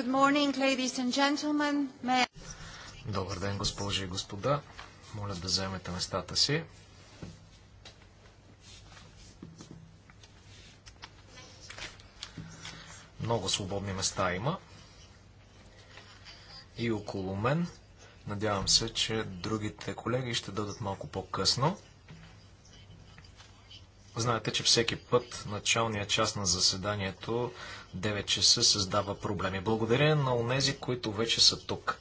Good morning, ladies and gentlemen. May... Добър ден, госпожи и господа. Моля да вземете местата си. Много свободни места има. И около мен. Надявам се, че другите колеги ще дадат малко по-късно. Знаете, че всеки път началния част на заседанието 9 часа създава проблеми. Благодаря на онези, които вече са тук.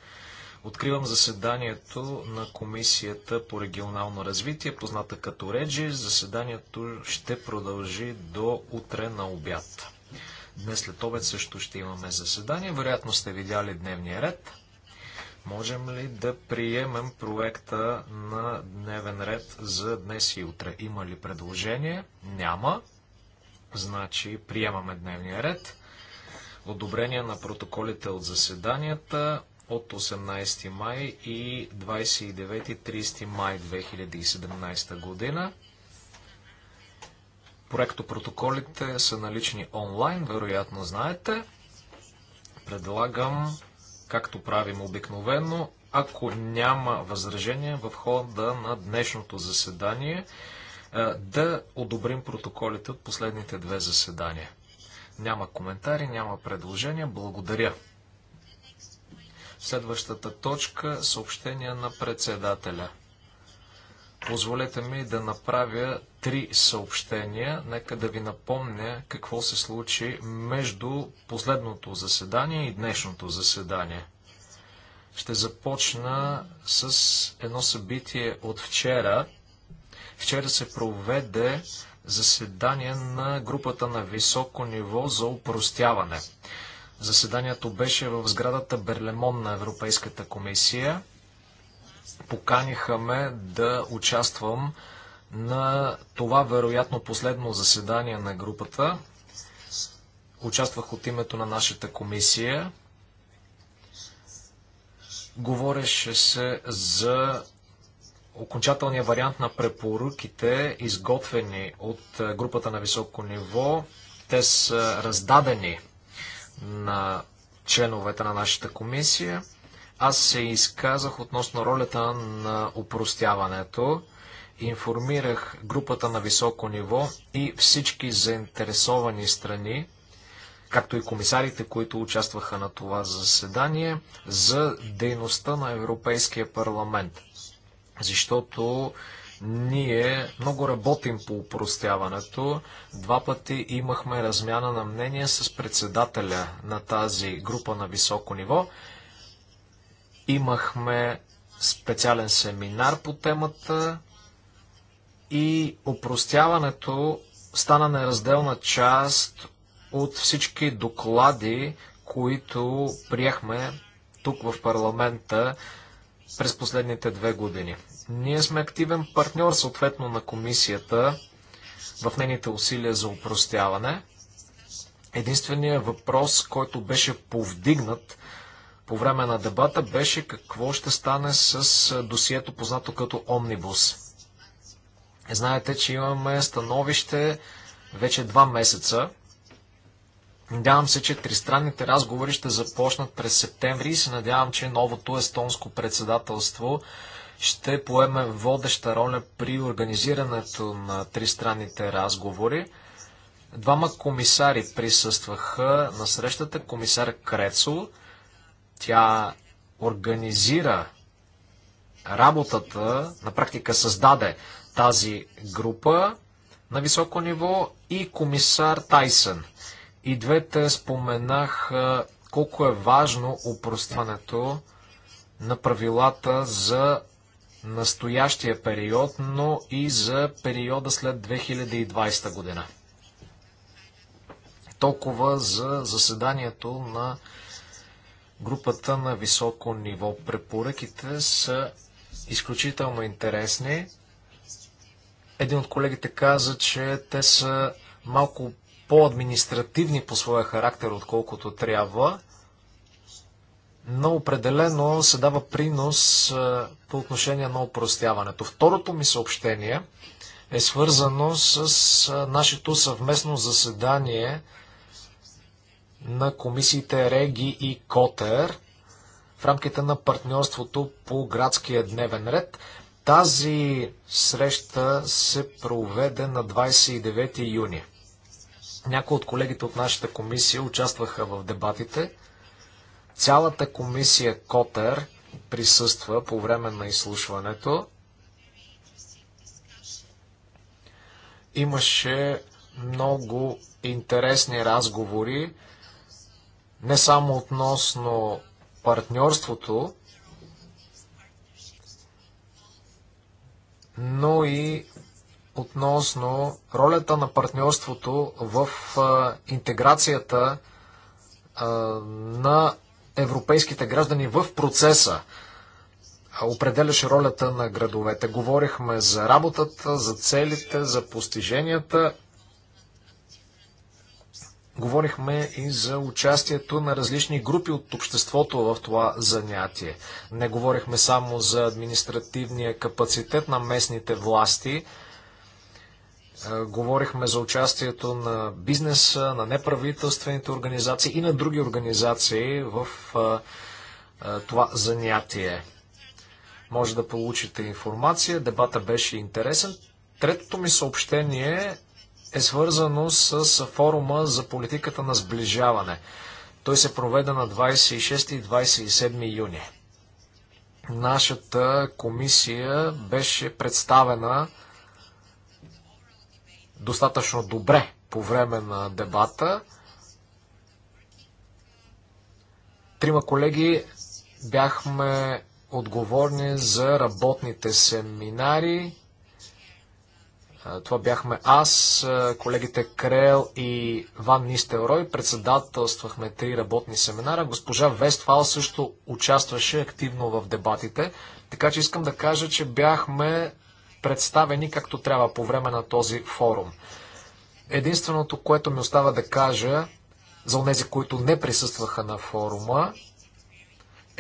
Откривам заседанието на Комисията по регионално развитие, позната като Реджи. Заседанието ще продължи до утре на обяд. Днес след обед също ще имаме заседание. Вероятно сте видяли дневния ред. Можем ли да приемем проекта на дневен ред за днес и утре? Има ли предложение? Няма. Значи приемаме дневния ред. Одобрение на протоколите от заседанията от 18 май и 29-30 май 2017 година. Проектопротоколите са налични онлайн, вероятно знаете. Предлагам както правим обикновено. Ако няма възражение в хода на днешното заседание, е, да одобрим протоколите от последните две заседания. Няма коментари, няма предложения. Благодаря. Следващата точка – съобщения на председателя. Позволете ми да направя три съобщения. Нека да ви напомня какво се случи между последното заседание и днешното заседание. Ще започна с едно събитие от вчера. Вчера се проведе заседание на групата на високо ниво за упростяване. Заседанието беше в сградата Берлемон на Европейската комисия поканиха ме да участвам на това вероятно последно заседание на групата. Участвах от името на нашата комисия. Говореше се за окончателния вариант на препоръките, изготвени от е, групата на високо ниво. Те са раздадени на членовете на нашата комисия. Аз се изказах относно ролята на упростяването. Информирах групата на високо ниво и всички заинтересовани страни, както и комисарите, които участваха на това заседание, за дейността на Европейския парламент. Защото ние много работим по упростяването. Два пъти имахме размяна на мнение с председателя на тази група на високо ниво. Имахме специален семинар по темата и опростяването стана неразделна част от всички доклади, които приехме тук в парламента през последните две години. Ние сме активен партньор, съответно, на комисията в нейните усилия за опростяване. Единственият въпрос, който беше повдигнат по време на дебата беше какво ще стане с досието познато като Омнибус. Е, знаете, че имаме становище вече два месеца. Надявам се, че тристранните разговори ще започнат през септември и се надявам, че новото естонско председателство ще поеме водеща роля при организирането на тристранните разговори. Двама комисари присъстваха на срещата. Комисар Крецо тя организира работата, на практика създаде тази група на високо ниво и комисар Тайсън. И двете споменах колко е важно упростването на правилата за настоящия период, но и за периода след 2020 година. Толкова за заседанието на групата на високо ниво. Препоръките са изключително интересни. Един от колегите каза, че те са малко по-административни по своя характер, отколкото трябва, но определено се дава принос по отношение на упростяването. Второто ми съобщение е свързано с нашето съвместно заседание на комисиите Реги и Котер в рамките на партньорството по градския дневен ред. Тази среща се проведе на 29 юни. Някои от колегите от нашата комисия участваха в дебатите. Цялата комисия Котер присъства по време на изслушването. Имаше много интересни разговори не само относно партньорството, но и относно ролята на партньорството в а, интеграцията а, на европейските граждани в процеса. Определяше ролята на градовете. Говорихме за работата, за целите, за постиженията. Говорихме и за участието на различни групи от обществото в това занятие. Не говорихме само за административния капацитет на местните власти, е, говорихме за участието на бизнеса, на неправителствените организации и на други организации в е, е, това занятие. Може да получите информация. Дебата беше интересен. Третото ми съобщение е свързано с форума за политиката на сближаване. Той се проведе на 26 и 27 юни. Нашата комисия беше представена достатъчно добре по време на дебата. Трима колеги бяхме отговорни за работните семинари, това бяхме аз, колегите Крел и Ван Нистелрой. Председателствахме три работни семинара. Госпожа Вестфал също участваше активно в дебатите. Така че искам да кажа, че бяхме представени както трябва по време на този форум. Единственото, което ми остава да кажа за тези, които не присъстваха на форума,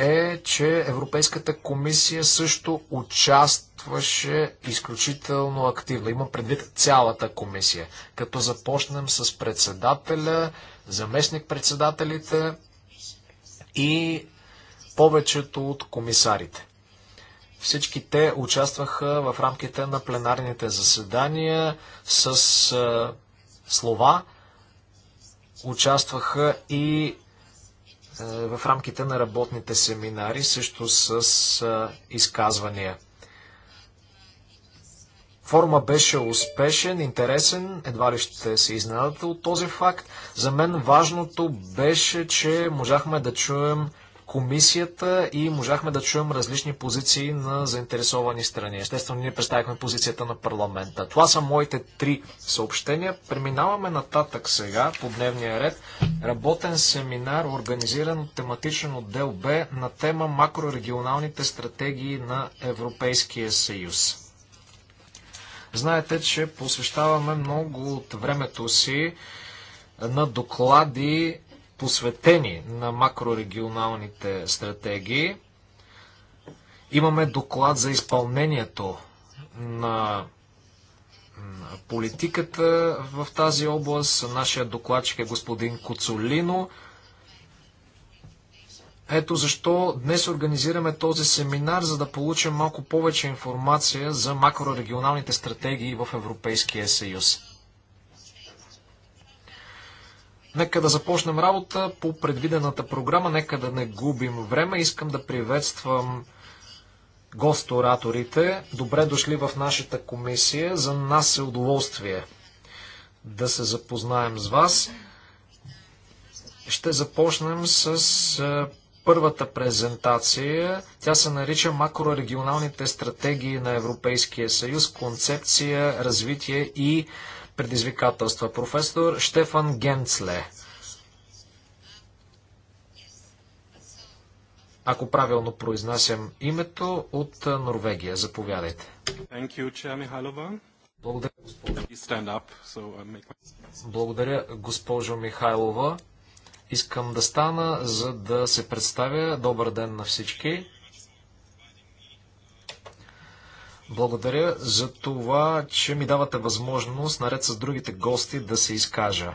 е, че Европейската комисия също участваше изключително активно. Има предвид цялата комисия. Като започнем с председателя, заместник-председателите и повечето от комисарите. Всички те участваха в рамките на пленарните заседания с е, слова, участваха и е, в рамките на работните семинари, също с е, изказвания. Форма беше успешен, интересен, едва ли ще се изненадате от този факт. За мен важното беше, че можахме да чуем комисията и можахме да чуем различни позиции на заинтересовани страни. Естествено, ние представихме позицията на парламента. Това са моите три съобщения. Преминаваме нататък сега по дневния ред. Работен семинар, организиран от тематичен отдел Б на тема макрорегионалните стратегии на Европейския съюз. Знаете, че посвещаваме много от времето си на доклади посветени на макрорегионалните стратегии. Имаме доклад за изпълнението на политиката в тази област. Нашия докладчик е господин Коцолино. Ето защо днес организираме този семинар, за да получим малко повече информация за макрорегионалните стратегии в Европейския съюз. Нека да започнем работа по предвидената програма, нека да не губим време. Искам да приветствам гост-ораторите. Добре дошли в нашата комисия. За нас е удоволствие да се запознаем с вас. Ще започнем с е, първата презентация. Тя се нарича Макрорегионалните стратегии на Европейския съюз, концепция, развитие и предизвикателства. Професор Штефан Генцле. Ако правилно произнасям името от Норвегия, заповядайте. Благодаря, uh, Благодаря, госпожо Михайлова. Искам да стана, за да се представя. Добър ден на всички. Благодаря за това, че ми давате възможност, наред с другите гости, да се изкажа.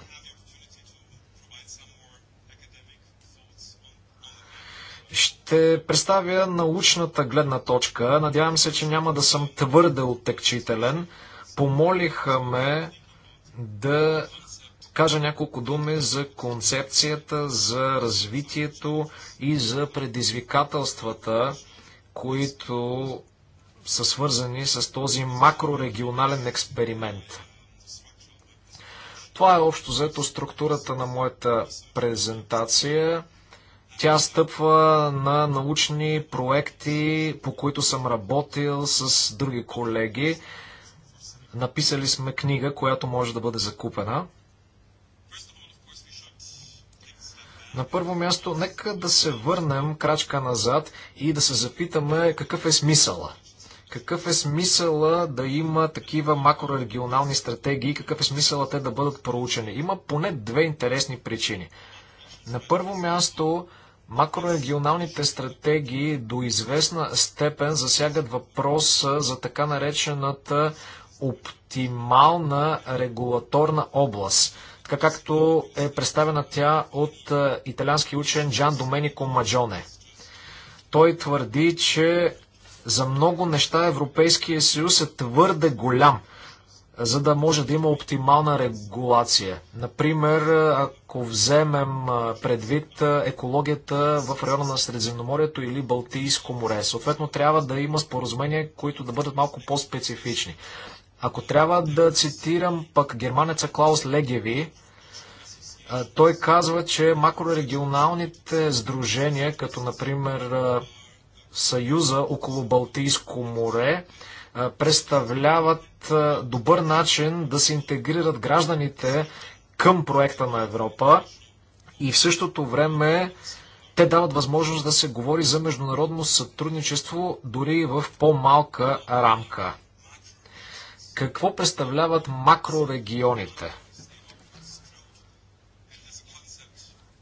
Ще представя научната гледна точка. Надявам се, че няма да съм твърде оттекчителен. Помолиха ме да кажа няколко думи за концепцията, за развитието и за предизвикателствата, които са свързани с този макрорегионален експеримент. Това е общо взето структурата на моята презентация. Тя стъпва на научни проекти, по които съм работил с други колеги. Написали сме книга, която може да бъде закупена. На първо място, нека да се върнем крачка назад и да се запитаме какъв е смисъла какъв е смисъла да има такива макрорегионални стратегии? Какъв е смисъла те да бъдат проучени? Има поне две интересни причини. На първо място, макрорегионалните стратегии до известна степен засягат въпроса за така наречената оптимална регулаторна област, така както е представена тя от е, италиански учен Джан Доменико Маджоне. Той твърди, че за много неща Европейския съюз е твърде голям, за да може да има оптимална регулация. Например, ако вземем предвид екологията в района на Средиземноморието или Балтийско море, съответно трябва да има споразумения, които да бъдат малко по-специфични. Ако трябва да цитирам пък германеца Клаус Легеви, той казва, че макрорегионалните сдружения, като например Съюза около Балтийско море представляват добър начин да се интегрират гражданите към проекта на Европа и в същото време те дават възможност да се говори за международно сътрудничество дори в по-малка рамка. Какво представляват макрорегионите?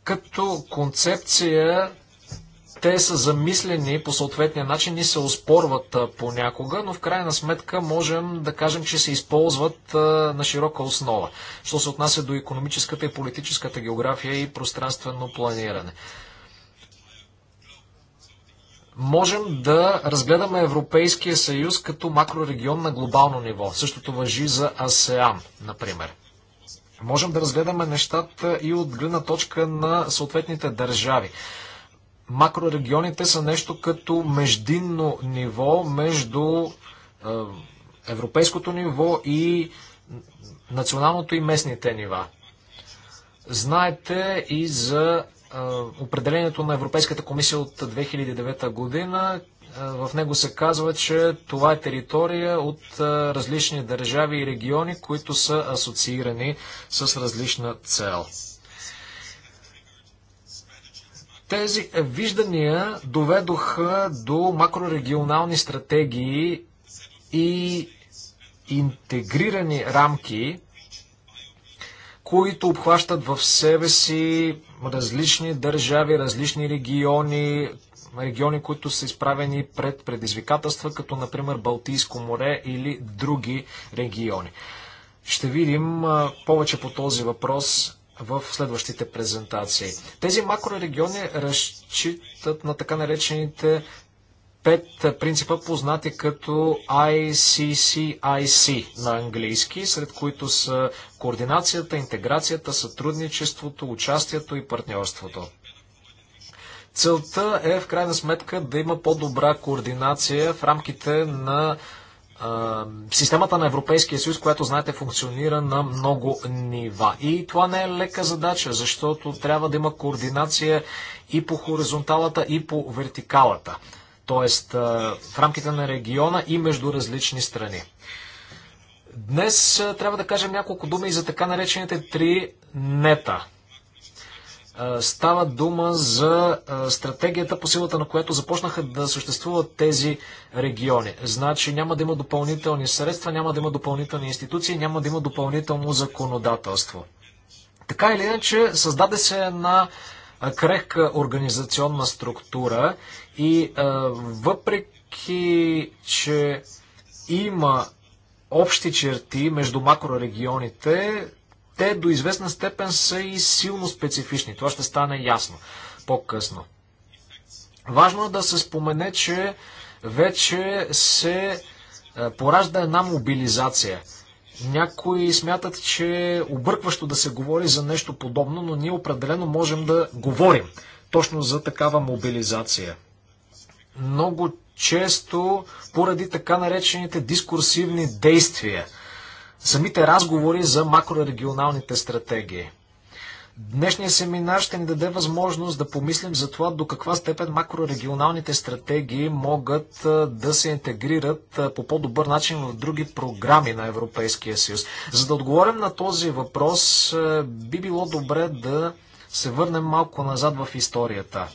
Като концепция те са замислени по съответния начин и се оспорват понякога, но в крайна сметка можем да кажем, че се използват на широка основа, що се отнася до економическата и политическата география и пространствено планиране можем да разгледаме Европейския съюз като макрорегион на глобално ниво. Същото въжи за АСЕАН, например. Можем да разгледаме нещата и от гледна точка на съответните държави макрорегионите са нещо като междинно ниво между е, европейското ниво и националното и местните нива. Знаете и за е, определението на Европейската комисия от 2009 година. Е, в него се казва, че това е територия от различни държави и региони, които са асоциирани с различна цел. Тези виждания доведоха до макрорегионални стратегии и интегрирани рамки, които обхващат в себе си различни държави, различни региони, региони, които са изправени пред предизвикателства, като например Балтийско море или други региони. Ще видим повече по този въпрос в следващите презентации. Тези макрорегиони разчитат на така наречените пет принципа, познати като ICCIC на английски, сред които са координацията, интеграцията, сътрудничеството, участието и партньорството. Целта е в крайна сметка да има по-добра координация в рамките на системата на Европейския съюз, която, знаете, функционира на много нива. И това не е лека задача, защото трябва да има координация и по хоризонталата, и по вертикалата. Тоест, в рамките на региона и между различни страни. Днес трябва да кажем няколко думи и за така наречените три нета. Става дума за стратегията, по силата на която започнаха да съществуват тези региони. Значи няма да има допълнителни средства, няма да има допълнителни институции, няма да има допълнително законодателство. Така или иначе, създаде се една крехка организационна структура и въпреки, че има общи черти между макрорегионите, те до известна степен са и силно специфични. Това ще стане ясно по-късно. Важно е да се спомене, че вече се е, поражда една мобилизация. Някои смятат, че е объркващо да се говори за нещо подобно, но ние определено можем да говорим точно за такава мобилизация. Много често, поради така наречените дискурсивни действия – самите разговори за макрорегионалните стратегии. Днешният семинар ще ни даде възможност да помислим за това до каква степен макрорегионалните стратегии могат да се интегрират по по-добър начин в други програми на Европейския съюз. За да отговорим на този въпрос, би било добре да се върнем малко назад в историята.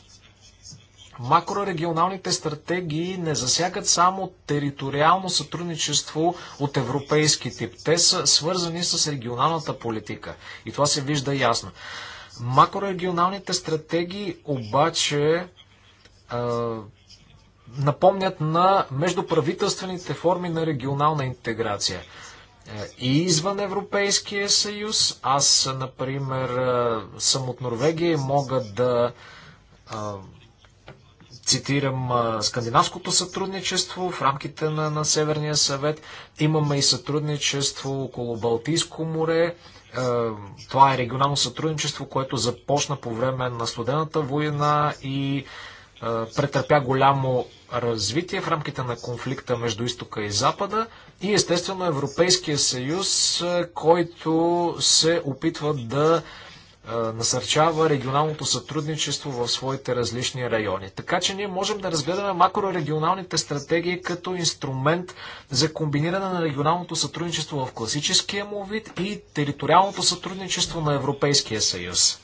Макрорегионалните стратегии не засягат само териториално сътрудничество от европейски тип. Те са свързани с регионалната политика. И това се вижда ясно. Макрорегионалните стратегии обаче а, напомнят на междуправителствените форми на регионална интеграция. Е, и извън Европейския съюз, аз, например, съм от Норвегия и мога да цитирам скандинавското сътрудничество в рамките на, на Северния съвет. Имаме и сътрудничество около Балтийско море. Е, това е регионално сътрудничество, което започна по време на студената война и е, претърпя голямо развитие в рамките на конфликта между изтока и запада и естествено Европейския съюз, е, който се опитва да насърчава регионалното сътрудничество в своите различни райони. Така че ние можем да разгледаме макрорегионалните стратегии като инструмент за комбиниране на регионалното сътрудничество в класическия му вид и териториалното сътрудничество на Европейския съюз.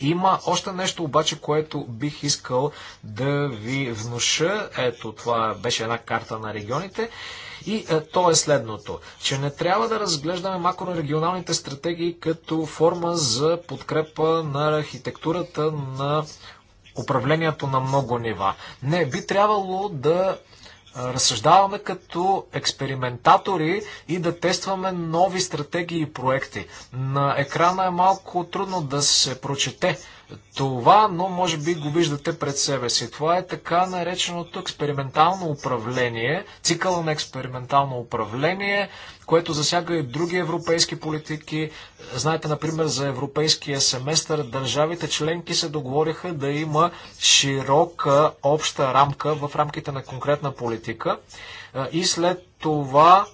Има още нещо обаче, което бих искал да ви внуша. Ето, това беше една карта на регионите. И е, то е следното, че не трябва да разглеждаме макрорегионалните стратегии като форма за подкрепа на архитектурата на управлението на много нива. Не, би трябвало да е, разсъждаваме като експериментатори и да тестваме нови стратегии и проекти. На екрана е малко трудно да се прочете това, но може би го виждате пред себе си. Това е така нареченото експериментално управление, цикъл на експериментално управление, което засяга и други европейски политики. Знаете, например, за европейския семестър държавите членки се договориха да има широка обща рамка в рамките на конкретна политика е, и след това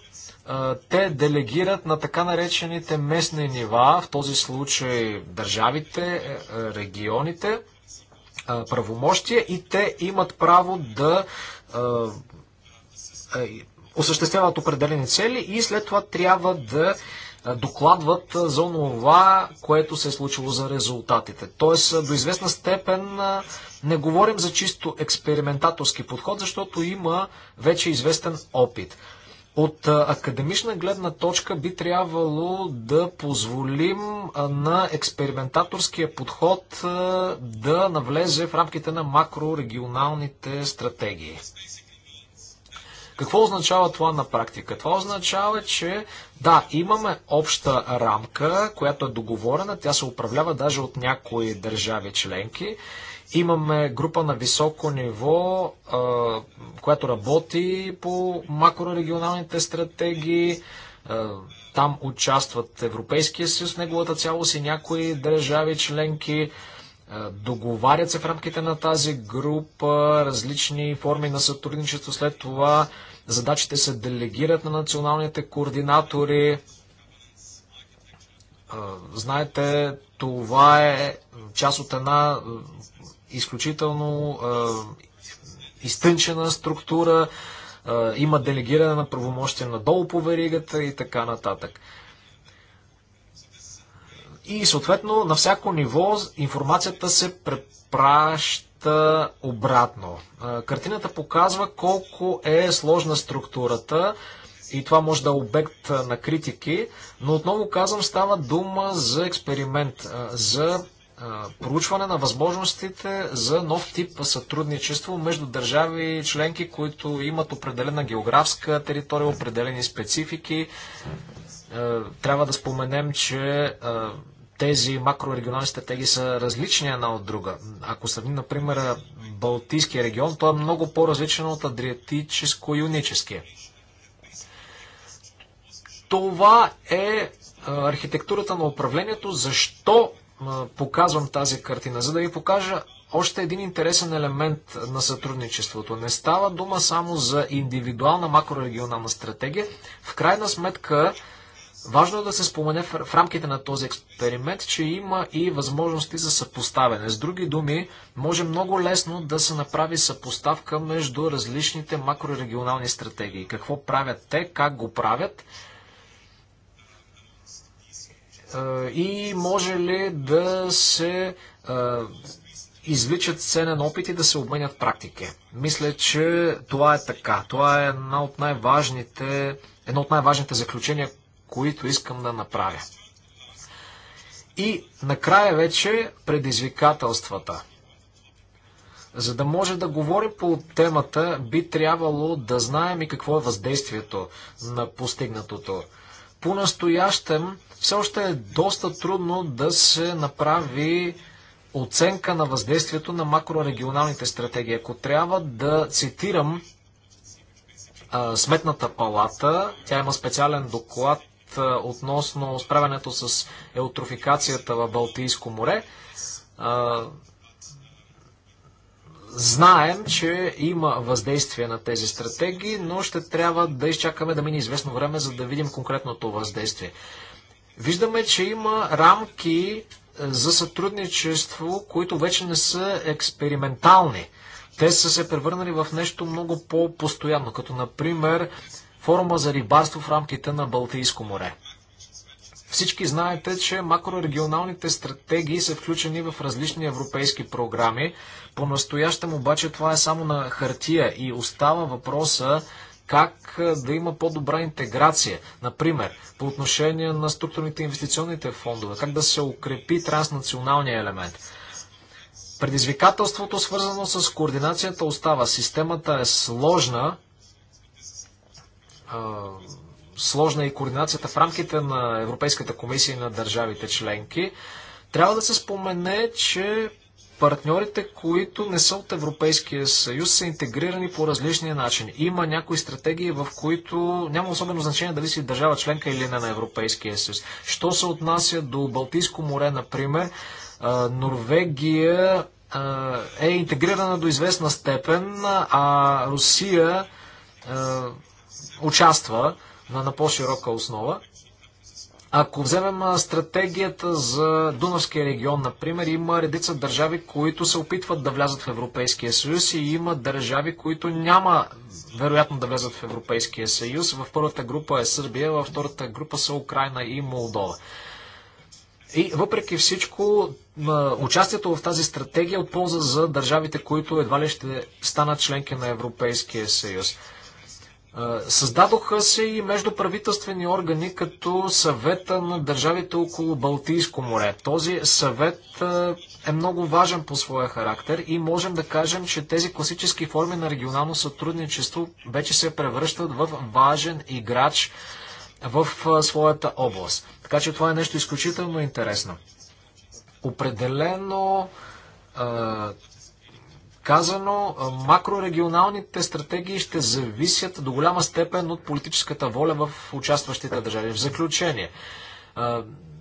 те делегират на така наречените местни нива, в този случай държавите, е, е, регионите, правомощия и те имат право да е, осъществяват определени цели и след това трябва да докладват за това, което се е случило за резултатите. Тоест, до известна степен не говорим за чисто експериментаторски подход, защото има вече известен опит. От академична гледна точка би трябвало да позволим на експериментаторския подход да навлезе в рамките на макрорегионалните стратегии. Какво означава това на практика? Това означава, че да, имаме обща рамка, която е договорена, тя се управлява даже от някои държави членки Имаме група на високо ниво, която работи по макрорегионалните стратегии. Там участват Европейския съюз, неговата цялост и някои държави членки. Договарят се в рамките на тази група различни форми на сътрудничество. След това задачите се делегират на националните координатори. Знаете, това е част от една изключително а, изтънчена структура, а, има делегиране на правомощия надолу по веригата и така нататък. И съответно на всяко ниво информацията се препраща обратно. Картината показва колко е сложна структурата и това може да е обект на критики, но отново казвам, става дума за експеримент, за проучване на възможностите за нов тип сътрудничество между държави и членки, които имат определена географска територия, определени специфики. Трябва да споменем, че тези макрорегионални стратегии са различни една от друга. Ако сравним, например, Балтийския регион, той е много по-различен от Адриатическо-Юническия. Това е архитектурата на управлението, защо показвам тази картина, за да ви покажа още един интересен елемент на сътрудничеството. Не става дума само за индивидуална макрорегионална стратегия. В крайна сметка, важно е да се спомене в рамките на този експеримент, че има и възможности за съпоставяне. С други думи, може много лесно да се направи съпоставка между различните макрорегионални стратегии. Какво правят те, как го правят и може ли да се извличат ценен опит и да се обменят практики. Мисля, че това е така. Това е една от най-важните, едно от най-важните заключения, които искам да направя. И накрая вече предизвикателствата. За да може да говорим по темата, би трябвало да знаем и какво е въздействието на постигнатото. По-настоящем все още е доста трудно да се направи оценка на въздействието на макрорегионалните стратегии. Ако трябва да цитирам а, Сметната палата, тя има специален доклад а, относно справянето с еутрофикацията в Балтийско море. А, Знаем, че има въздействие на тези стратегии, но ще трябва да изчакаме да мине известно време, за да видим конкретното въздействие. Виждаме, че има рамки е, за сътрудничество, които вече не са експериментални. Те са се превърнали в нещо много по-постоянно, като например форума за рибарство в рамките на Балтийско море. Всички знаете, че макрорегионалните стратегии са включени в различни европейски програми. По-настоящем обаче това е само на хартия и остава въпроса как да има по-добра интеграция, например, по отношение на структурните инвестиционните фондове, как да се укрепи транснационалния елемент. Предизвикателството, свързано с координацията, остава. Системата е сложна, сложна е и координацията в рамките на Европейската комисия и на държавите членки. Трябва да се спомене, че партньорите, които не са от Европейския съюз, са интегрирани по различни начини. Има някои стратегии, в които няма особено значение дали си държава членка или не на Европейския съюз. Що се отнася до Балтийско море, например, Норвегия е интегрирана до известна степен, а Русия участва на, на по-широка основа. Ако вземем стратегията за Дунавския регион, например, има редица държави, които се опитват да влязат в Европейския съюз и има държави, които няма вероятно да влязат в Европейския съюз. В първата група е Сърбия, във втората група са Украина и Молдова. И въпреки всичко, участието в тази стратегия е от полза за държавите, които едва ли ще станат членки на Европейския съюз. Създадоха се и междуправителствени органи като съвета на държавите около Балтийско море. Този съвет е много важен по своя характер и можем да кажем, че тези класически форми на регионално сътрудничество вече се превръщат в важен играч в своята област. Така че това е нещо изключително интересно. Определено казано, макрорегионалните стратегии ще зависят до голяма степен от политическата воля в участващите държави. В заключение,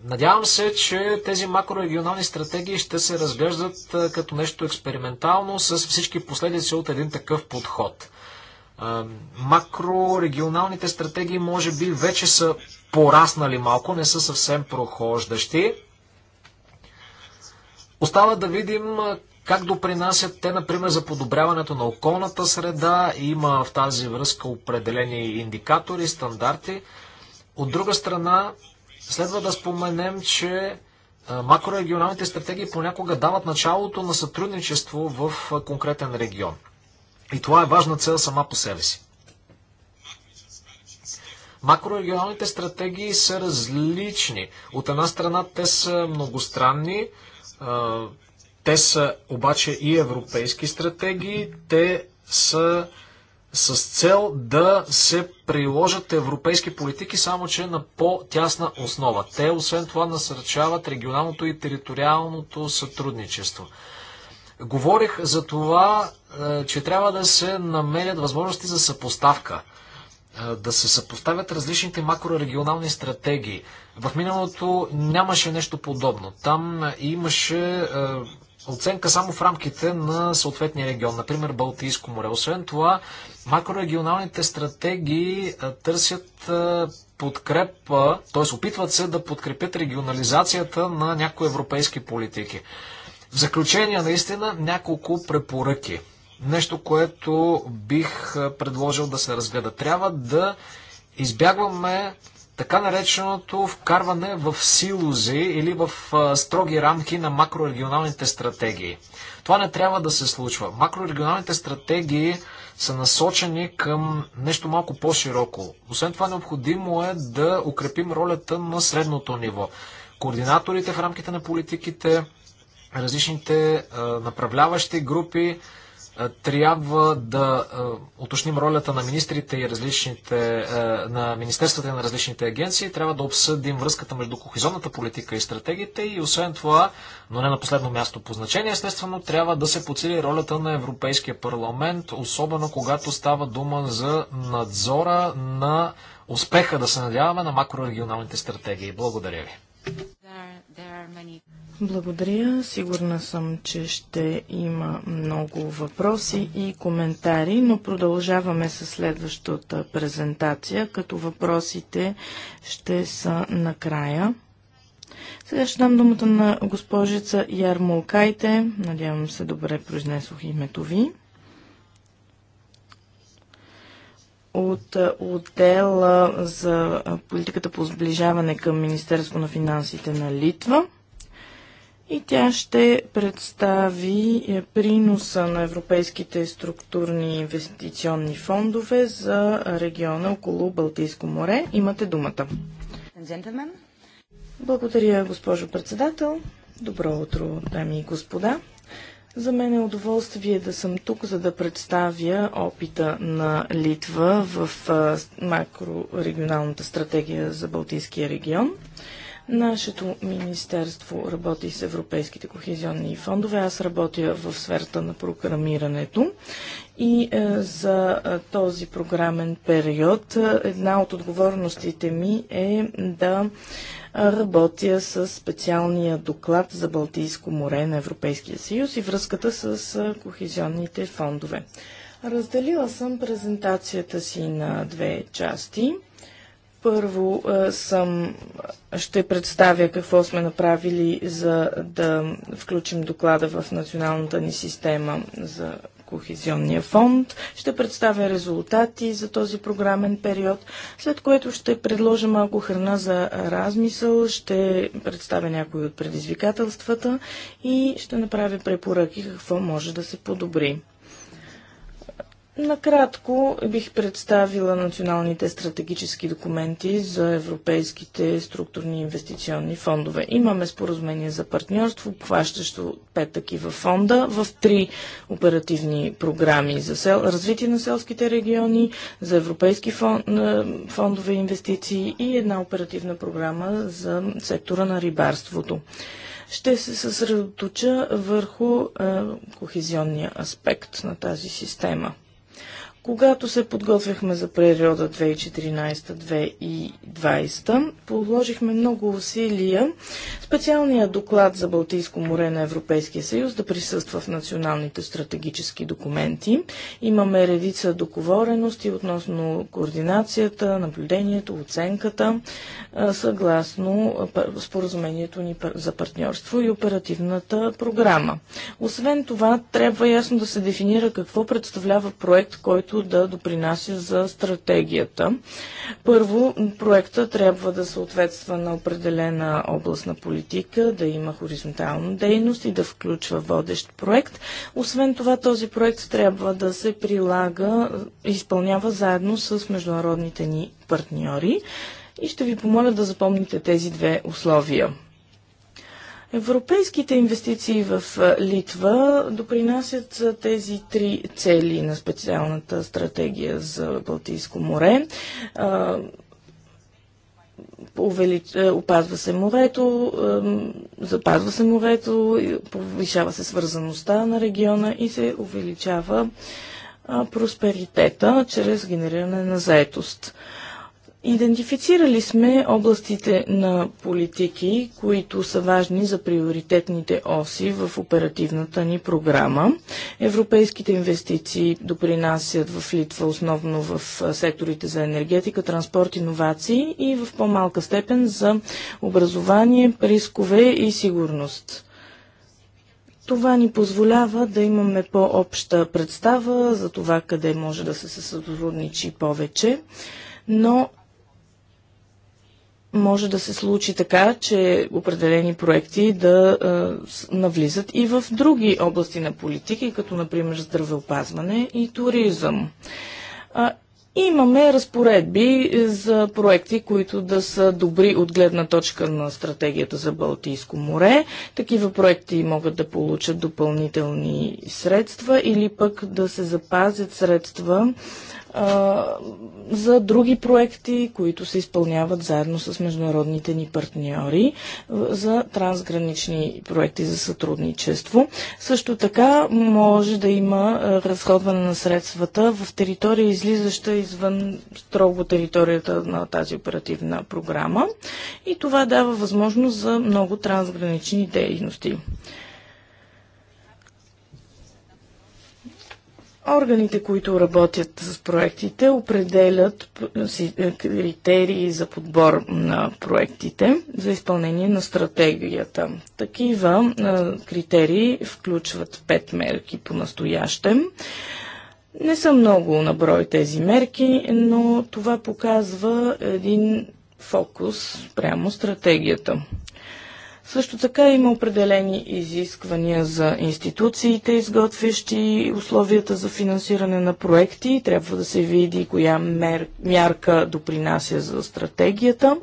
Надявам се, че тези макрорегионални стратегии ще се разглеждат като нещо експериментално с всички последици от един такъв подход. Макрорегионалните стратегии може би вече са пораснали малко, не са съвсем прохождащи. Остава да видим как допринасят те, например, за подобряването на околната среда? Има в тази връзка определени индикатори, стандарти. От друга страна, следва да споменем, че макрорегионалните стратегии понякога дават началото на сътрудничество в конкретен регион. И това е важна цел сама по себе си. Макрорегионалните стратегии са различни. От една страна те са многостранни, те са обаче и европейски стратегии, те са с цел да се приложат европейски политики, само че на по-тясна основа. Те, освен това, насърчават регионалното и териториалното сътрудничество. Говорих за това, е, че трябва да се намерят възможности за съпоставка, е, да се съпоставят различните макрорегионални стратегии. В миналото нямаше нещо подобно. Там имаше е, оценка само в рамките на съответния регион, например Балтийско море. Освен това, макрорегионалните стратегии търсят подкрепа, т.е. опитват се да подкрепят регионализацията на някои европейски политики. В заключение, наистина, няколко препоръки. Нещо, което бих предложил да се разгледа. Трябва да избягваме така нареченото вкарване в силузи или в строги рамки на макрорегионалните стратегии. Това не трябва да се случва. Макрорегионалните стратегии са насочени към нещо малко по-широко. Освен това, необходимо е да укрепим ролята на средното ниво. Координаторите в рамките на политиките, различните направляващи групи, трябва да уточним ролята на министрите и различните, на министерствата и на различните агенции, трябва да обсъдим връзката между кохизонната политика и стратегиите и освен това, но не на последно място по значение, естествено, трябва да се подсили ролята на Европейския парламент, особено когато става дума за надзора на успеха, да се надяваме, на макрорегионалните стратегии. Благодаря ви. Благодаря. Сигурна съм, че ще има много въпроси и коментари, но продължаваме с следващата презентация, като въпросите ще са накрая. Сега ще дам думата на госпожица Ярмолкайте. Надявам се добре произнесох името ви. от отдела за политиката по сближаване към Министерство на финансите на Литва и тя ще представи е, приноса на европейските структурни инвестиционни фондове за региона около Балтийско море. Имате думата. Благодаря, госпожо председател. Добро утро, дами и господа. За мен е удоволствие да съм тук, за да представя опита на Литва в е, макрорегионалната стратегия за Балтийския регион. Нашето министерство работи с европейските кохезионни фондове. Аз работя в сферата на програмирането и е, за е, този програмен период е, една от отговорностите ми е да е, работя с специалния доклад за Балтийско море на Европейския съюз и връзката с е, кохезионните фондове. Разделила съм презентацията си на две части. Първо съм, ще представя какво сме направили за да включим доклада в националната ни система за Кохезионния фонд. Ще представя резултати за този програмен период, след което ще предложа малко храна за размисъл, ще представя някои от предизвикателствата и ще направя препоръки какво може да се подобри. Накратко бих представила националните стратегически документи за европейските структурни инвестиционни фондове. Имаме споразумение за партньорство, обхващащо пет такива фонда в три оперативни програми за сел, развитие на селските региони, за европейски фон, е, фондове инвестиции и една оперативна програма за сектора на рибарството ще се съсредоточа върху е, кохезионния аспект на тази система. Когато се подготвяхме за периода 2014-2020, положихме много усилия специалният доклад за Балтийско море на Европейския съюз да присъства в националните стратегически документи. Имаме редица договорености относно координацията, наблюдението, оценката, съгласно споразумението ни за партньорство и оперативната програма. Освен това, трябва ясно да се дефинира какво представлява проект, който който да допринася за стратегията. Първо, проекта трябва да съответства на определена областна политика, да има хоризонтална дейност и да включва водещ проект. Освен това, този проект трябва да се прилага, е, изпълнява заедно с международните ни партньори. И ще ви помоля да запомните тези две условия. Европейските инвестиции в Литва допринасят за тези три цели на специалната стратегия за Балтийско море. Увелич... опазва се морето, запазва се морето, повишава се свързаността на региона и се увеличава просперитета чрез генериране на заетост. Идентифицирали сме областите на политики, които са важни за приоритетните оси в оперативната ни програма. Европейските инвестиции допринасят в Литва основно в секторите за енергетика, транспорт, иновации и в по-малка степен за образование, рискове и сигурност. Това ни позволява да имаме по-обща представа за това къде може да се съсътрудничи повече, но може да се случи така, че определени проекти да а, навлизат и в други области на политики, като например здравеопазване и туризъм. А, имаме разпоредби е, за проекти, които да са добри от гледна точка на стратегията за Балтийско море. Такива проекти могат да получат допълнителни средства или пък да се запазят средства за други проекти, които се изпълняват заедно с международните ни партньори за трансгранични проекти за сътрудничество. Също така може да има разходване на средствата в територия, излизаща извън строго територията на тази оперативна програма и това дава възможност за много трансгранични дейности. Органите, които работят с проектите, определят е, критерии за подбор на проектите за изпълнение на стратегията. Такива е, критерии включват пет мерки по настоящем. Не са много на брой тези мерки, но това показва един фокус прямо стратегията. Също така има определени изисквания за институциите, изготвящи условията за финансиране на проекти. Трябва да се види коя мер... мярка допринася за стратегията.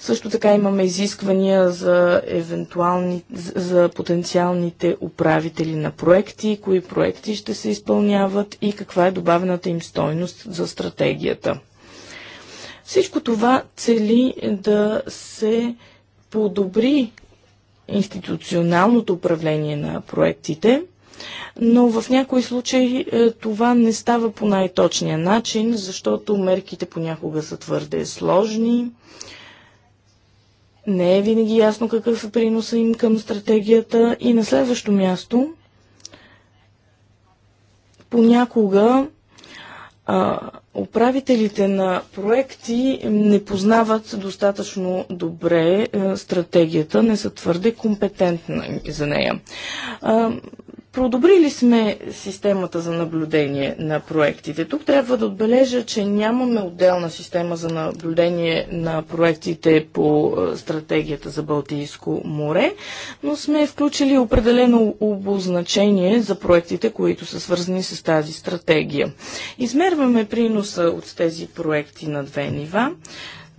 Също така имаме изисквания за, евентуални, за потенциалните управители на проекти, кои проекти ще се изпълняват и каква е добавената им стойност за стратегията. Всичко това цели да се подобри институционалното управление на проектите, но в някои случаи е, това не става по най-точния начин, защото мерките понякога са твърде сложни. Не е винаги ясно какъв е приноса им към стратегията. И на следващо място, понякога а, управителите на проекти не познават достатъчно добре е, стратегията, не са твърде компетентни за нея. Продобрили сме системата за наблюдение на проектите. Тук трябва да отбележа, че нямаме отделна система за наблюдение на проектите по е, стратегията за Балтийско море, но сме включили определено обозначение за проектите, които са свързани с тази стратегия. Измерваме приноса от тези проекти на две нива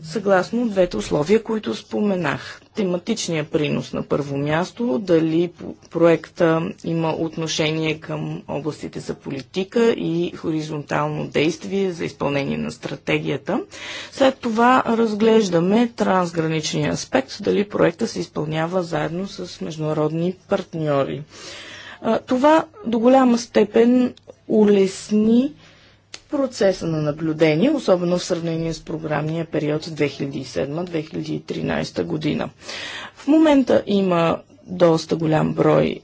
съгласно двете условия, които споменах. Тематичният принос на първо място, дали проекта има отношение към областите за политика и хоризонтално действие за изпълнение на стратегията. След това разглеждаме трансграничния аспект, дали проекта се изпълнява заедно с международни партньори. Това до голяма степен улесни процеса на наблюдение, особено в сравнение с програмния период 2007-2013 година. В момента има доста голям брой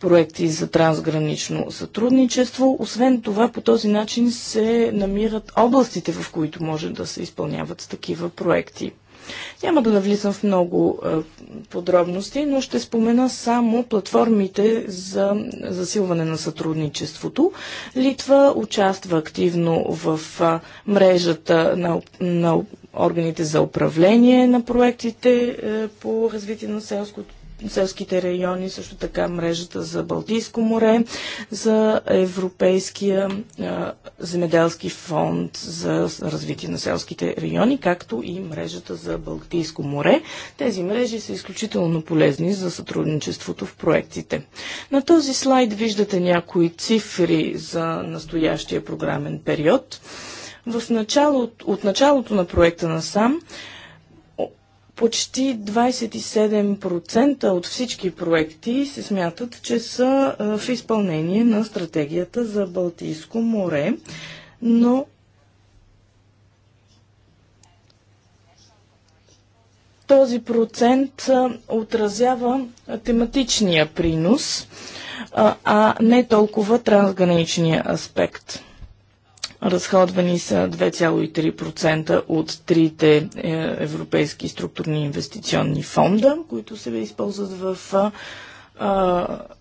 проекти за трансгранично сътрудничество. Освен това, по този начин се намират областите, в които може да се изпълняват такива проекти. Няма да навлизам в много подробности, но ще спомена само платформите за засилване на сътрудничеството. Литва участва активно в мрежата на, на органите за управление на проектите по развитие на селското селските райони, също така мрежата за Балтийско море, за Европейския земеделски фонд за развитие на селските райони, както и мрежата за Балтийско море. Тези мрежи са изключително полезни за сътрудничеството в проектите. На този слайд виждате някои цифри за настоящия програмен период. В начало, от началото на проекта на сам почти 27% от всички проекти се смятат, че са в изпълнение на стратегията за Балтийско море, но този процент отразява тематичния принос, а не толкова трансграничния аспект. Разходвани са 2,3% от трите е, европейски структурни инвестиционни фонда, които се използват в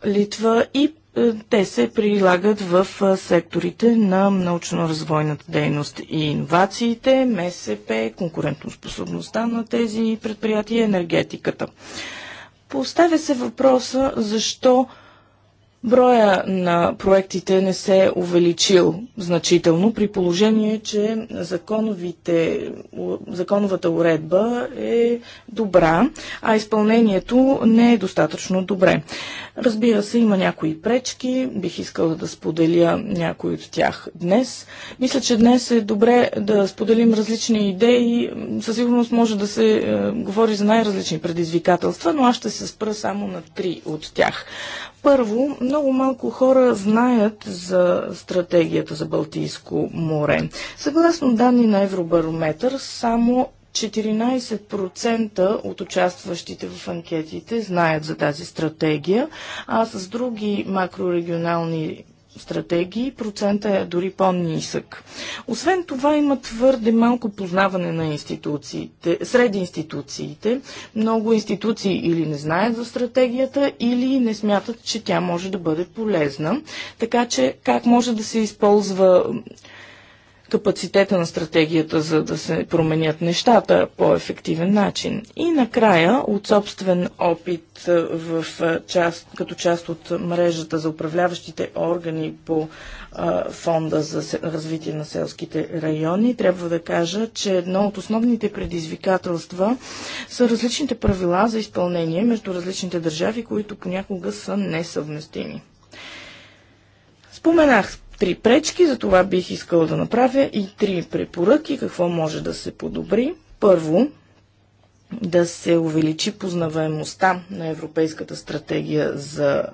Литва и е, те се прилагат в секторите на научно-развойната дейност и иновациите, МСП, конкурентоспособността на тези предприятия енергетиката. Поставя се въпроса защо Броя на проектите не се е увеличил значително, при положение, че законовата уредба е добра, а изпълнението не е достатъчно добре. Разбира се, има някои пречки, бих искала да споделя някои от тях днес. Мисля, че днес е добре да споделим различни идеи. Със сигурност може да се е, говори за най-различни предизвикателства, но аз ще се спра само на три от тях. Първо, много малко хора знаят за стратегията за Балтийско море. Съгласно данни на Евробарометър, само 14% от участващите в анкетите знаят за тази стратегия, а с други макрорегионални стратегии, процента е дори по-нисък. Освен това има твърде малко познаване на институциите, сред институциите. Много институции или не знаят за стратегията, или не смятат, че тя може да бъде полезна. Така че как може да се използва капацитета на стратегията, за да се променят нещата по ефективен начин. И накрая, от собствен опит е, в е, част, като част от мрежата за управляващите органи по а, е, фонда за развитие на селските райони, трябва да кажа, че едно от основните предизвикателства са различните правила за изпълнение между различните държави, които понякога са несъвместими. Споменах три пречки, за това бих искала да направя и три препоръки, какво може да се подобри. Първо, да се увеличи познаваемостта на Европейската стратегия за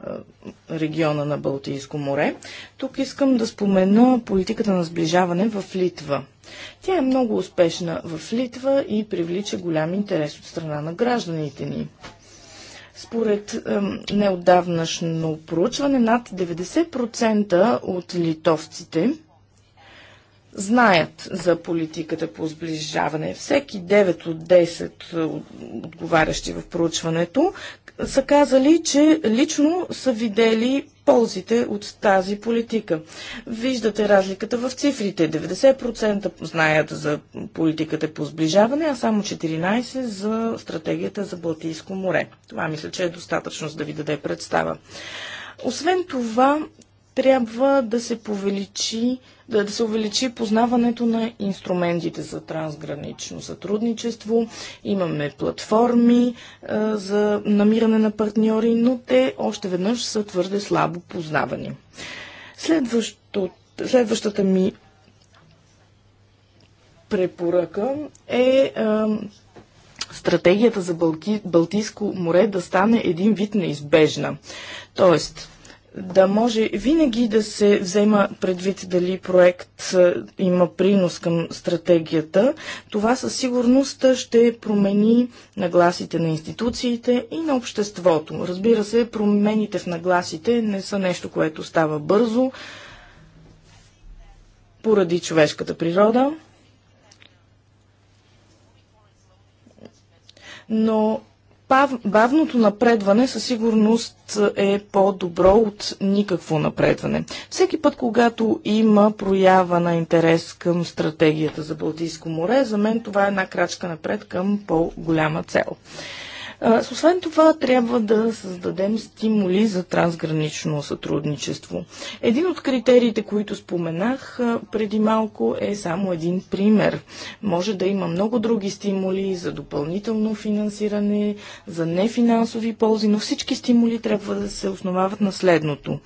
региона на Балтийско море. Тук искам да спомена политиката на сближаване в Литва. Тя е много успешна в Литва и привлича голям интерес от страна на гражданите ни. Според неотдавнашно проучване, над 90% от литовците знаят за политиката по сближаване. Всеки 9 от 10 е, отговарящи в проучването са казали, че лично са видели ползите от тази политика. Виждате разликата в цифрите. 90% знаят за политиката по сближаване, а само 14% за стратегията за Балтийско море. Това мисля, че е достатъчно, за да ви даде представа. Освен това, трябва да се повеличи, да, да се увеличи познаването на инструментите за трансгранично сътрудничество. Имаме платформи а, за намиране на партньори, но те още веднъж са твърде слабо познавани. Следващо, следващата ми препоръка е а, стратегията за Балки, Балтийско море да стане един вид неизбежна. Тоест, да може винаги да се взема предвид дали проект е, има принос към стратегията, това със сигурност ще промени нагласите на институциите и на обществото. Разбира се, промените в нагласите не са нещо, което става бързо поради човешката природа. Но бавното напредване със сигурност е по-добро от никакво напредване. Всеки път, когато има проява на интерес към стратегията за Балтийско море, за мен това е една крачка напред към по-голяма цел. Освен това, трябва да създадем стимули за трансгранично сътрудничество. Един от критериите, които споменах преди малко, е само един пример. Може да има много други стимули за допълнително финансиране, за нефинансови ползи, но всички стимули трябва да се основават на следното.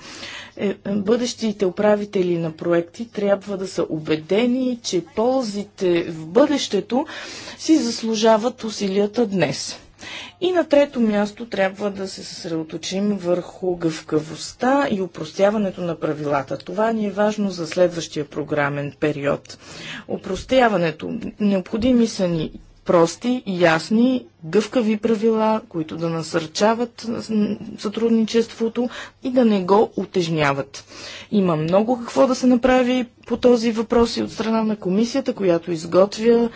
Е, е, бъдещите управители на проекти трябва да са убедени, че ползите в бъдещето си заслужават усилията днес. И на трето място трябва да се съсредоточим върху гъвкавостта и упростяването на правилата. Това ни е важно за следващия програмен период. Упростяването. Необходими са ни прости, ясни, гъвкави правила, които да насърчават сътрудничеството и да не го утежняват. Има много какво да се направи по този въпрос и от страна на комисията, която изготвя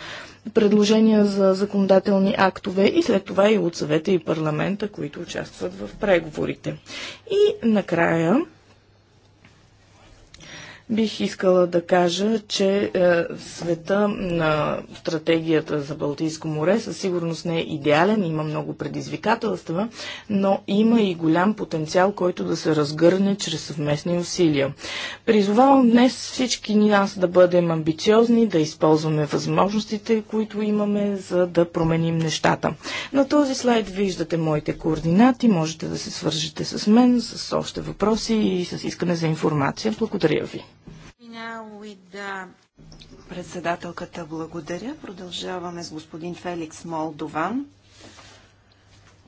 предложения за законодателни актове и след това и от съвета и парламента, които участват в преговорите. И накрая Бих искала да кажа, че е, света на стратегията за Балтийско море със сигурност не е идеален, има много предизвикателства, но има и голям потенциал, който да се разгърне чрез съвместни усилия. Призовавам днес всички нас да бъдем амбициозни, да използваме възможностите, които имаме, за да променим нещата. На този слайд виждате моите координати, можете да се свържете с мен, с още въпроси и с искане за информация. Благодаря ви. Председателката благодаря. Продължаваме с господин Феликс Молдован,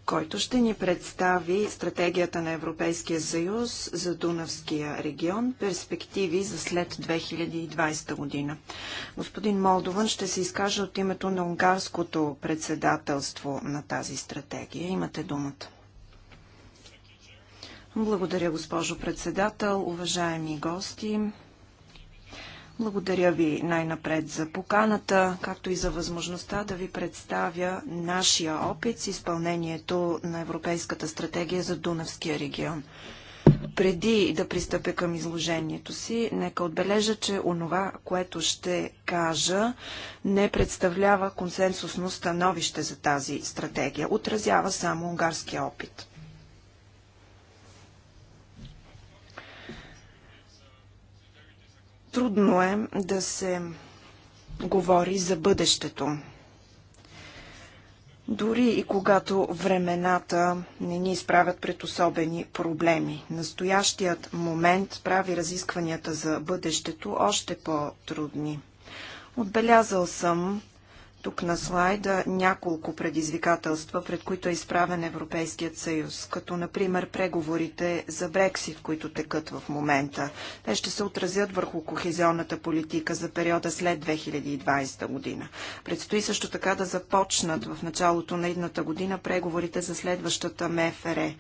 който ще ни представи стратегията на Европейския съюз за Дунавския регион, перспективи за след 2020 година. Господин Молдован ще се изкаже от името на унгарското председателство на тази стратегия. Имате думата. Благодаря, госпожо председател, уважаеми гости, благодаря ви най-напред за поканата, както и за възможността да ви представя нашия опит с изпълнението на Европейската стратегия за Дунавския регион. Преди да пристъпя към изложението си, нека отбележа, че онова, което ще кажа, не представлява консенсусно становище за тази стратегия. Отразява само унгарския опит. Трудно е да се говори за бъдещето. Дори и когато времената не ни изправят пред особени проблеми. Настоящият момент прави разискванията за бъдещето още по-трудни. Отбелязал съм тук на слайда няколко предизвикателства, пред които е изправен Европейският съюз, като например преговорите за Брексит, които текат в момента. Те ще се отразят върху кохезионната политика за периода след 2020 година. Предстои също така да започнат в началото на едната година преговорите за следващата МФР.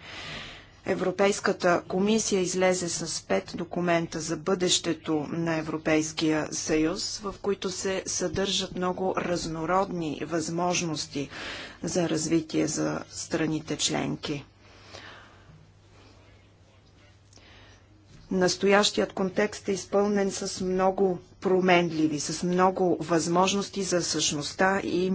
Европейската комисия излезе с пет документа за бъдещето на Европейския съюз, в които се съдържат много разнородни възможности за развитие за страните членки. Настоящият контекст е изпълнен с много променливи, с много възможности за същността и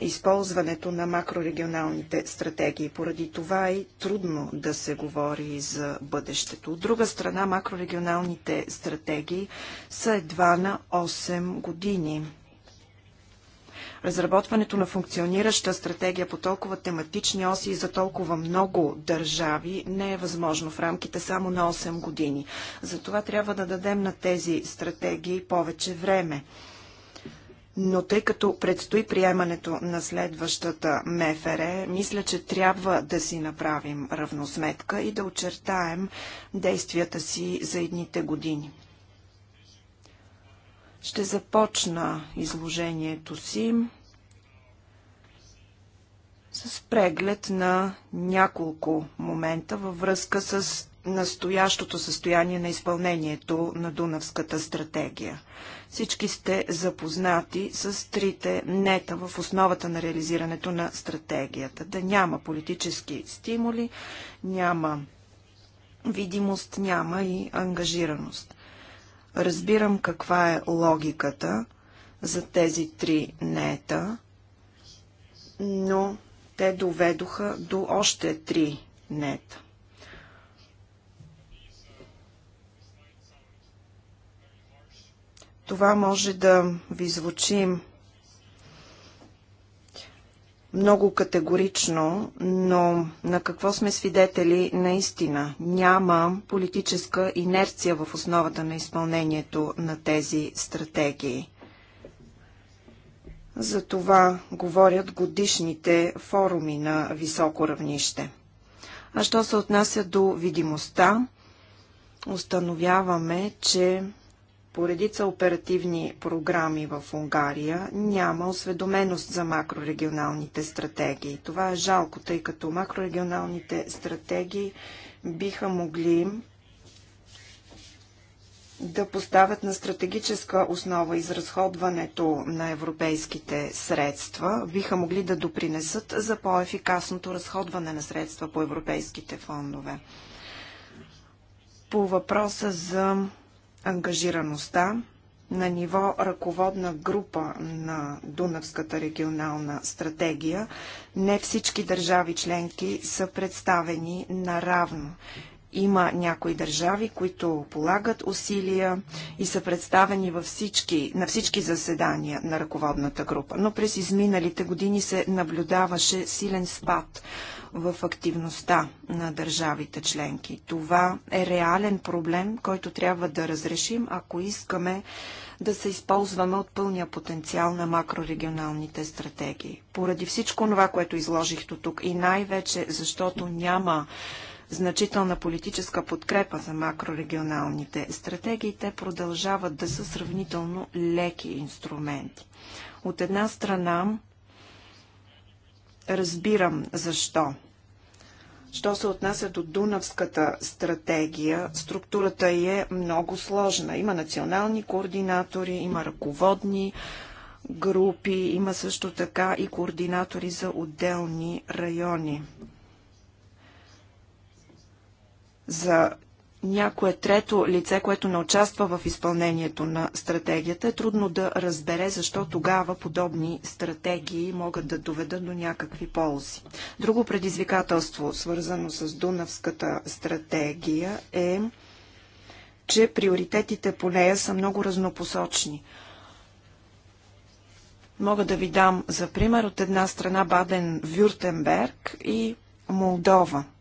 използването на макрорегионалните стратегии. Поради това е трудно да се говори за бъдещето. От друга страна, макрорегионалните стратегии са едва на 8 години. Разработването на функционираща стратегия по толкова тематични оси и за толкова много държави не е възможно в рамките само на 8 години. Затова трябва да дадем на тези стратегии повече време. Но тъй като предстои приемането на следващата МФР, мисля, че трябва да си направим равносметка и да очертаем действията си за едните години. Ще започна изложението си с преглед на няколко момента във връзка с настоящото състояние на изпълнението на Дунавската стратегия. Всички сте запознати с трите нета в основата на реализирането на стратегията. Да няма политически стимули, няма видимост, няма и ангажираност. Разбирам каква е логиката за тези три нета, но те доведоха до още три нета. Това може да ви звучи много категорично, но на какво сме свидетели наистина? Няма политическа инерция в основата на изпълнението на тези стратегии. За това говорят годишните форуми на високо равнище. А що се отнася до видимостта, установяваме, че Поредица оперативни програми в Унгария няма осведоменост за макрорегионалните стратегии. Това е жалко, тъй като макрорегионалните стратегии биха могли да поставят на стратегическа основа изразходването на европейските средства, биха могли да допринесат за по-ефикасното разходване на средства по европейските фондове. По въпроса за ангажираността на ниво ръководна група на Дунавската регионална стратегия не всички държави членки са представени наравно. Има някои държави, които полагат усилия и са представени във всички, на всички заседания на ръководната група. Но през изминалите години се наблюдаваше силен спад в активността на държавите членки. Това е реален проблем, който трябва да разрешим, ако искаме да се използваме от пълния потенциал на макрорегионалните стратегии. Поради всичко това, което изложих до тук и най-вече защото няма значителна политическа подкрепа за макрорегионалните стратегии, те продължават да са сравнително леки инструменти. От една страна, разбирам защо. Що се отнася до Дунавската стратегия, структурата е много сложна. Има национални координатори, има ръководни групи, има също така и координатори за отделни райони за някое трето лице, което не участва в изпълнението на стратегията, е трудно да разбере защо тогава подобни стратегии могат да доведат до някакви ползи. Друго предизвикателство, свързано с Дунавската стратегия, е, че приоритетите по нея са много разнопосочни. Мога да ви дам за пример от една страна Баден-Вюртенберг и Молдова –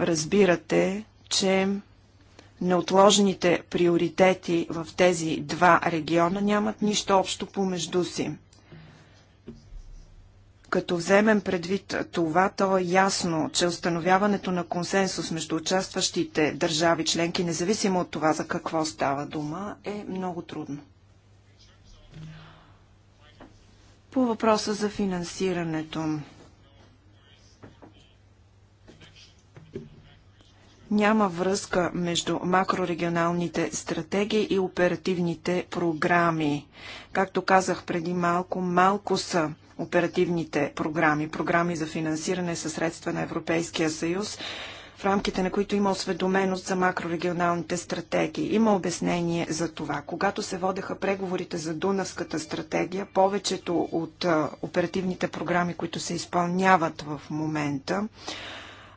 Разбирате, че неотложните приоритети в тези два региона нямат нищо общо помежду си. Като вземем предвид това, то е ясно, че установяването на консенсус между участващите държави членки, независимо от това за какво става дума, е много трудно. По въпроса за финансирането. Няма връзка между макрорегионалните стратегии и оперативните програми. Както казах преди малко, малко са оперативните програми, програми за финансиране със средства на Европейския съюз, в рамките на които има осведоменост за макрорегионалните стратегии. Има обяснение за това. Когато се водеха преговорите за Дунавската стратегия, повечето от оперативните програми, които се изпълняват в момента,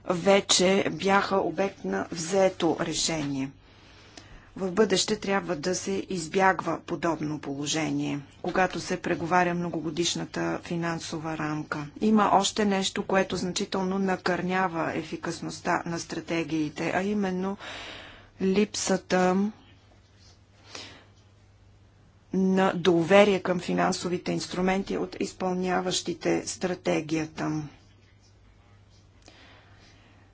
вече бяха обект на взето решение. В бъдеще трябва да се избягва подобно положение, когато се преговаря многогодишната финансова рамка. Има още нещо, което значително накърнява ефикасността на стратегиите, а именно липсата на доверие към финансовите инструменти от изпълняващите стратегията.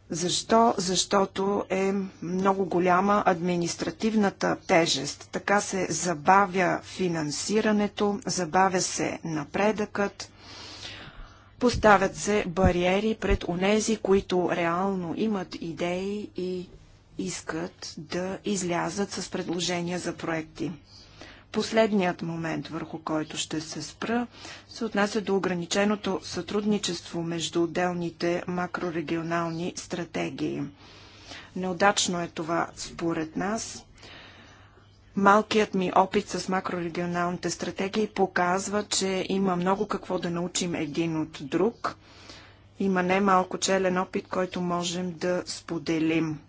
Защо? Защото е много голяма административната тежест. Така се забавя финансирането, забавя се напредъкът, поставят се бариери пред онези, които реално имат идеи и искат да излязат с предложения за проекти. Последният момент, върху който ще се спра, се отнася до ограниченото сътрудничество между отделните макрорегионални стратегии. Неудачно е това според нас. Малкият ми опит с макрорегионалните стратегии показва, че има много какво да научим един от друг. Има немалко челен опит, който можем да споделим,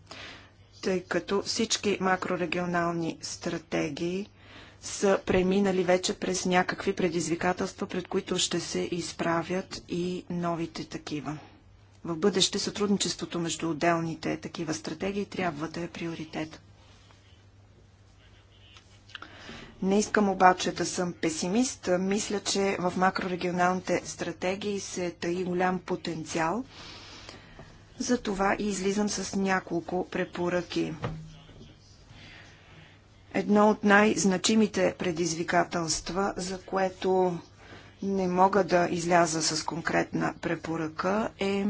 тъй като всички макрорегионални стратегии – са преминали вече през някакви предизвикателства, пред които ще се изправят и новите такива. В бъдеще сътрудничеството между отделните такива стратегии трябва да е приоритет. Не искам обаче да съм песимист. Мисля, че в макрорегионалните стратегии се таи голям потенциал. Затова и излизам с няколко препоръки едно от най-значимите предизвикателства, за което не мога да изляза с конкретна препоръка, е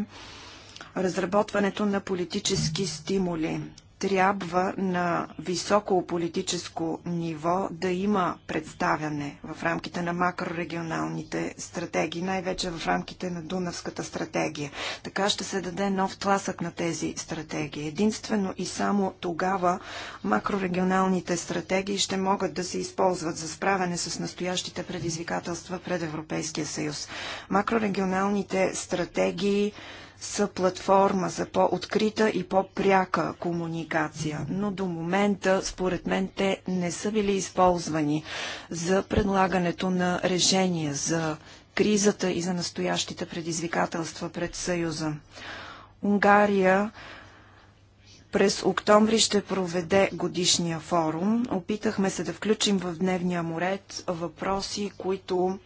разработването на политически стимули трябва на високо политическо ниво да има представяне в рамките на макрорегионалните стратегии, най-вече в рамките на Дунавската стратегия. Така ще се даде нов тласък на тези стратегии. Единствено и само тогава макрорегионалните стратегии ще могат да се използват за справяне с настоящите предизвикателства пред Европейския съюз. Макрорегионалните стратегии са платформа за по-открита и по-пряка комуникация, но до момента, според мен, те не са били използвани за предлагането на решения за кризата и за настоящите предизвикателства пред Съюза. Унгария през октомври ще проведе годишния форум. Опитахме се да включим в дневния му ред въпроси, които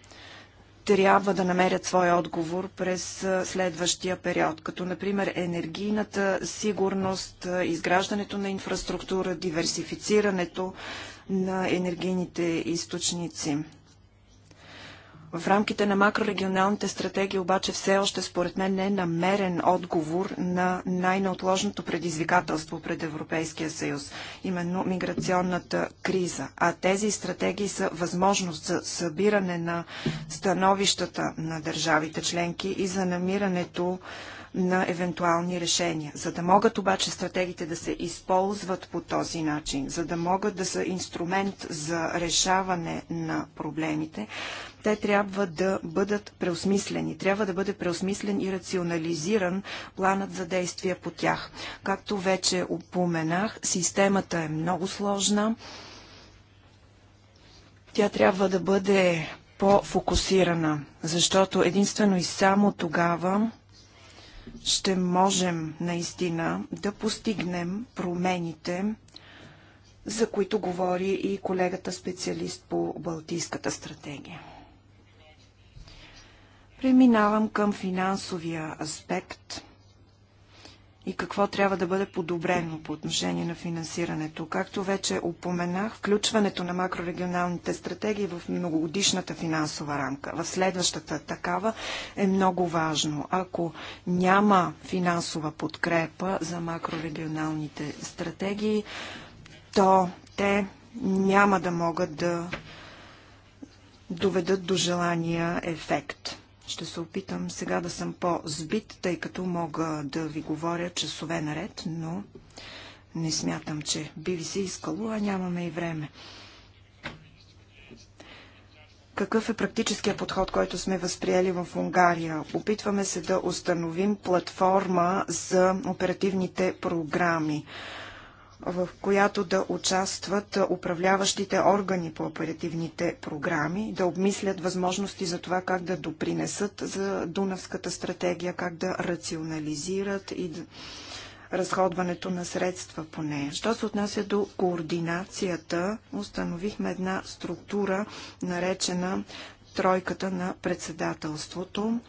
трябва да намерят своя отговор през следващия период, като например енергийната сигурност, изграждането на инфраструктура, диверсифицирането на енергийните източници. В рамките на макрорегионалните стратегии обаче все още според мен не е намерен отговор на най-неотложното предизвикателство пред Европейския съюз, именно миграционната криза. А тези стратегии са възможност за събиране на становищата на държавите членки и за намирането на евентуални решения. За да могат обаче стратегиите да се използват по този начин, за да могат да са инструмент за решаване на проблемите, те трябва да бъдат преосмислени. Трябва да бъде преосмислен и рационализиран планът за действия по тях. Както вече упоменах, системата е много сложна. Тя трябва да бъде по-фокусирана, защото единствено и само тогава ще можем наистина да постигнем промените, за които говори и колегата специалист по Балтийската стратегия. Преминавам към финансовия аспект и какво трябва да бъде подобрено по отношение на финансирането. Както вече упоменах, включването на макрорегионалните стратегии в многогодишната финансова рамка, в следващата такава е много важно. Ако няма финансова подкрепа за макрорегионалните стратегии, то те няма да могат да доведат до желания ефект. Ще се опитам сега да съм по-збит, тъй като мога да ви говоря часове наред, но не смятам, че би ви се искало, а нямаме и време. Какъв е практическия подход, който сме възприели в Унгария? Опитваме се да установим платформа за оперативните програми в която да участват управляващите органи по оперативните програми, да обмислят възможности за това как да допринесат за Дунавската стратегия, как да рационализират и да разходването на средства по нея. Що се отнася до координацията, установихме една структура, наречена тройката на председателството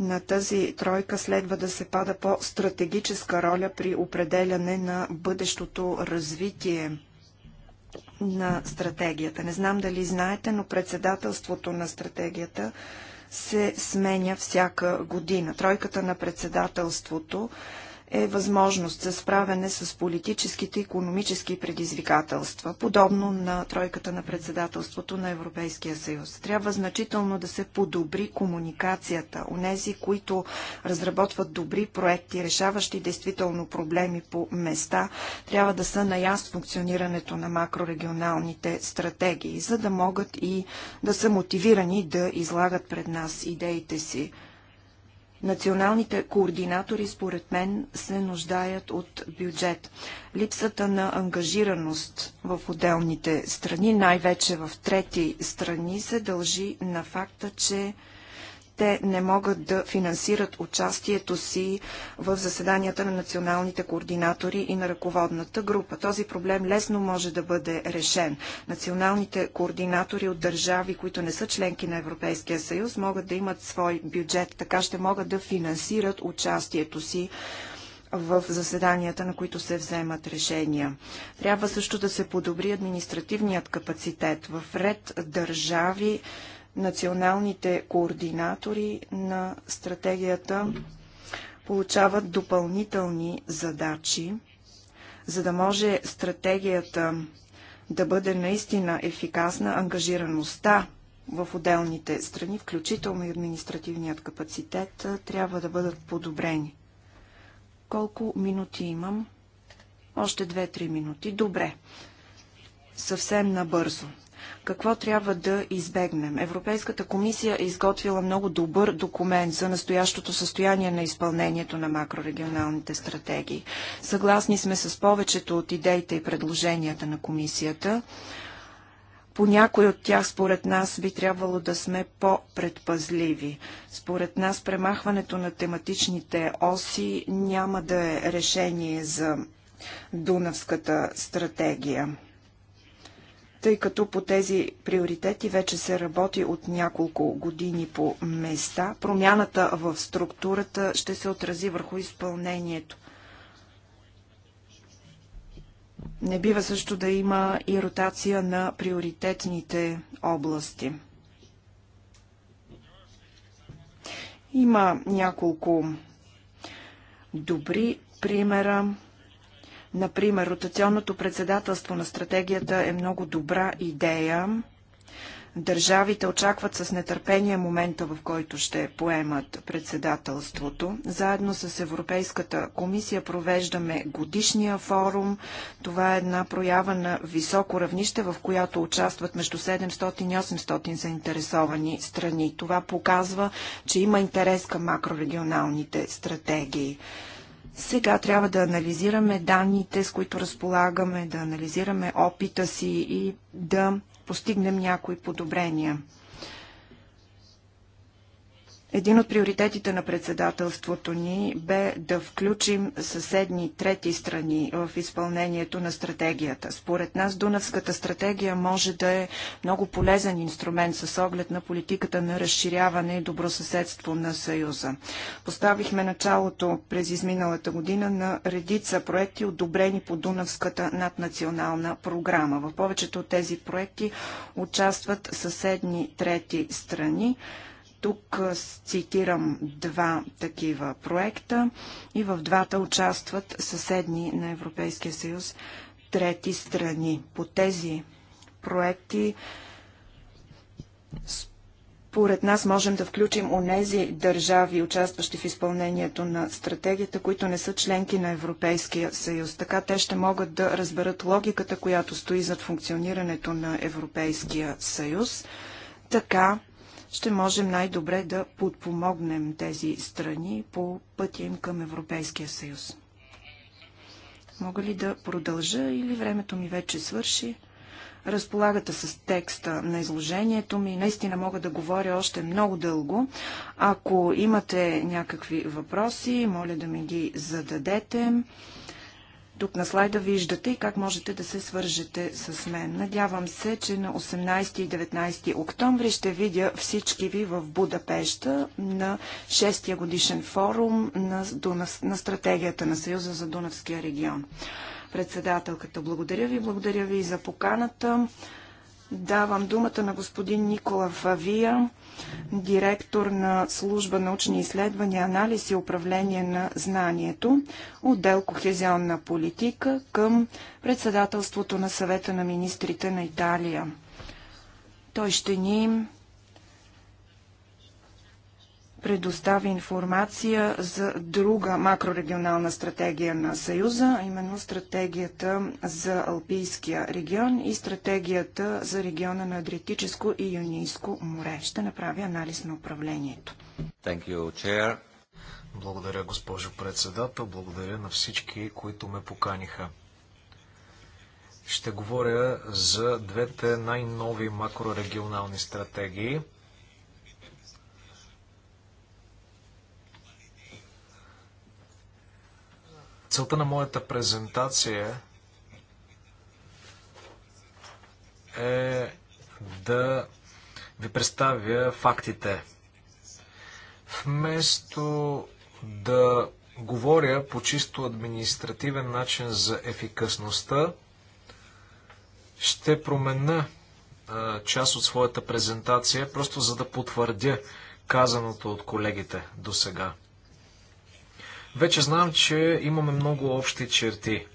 на тази тройка следва да се пада по-стратегическа роля при определяне на бъдещото развитие на стратегията. Не знам дали знаете, но председателството на стратегията се сменя всяка година. Тройката на председателството е възможност за справяне с политическите и економически предизвикателства, подобно на тройката на председателството на Европейския съюз. Трябва значително да се подобри комуникацията. Онези, които разработват добри проекти, решаващи действително проблеми по места, трябва да са яс функционирането на макрорегионалните стратегии, за да могат и да са мотивирани да излагат пред нас идеите си. Националните координатори, според мен, се нуждаят от бюджет. Липсата на ангажираност в отделните страни, най-вече в трети страни, се дължи на факта, че те не могат да финансират участието си в заседанията на националните координатори и на ръководната група. Този проблем лесно може да бъде решен. Националните координатори от държави, които не са членки на Европейския съюз, могат да имат свой бюджет, така ще могат да финансират участието си в заседанията, на които се вземат решения. Трябва също да се подобри административният капацитет. В ред държави националните координатори на стратегията получават допълнителни задачи, за да може стратегията да бъде наистина ефикасна ангажираността в отделните страни, включително и административният капацитет, трябва да бъдат подобрени. Колко минути имам? Още 2-3 минути. Добре. Съвсем набързо. Какво трябва да избегнем? Европейската комисия е изготвила много добър документ за настоящото състояние на изпълнението на макрорегионалните стратегии. Съгласни сме с повечето от идеите и предложенията на комисията. По някой от тях, според нас, би трябвало да сме по-предпазливи. Според нас, премахването на тематичните оси няма да е решение за Дунавската стратегия тъй като по тези приоритети вече се работи от няколко години по места. Промяната в структурата ще се отрази върху изпълнението. Не бива също да има и ротация на приоритетните области. Има няколко добри примера Например, ротационното председателство на стратегията е много добра идея. Държавите очакват с нетърпение момента, в който ще поемат председателството. Заедно с Европейската комисия провеждаме годишния форум. Това е една проява на високо равнище, в която участват между 700 и 800 заинтересовани страни. Това показва, че има интерес към макрорегионалните стратегии. Сега трябва да анализираме данните, с които разполагаме, да анализираме опита си и да постигнем някои подобрения. Един от приоритетите на председателството ни бе да включим съседни трети страни в изпълнението на стратегията. Според нас Дунавската стратегия може да е много полезен инструмент с оглед на политиката на разширяване и добросъседство на Съюза. Поставихме началото през изминалата година на редица проекти, одобрени по Дунавската наднационална програма. В повечето от тези проекти участват съседни трети страни. Тук цитирам два такива проекта и в двата участват съседни на Европейския съюз трети страни. По тези проекти според нас можем да включим онези държави, участващи в изпълнението на стратегията, които не са членки на Европейския съюз. Така те ще могат да разберат логиката, която стои зад функционирането на Европейския съюз. Така ще можем най-добре да подпомогнем тези страни по пътя им към Европейския съюз. Мога ли да продължа или времето ми вече свърши? разполагате с текста на изложението ми. Наистина мога да говоря още много дълго. Ако имате някакви въпроси, моля да ми ги зададете. Тук на слайда виждате и как можете да се свържете с мен. Надявам се, че на 18 и 19 октомври ще видя всички ви в Будапешта на 6-я годишен форум на, Дунав... на стратегията на Съюза за Дунавския регион. Председателката, благодаря ви, благодаря ви и за поканата. Давам думата на господин Никола Фавия, директор на служба научни изследвания, анализ и управление на знанието, отдел Кохезионна политика към председателството на съвета на министрите на Италия. Той ще ни предостави информация за друга макрорегионална стратегия на Съюза, а именно стратегията за Алпийския регион и стратегията за региона на Адриатическо и Юнийско море. Ще направя анализ на управлението. Thank you, chair. Благодаря, госпожо председател. Благодаря на всички, които ме поканиха. Ще говоря за двете най-нови макрорегионални стратегии – Целта на моята презентация е да ви представя фактите. Вместо да говоря по чисто административен начин за ефикасността, ще промена а, част от своята презентация, просто за да потвърдя казаното от колегите до сега. Вече знам, че имаме много общи черти.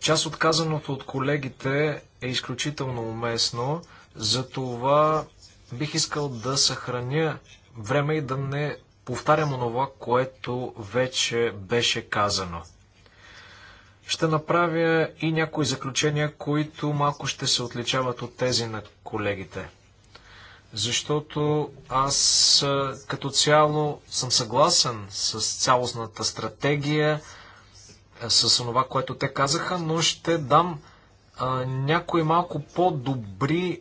Част от казаното от колегите е изключително уместно, затова бих искал да съхраня време и да не повтарям онова, което вече беше казано. Ще направя и някои заключения, които малко ще се отличават от тези на колегите защото аз като цяло съм съгласен с цялостната стратегия, с това, което те казаха, но ще дам а, някои малко по-добри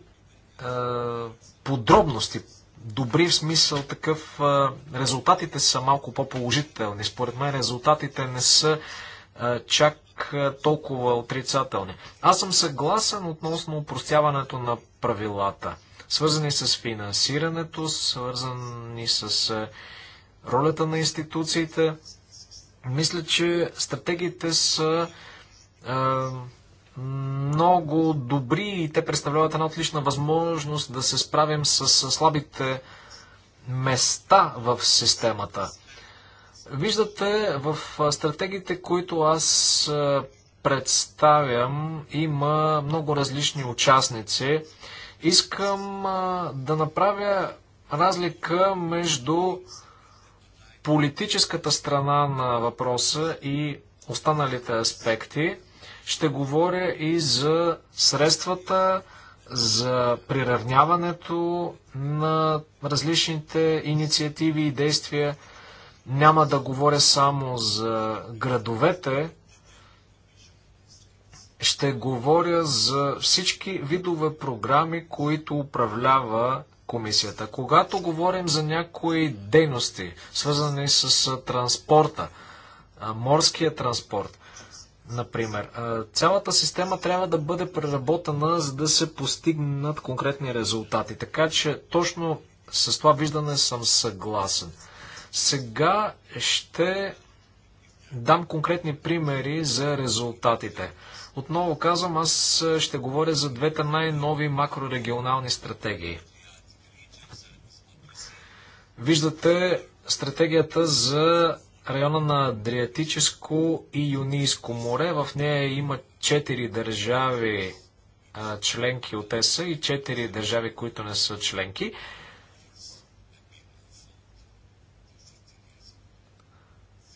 подробности. Добри в смисъл такъв. А, резултатите са малко по-положителни. Според мен резултатите не са а, чак толкова отрицателни. Аз съм съгласен относно упростяването на правилата свързани с финансирането, свързани с е, ролята на институциите. Мисля, че стратегиите са е, много добри и те представляват една отлична възможност да се справим с, с слабите места в системата. Виждате в е, стратегиите, които аз е, представям, има много различни участници. Искам да направя разлика между политическата страна на въпроса и останалите аспекти. Ще говоря и за средствата, за приравняването на различните инициативи и действия. Няма да говоря само за градовете, ще говоря за всички видове програми, които управлява комисията. Когато говорим за някои дейности, свързани с транспорта, морския транспорт, например, цялата система трябва да бъде преработена, за да се постигнат конкретни резултати. Така че точно с това виждане съм съгласен. Сега ще дам конкретни примери за резултатите. Отново казвам, аз е, ще говоря за двете най-нови макрорегионални стратегии. Виждате стратегията за района на Адриатическо и Юнийско море. В нея има четири държави членки от ЕСА и четири държави, които не са членки.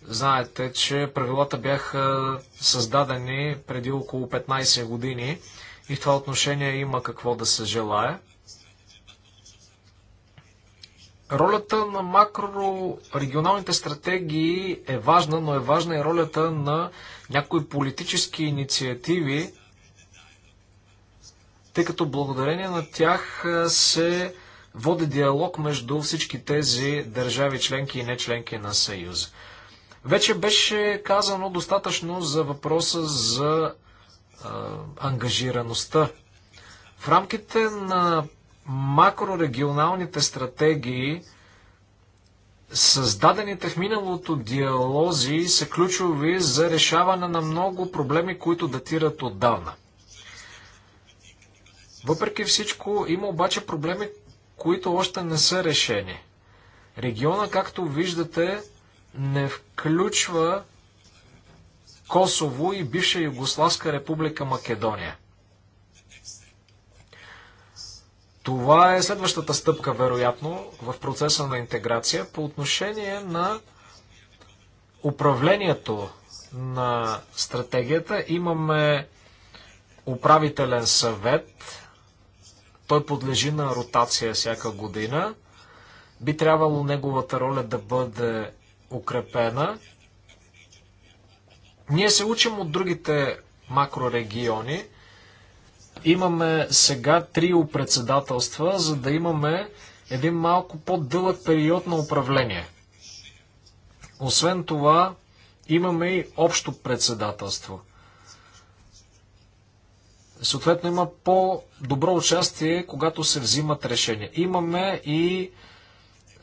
Знаете, че правилата бяха създадени преди около 15 години и в това отношение има какво да се желая. Ролята на макрорегионалните стратегии е важна, но е важна и ролята на някои политически инициативи, тъй като благодарение на тях се води диалог между всички тези държави членки и не членки на Съюза. Вече беше казано достатъчно за въпроса за а, ангажираността. В рамките на макрорегионалните стратегии, създадените в миналото диалози са ключови за решаване на много проблеми, които датират отдавна. Въпреки всичко, има обаче проблеми, които още не са решени. Региона, както виждате, не включва Косово и бивша Югославска република Македония. Това е следващата стъпка, вероятно, в процеса на интеграция по отношение на управлението на стратегията. Имаме управителен съвет. Той подлежи на ротация всяка година. Би трябвало неговата роля да бъде укрепена. Ние се учим от другите макрорегиони. Имаме сега трио председателства, за да имаме един малко по-дълъг период на управление. Освен това, имаме и общо председателство. Съответно, има по-добро участие, когато се взимат решения. Имаме и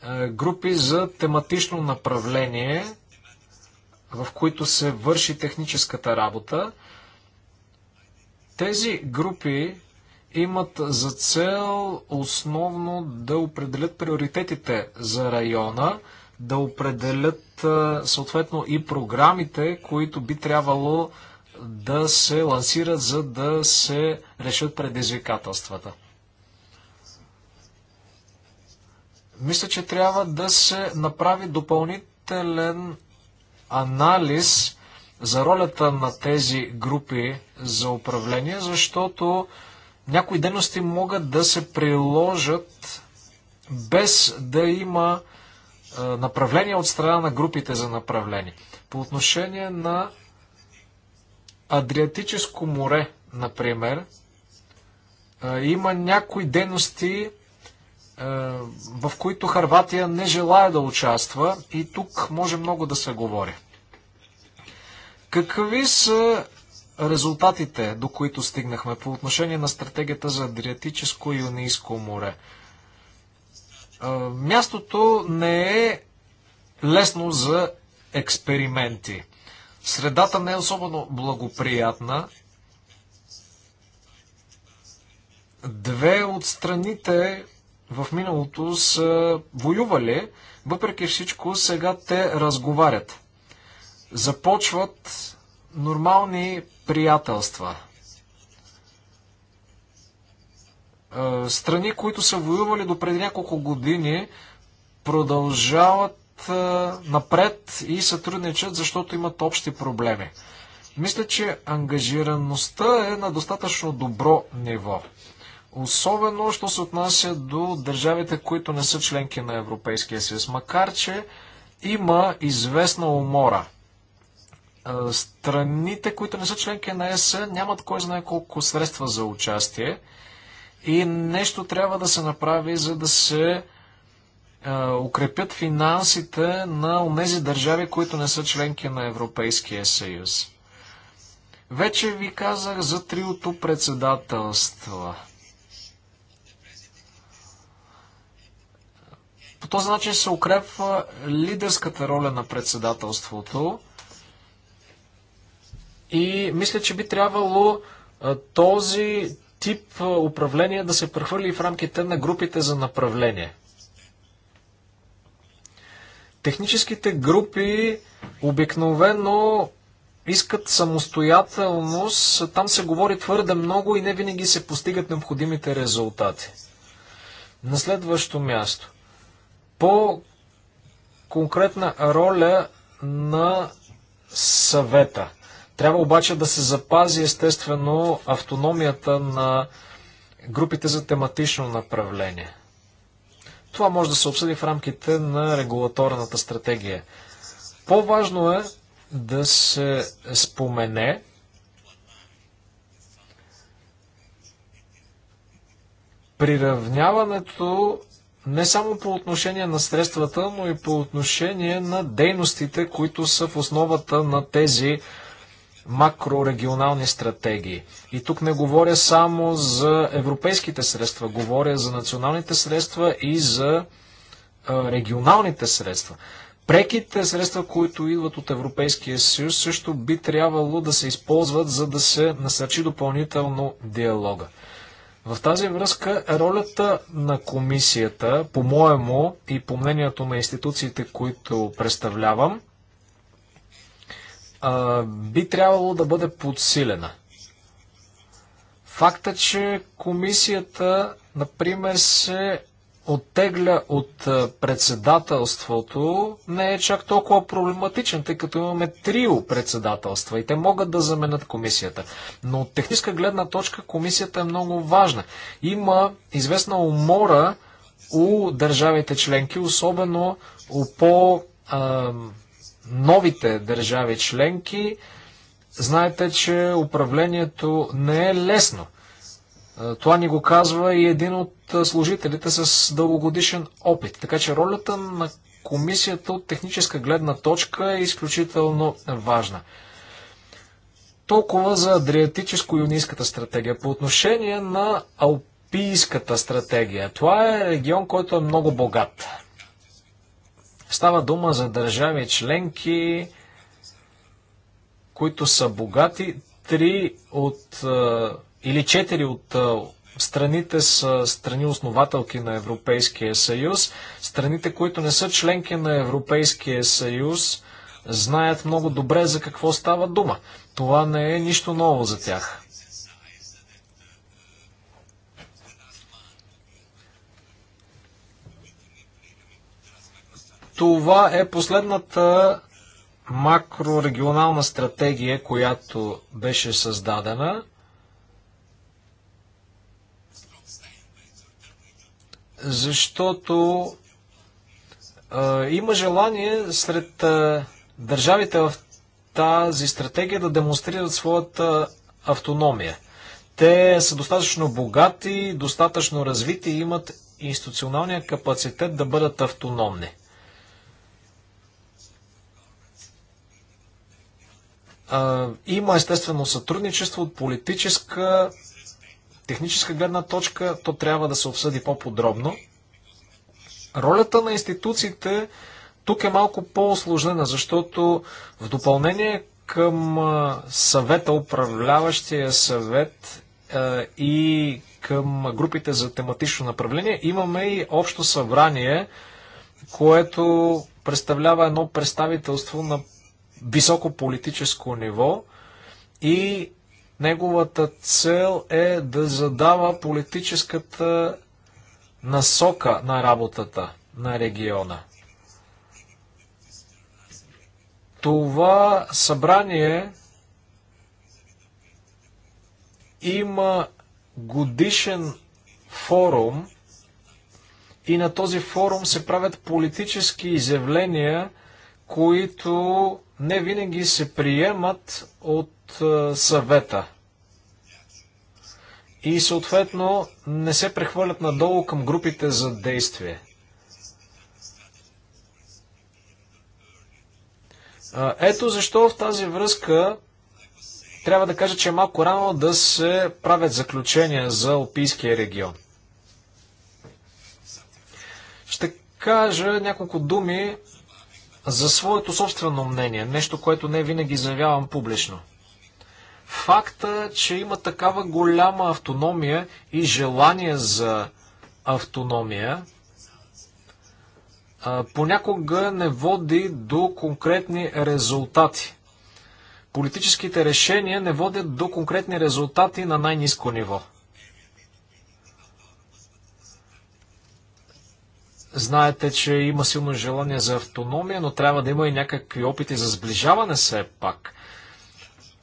е, групи за тематично направление, в които се върши техническата работа. Тези групи имат за цел основно да определят приоритетите за района, да определят е, съответно и програмите, които би трябвало да се лансират, за да се решат предизвикателствата. Мисля, че трябва да се направи допълнителен анализ за ролята на тези групи за управление, защото някои дейности могат да се приложат без да има е, направление от страна на групите за направление. По отношение на Адриатическо море, например, е, има някои дейности, е, в които Харватия не желая да участва и тук може много да се говори. Какви са резултатите, до които стигнахме по отношение на стратегията за Адриатическо и Юнийско море? Е, мястото не е лесно за експерименти. Средата не е особено благоприятна. Две от страните в миналото са воювали, въпреки всичко сега те разговарят. Започват нормални приятелства. Е, страни, които са воювали до преди няколко години, продължават е, напред и сътрудничат, защото имат общи проблеми. Мисля, че ангажираността е на достатъчно добро ниво. Особено, що се отнася до държавите, които не са членки на Европейския съюз. Макар, че има известна умора. Страните, които не са членки на ЕС, нямат кой знае колко средства за участие и нещо трябва да се направи, за да се укрепят финансите на тези държави, които не са членки на Европейския съюз. Вече ви казах за триото председателства – По този начин се укрепва лидерската роля на председателството и мисля, че би трябвало този тип управление да се прехвърли в рамките на групите за направление. Техническите групи обикновено искат самостоятелност, там се говори твърде много и не винаги се постигат необходимите резултати. На следващо място по-конкретна роля на съвета. Трябва обаче да се запази естествено автономията на групите за тематично направление. Това може да се обсъди в рамките на регулаторната стратегия. По-важно е да се спомене приравняването не само по отношение на средствата, но и по отношение на дейностите, които са в основата на тези макрорегионални стратегии. И тук не говоря само за европейските средства, говоря за националните средства и за регионалните средства. Преките средства, които идват от Европейския съюз, също би трябвало да се използват, за да се насърчи допълнително диалога. В тази връзка ролята на комисията, по моему и по мнението на институциите, които представлявам, би трябвало да бъде подсилена. Факта, че комисията, например, се оттегля от председателството не е чак толкова проблематичен, тъй като имаме трио председателства и те могат да заменят комисията. Но от техническа гледна точка комисията е много важна. Има известна умора у държавите членки, особено у по новите държави членки. Знаете, че управлението не е лесно това ни го казва и един от служителите с дългогодишен опит. Така че ролята на комисията от техническа гледна точка е изключително важна. Толкова за Адриатическо-юнийската стратегия. По отношение на Алпийската стратегия, това е регион, който е много богат. Става дума за държави членки, които са богати. Три от или четири от страните са страни основателки на Европейския съюз. Страните, които не са членки на Европейския съюз, знаят много добре за какво става дума. Това не е нищо ново за тях. Това е последната макрорегионална стратегия, която беше създадена. защото а, има желание сред а, държавите в тази стратегия да демонстрират своята автономия. Те са достатъчно богати, достатъчно развити и имат институционалния капацитет да бъдат автономни. има естествено сътрудничество от политическа техническа гледна точка то трябва да се обсъди по-подробно. Ролята на институциите тук е малко по-осложнена, защото в допълнение към съвета, управляващия съвет и към групите за тематично направление, имаме и общо събрание, което представлява едно представителство на високо политическо ниво и Неговата цел е да задава политическата насока на работата на региона. Това събрание има годишен форум и на този форум се правят политически изявления, които не винаги се приемат от съвета. И съответно не се прехвърлят надолу към групите за действие. Ето защо в тази връзка трябва да кажа, че е малко рано да се правят заключения за Опийския регион. Ще кажа няколко думи за своето собствено мнение, нещо, което не винаги заявявам публично – Факта, че има такава голяма автономия и желание за автономия, понякога не води до конкретни резултати. Политическите решения не водят до конкретни резултати на най-низко ниво. Знаете, че има силно желание за автономия, но трябва да има и някакви опити за сближаване все пак.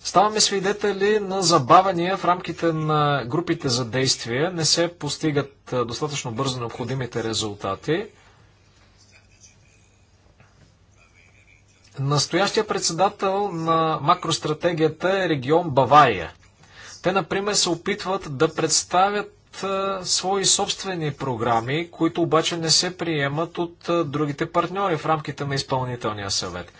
Ставаме свидетели на забавания в рамките на групите за действие. Не се постигат достатъчно бързо необходимите резултати. Настоящия председател на макростратегията е регион Бавария. Те, например, се опитват да представят свои собствени програми, които обаче не се приемат от другите партньори в рамките на изпълнителния съвет.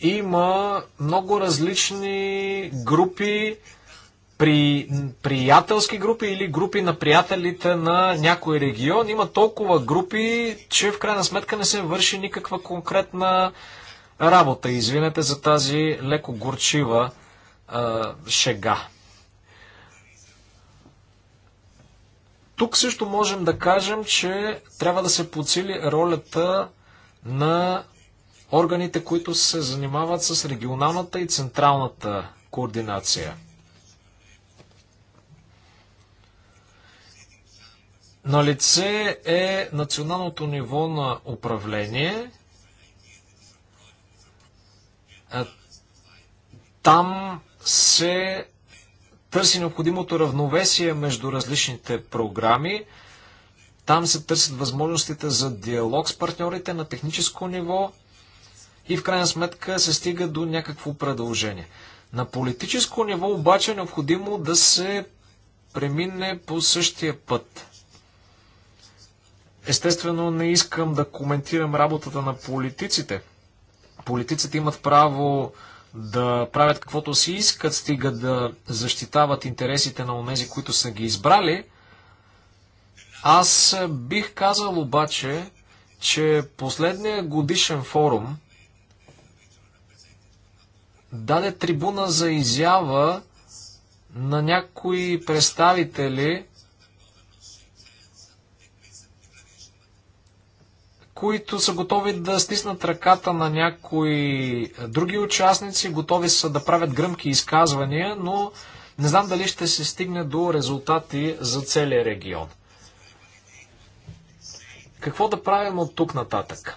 има много различни групи, при приятелски групи или групи на приятелите на някой регион. Има толкова групи, че в крайна сметка не се върши никаква конкретна работа. Извинете за тази леко горчива а, шега. Тук също можем да кажем, че трябва да се подсили ролята на органите, които се занимават с регионалната и централната координация. На лице е националното ниво на управление. Е, там се търси необходимото равновесие между различните програми. Там се търсят възможностите за диалог с партньорите на техническо ниво, и в крайна сметка се стига до някакво предложение. На политическо ниво обаче е необходимо да се премине по същия път. Естествено, не искам да коментирам работата на политиците. Политиците имат право да правят каквото си искат, стига да защитават интересите на онези, които са ги избрали. Аз бих казал обаче, че последния годишен форум даде трибуна за изява на някои представители, които са готови да стиснат ръката на някои други участници, готови са да правят гръмки изказвания, но не знам дали ще се стигне до резултати за целия регион. Какво да правим от тук нататък?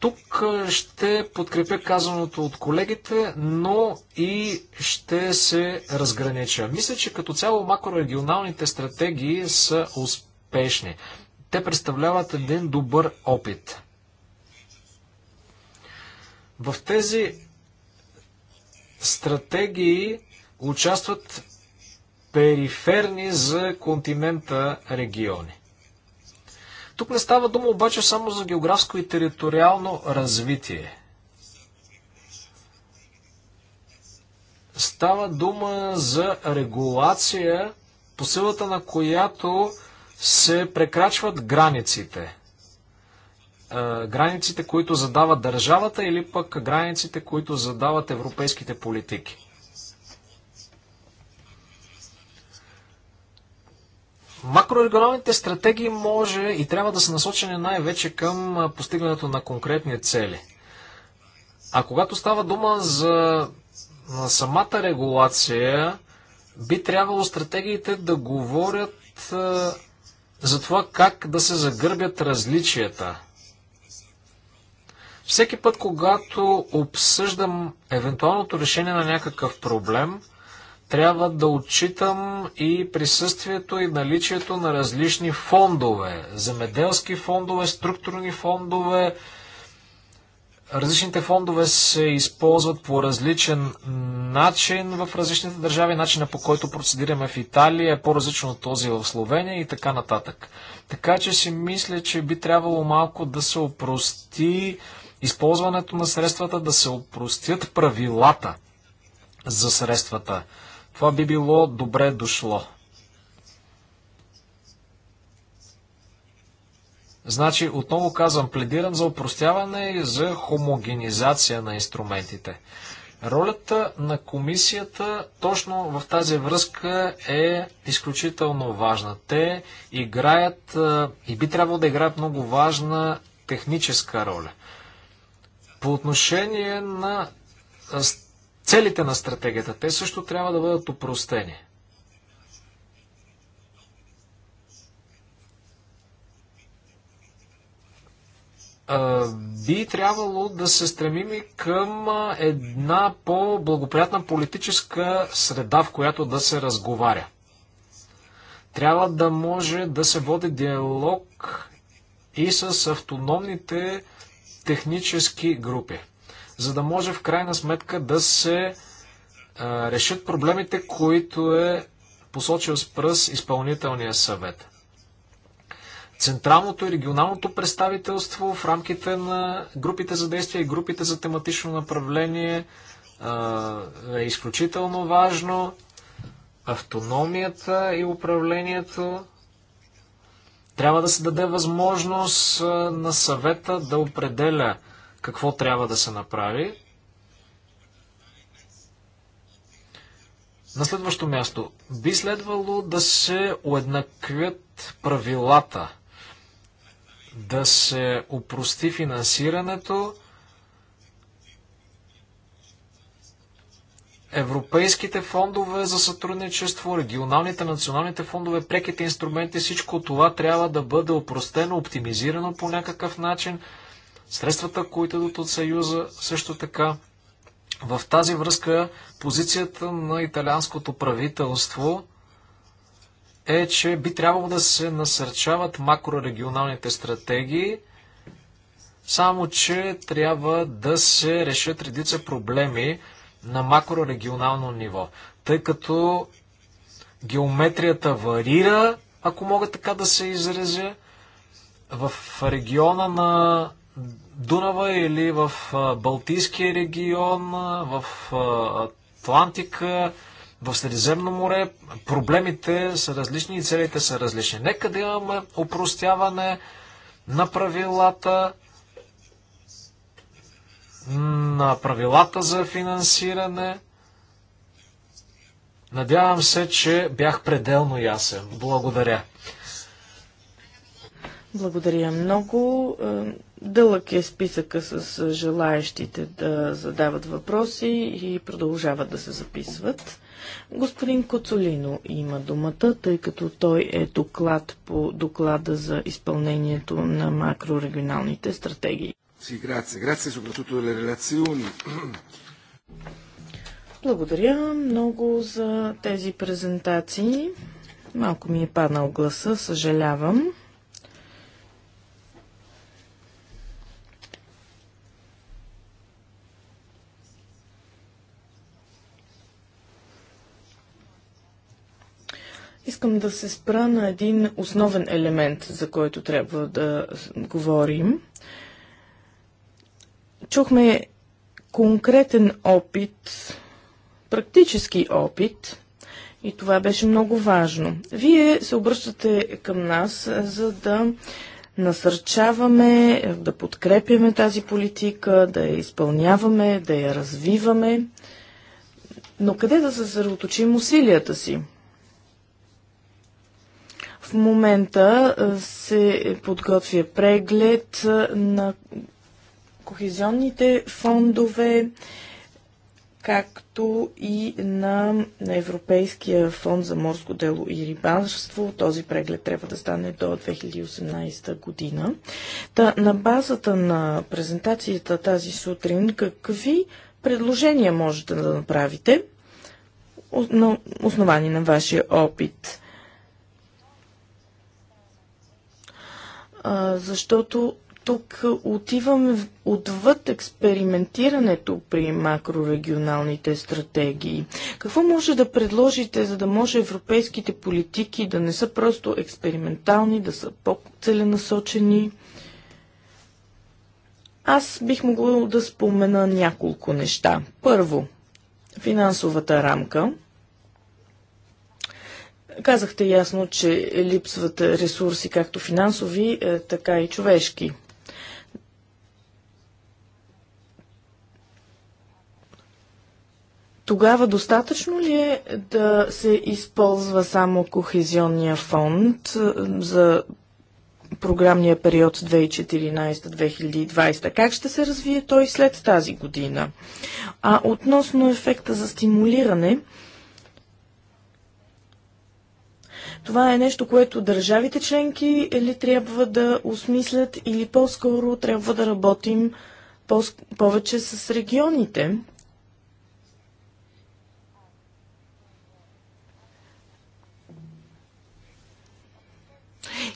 Тук ще подкрепя казаното от колегите, но и ще се разгранича. Мисля, че като цяло макрорегионалните стратегии са успешни. Те представляват един добър опит. В тези стратегии участват периферни за континента региони. Тук не става дума обаче само за географско и териториално развитие. Става дума за регулация, по силата на която се прекрачват границите. Е, границите, които задава държавата или пък границите, които задават европейските политики. Макрорегионалните стратегии може и трябва да са насочени най-вече към постигането на конкретни цели. А когато става дума за самата регулация, би трябвало стратегиите да говорят за това как да се загърбят различията. Всеки път, когато обсъждам евентуалното решение на някакъв проблем, трябва да отчитам и присъствието и наличието на различни фондове. Земеделски фондове, структурни фондове. Различните фондове се използват по различен начин в различните държави. Начина по който процедираме в Италия е по-различен от този в Словения и така нататък. Така че си мисля, че би трябвало малко да се опрости използването на средствата, да се опростят правилата за средствата. Това би било добре дошло. Значи, отново казвам, пледирам за упростяване и за хомогенизация на инструментите. Ролята на комисията точно в тази връзка е изключително важна. Те играят и би трябвало да играят много важна техническа роля. По отношение на целите на стратегията. Те също трябва да бъдат опростени. би трябвало да се стремим и към една по-благоприятна политическа среда, в която да се разговаря. Трябва да може да се води диалог и с автономните технически групи за да може в крайна сметка да се а, решат проблемите, които е посочил с пръс изпълнителния съвет. Централното и регионалното представителство в рамките на групите за действие и групите за тематично направление а, е изключително важно. Автономията и управлението трябва да се даде възможност на съвета да определя какво трябва да се направи. На следващо място, би следвало да се уеднаквят правилата, да се опрости финансирането, европейските фондове за сътрудничество, регионалните, националните фондове, преките инструменти, всичко това трябва да бъде опростено, оптимизирано по някакъв начин – средствата, които идват от Съюза, също така. В тази връзка позицията на италианското правителство е, че би трябвало да се насърчават макрорегионалните стратегии, само че трябва да се решат редица проблеми на макрорегионално ниво, тъй като геометрията варира, ако мога така да се изразя, в региона на Дунава или в Балтийския регион, в Атлантика, в Средиземно море. Проблемите са различни и целите са различни. Нека да имаме упростяване на правилата, на правилата за финансиране. Надявам се, че бях пределно ясен. Благодаря. Благодаря много. Е, Дълъг е списъка с желаящите да задават въпроси и продължават да се записват. Господин Коцолино има думата, тъй като той е доклад по доклада за изпълнението на макрорегионалните стратегии. Благодаря много за тези презентации. Малко ми е паднал гласа, съжалявам. Искам да се спра на един основен елемент, за който трябва да говорим. Чухме конкретен опит, практически опит, и това беше много важно. Вие се обръщате към нас, за да насърчаваме, да подкрепяме тази политика, да я изпълняваме, да я развиваме. Но къде да съсредоточим усилията си? момента се подготвя преглед на кохезионните фондове, както и на Европейския фонд за морско дело и рибарство. Този преглед трябва да стане до 2018 година. Та, на базата на презентацията тази сутрин, какви предложения можете да направите на основани на вашия опит? защото тук отиваме отвъд експериментирането при макрорегионалните стратегии. Какво може да предложите, за да може европейските политики да не са просто експериментални, да са по-целенасочени? Аз бих могла да спомена няколко неща. Първо, финансовата рамка. Казахте ясно, че липсват ресурси както финансови, е, така и човешки. Тогава достатъчно ли е да се използва само кохезионния фонд е, за програмния период 2014-2020? Как ще се развие той след тази година? А относно ефекта за стимулиране, Това е нещо, което държавите членки ли трябва да осмислят или по-скоро трябва да работим повече с регионите?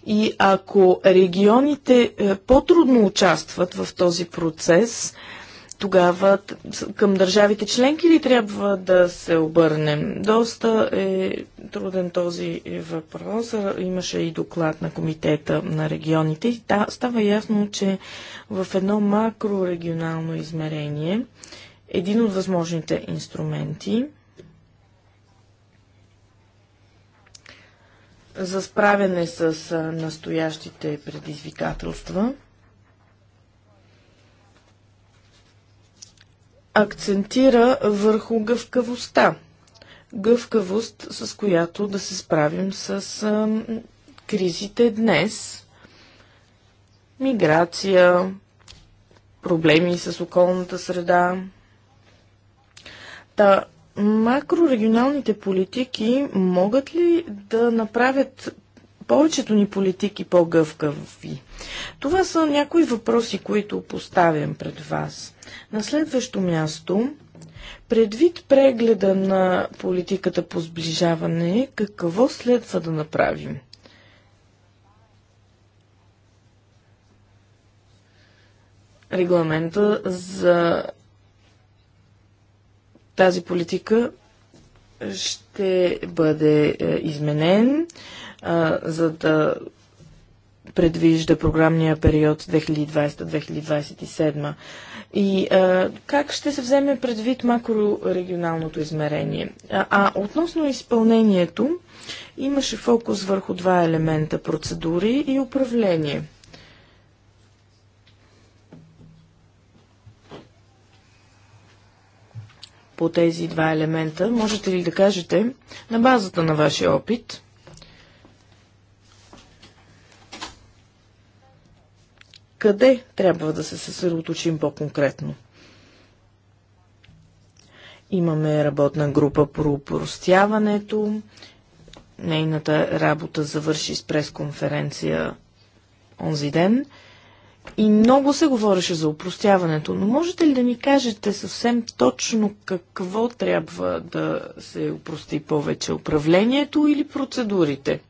И ако регионите е, по-трудно участват в този процес, тогава към държавите членки ли трябва да се обърнем? Доста е труден този въпрос. Имаше и доклад на Комитета на регионите и та, става ясно, че в едно макрорегионално измерение един от възможните инструменти за справяне с настоящите предизвикателства – акцентира върху гъвкавостта. Гъвкавост, с която да се справим с а, кризите днес. Миграция, проблеми с околната среда. Та, макрорегионалните политики могат ли да направят повечето ни политики по-гъвкави? Това са някои въпроси, които поставям пред вас. На следващо място, предвид прегледа на политиката по сближаване, какво следва да направим? Регламента за тази политика ще бъде е, изменен, за да предвижда програмния период 2020-2027. И а, как ще се вземе предвид макрорегионалното измерение? А, а относно изпълнението, имаше фокус върху два елемента процедури и управление. По тези два елемента, можете ли да кажете, на базата на вашия опит, къде трябва да се съсредоточим по-конкретно. Имаме работна група про упростяването. Нейната работа завърши с пресконференция онзи ден. И много се говореше за упростяването, но можете ли да ни кажете съвсем точно какво трябва да се упрости повече? Управлението или процедурите?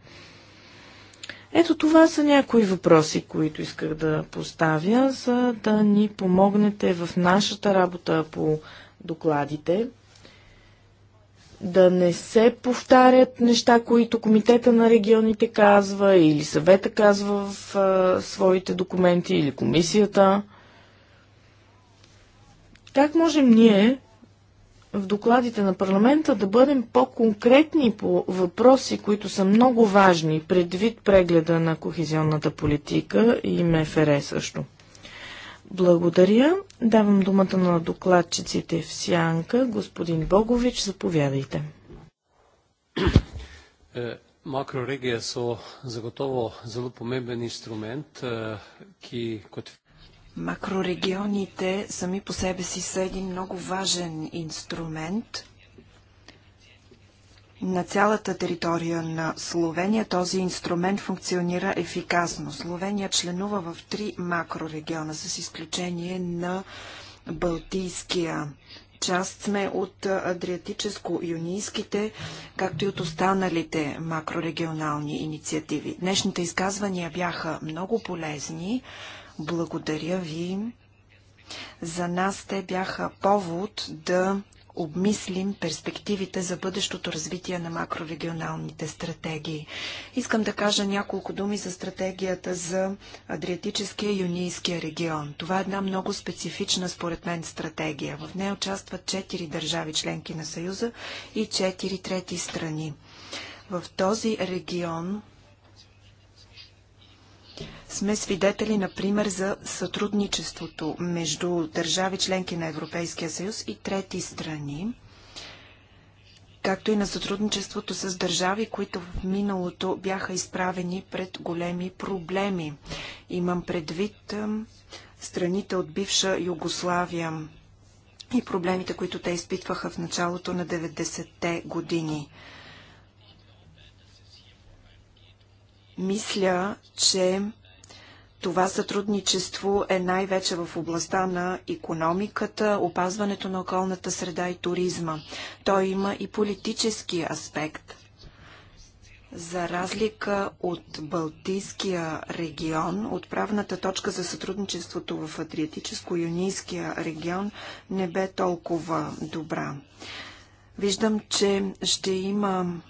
Ето това са някои въпроси, които исках да поставя, за да ни помогнете в нашата работа по докладите. Да не се повтарят неща, които Комитета на регионите казва или съвета казва в а, своите документи или комисията. Как можем ние в докладите на парламента да бъдем по-конкретни по въпроси, които са много важни предвид прегледа на кохезионната политика и МФР също. Благодаря. Давам думата на докладчиците в Сянка. Господин Богович, заповядайте. Е, макрорегия са заготово зело инструмент, е, ки който Макрорегионите сами по себе си са един много важен инструмент. На цялата територия на Словения този инструмент функционира ефикасно. Словения членува в три макрорегиона, с изключение на Балтийския. Част сме от Адриатическо-юнийските, както и от останалите макрорегионални инициативи. Днешните изказвания бяха много полезни. Благодаря ви. За нас те бяха повод да обмислим перспективите за бъдещото развитие на макрорегионалните стратегии. Искам да кажа няколко думи за стратегията за Адриатическия и Юнийския регион. Това е една много специфична, според мен, стратегия. В нея участват четири държави членки на Съюза и четири трети страни. В този регион сме свидетели, например, за сътрудничеството между държави членки на Европейския съюз и трети страни, както и на сътрудничеството с държави, които в миналото бяха изправени пред големи проблеми. Имам предвид страните от бивша Югославия и проблемите, които те изпитваха в началото на 90-те години. Мисля, че това сътрудничество е най-вече в областта на економиката, опазването на околната среда и туризма. Той има и политически аспект. За разлика от Балтийския регион, отправната точка за сътрудничеството в Адриатическо-Юнийския регион не бе толкова добра. Виждам, че ще има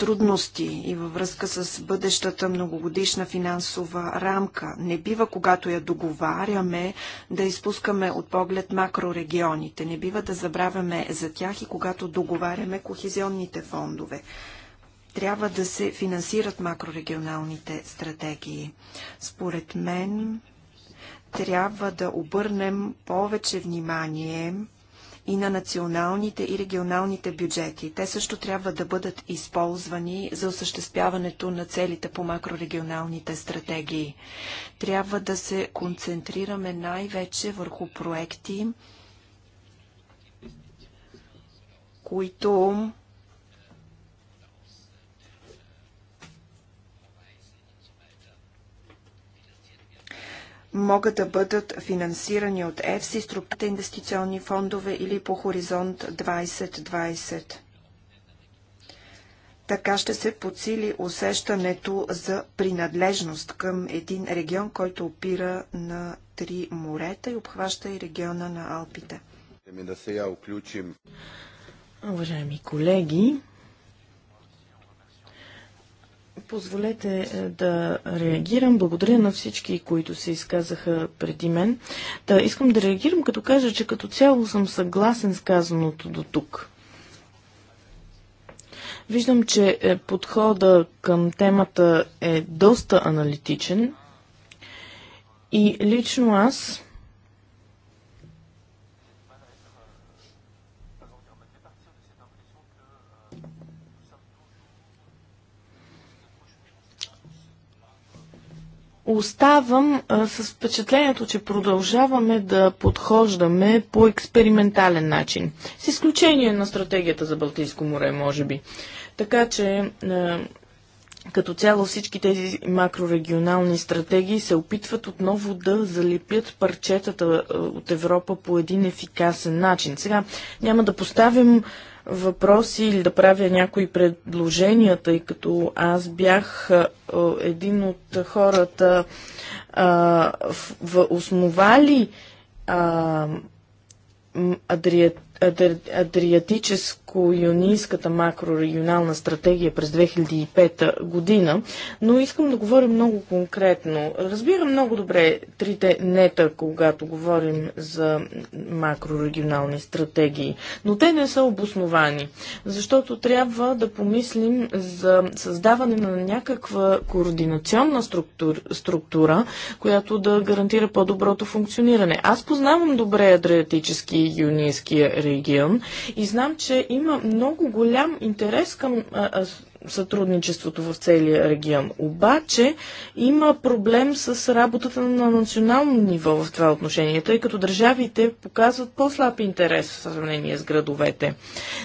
трудности и във връзка с бъдещата многогодишна финансова рамка. Не бива, когато я договаряме, да изпускаме от поглед макрорегионите. Не бива да забравяме за тях и когато договаряме кохезионните фондове трябва да се финансират макрорегионалните стратегии. Според мен трябва да обърнем повече внимание и на националните и регионалните бюджети. Те също трябва да бъдат използвани за осъществяването на целите по макрорегионалните стратегии. Трябва да се концентрираме най-вече върху проекти, които могат да бъдат финансирани от ЕФСИ, структурите инвестиционни фондове или по хоризонт 2020. Така ще се подсили усещането за принадлежност към един регион, който опира на три морета и обхваща и региона на Алпите. Ами Уважаеми колеги, Позволете е, да реагирам. Благодаря на всички, които се изказаха преди мен. Да, искам да реагирам, като кажа, че като цяло съм съгласен с казаното до тук. Виждам, че е, подхода към темата е доста аналитичен и лично аз оставам а, с впечатлението, че продължаваме да подхождаме по експериментален начин. С изключение на стратегията за Балтийско море, може би. Така че. А, като цяло всички тези макрорегионални стратегии се опитват отново да залепят парчетата от Европа по един ефикасен начин. Сега няма да поставим въпроси или да правя някои предложения, тъй като аз бях един от хората в, основали Адриатическа юнийската макрорегионална стратегия през 2005 година, но искам да говоря много конкретно. Разбирам много добре трите нета, когато говорим за макрорегионални стратегии, но те не са обосновани, защото трябва да помислим за създаване на някаква координационна структура, структура която да гарантира по-доброто функциониране. Аз познавам добре Адриатически и Юнийския регион и знам, че има има много голям интерес към а, сътрудничеството в целия регион. Обаче има проблем с работата на национално ниво в това отношение, тъй като държавите показват по-слаб интерес в сравнение с градовете.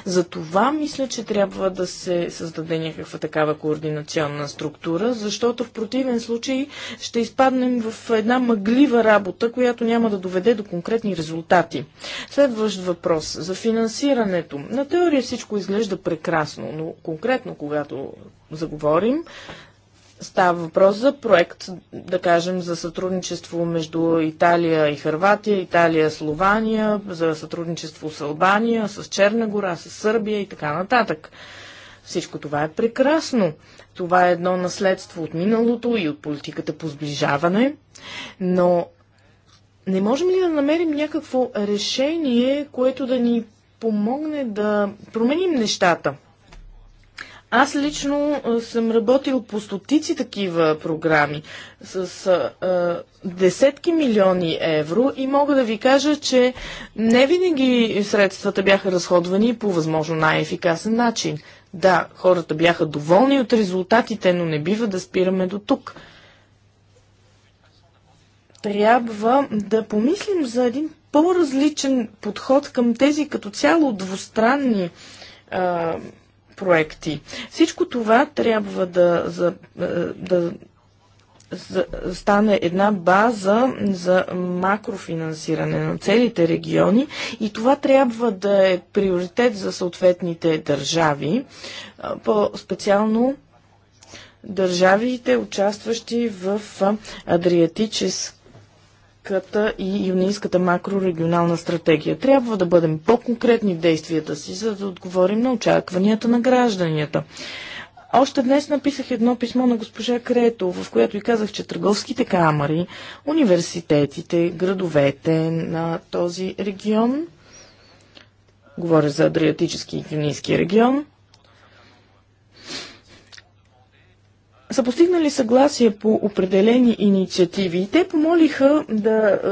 За това мисля, че трябва да се създаде някаква такава координационна структура, защото в противен случай ще изпаднем в една мъглива работа, която няма да доведе до конкретни резултати. Следващ въпрос за финансирането. На теория всичко изглежда прекрасно, но конкретно когато когато заговорим. Става въпрос за проект, да кажем, за сътрудничество между Италия и Харватия, Италия, и Слования, за сътрудничество с Албания, с Черна гора, с Сърбия и така нататък. Всичко това е прекрасно. Това е едно наследство от миналото и от политиката по сближаване, но не можем ли да намерим някакво решение, което да ни помогне да променим нещата? Аз лично съм работил по стотици такива програми с а, десетки милиони евро и мога да ви кажа, че не винаги средствата бяха разходвани по възможно най-ефикасен начин. Да, хората бяха доволни от резултатите, но не бива да спираме до тук. Трябва да помислим за един по-различен подход към тези като цяло двустранни а, проекти. Всичко това трябва да, за, е, да за, стане една база за макрофинансиране на целите региони и това трябва да е приоритет за съответните държави, е, по-специално държавите, участващи в е, Адриатическа Европейската и Юнийската макрорегионална стратегия. Трябва да бъдем по-конкретни в действията си, за да отговорим на очакванията на гражданията. Още днес написах едно писмо на госпожа Крето, в което и казах, че търговските камери, университетите, градовете на този регион, говоря за Адриатически и Юнийски регион, са постигнали съгласие по определени инициативи и те помолиха да е,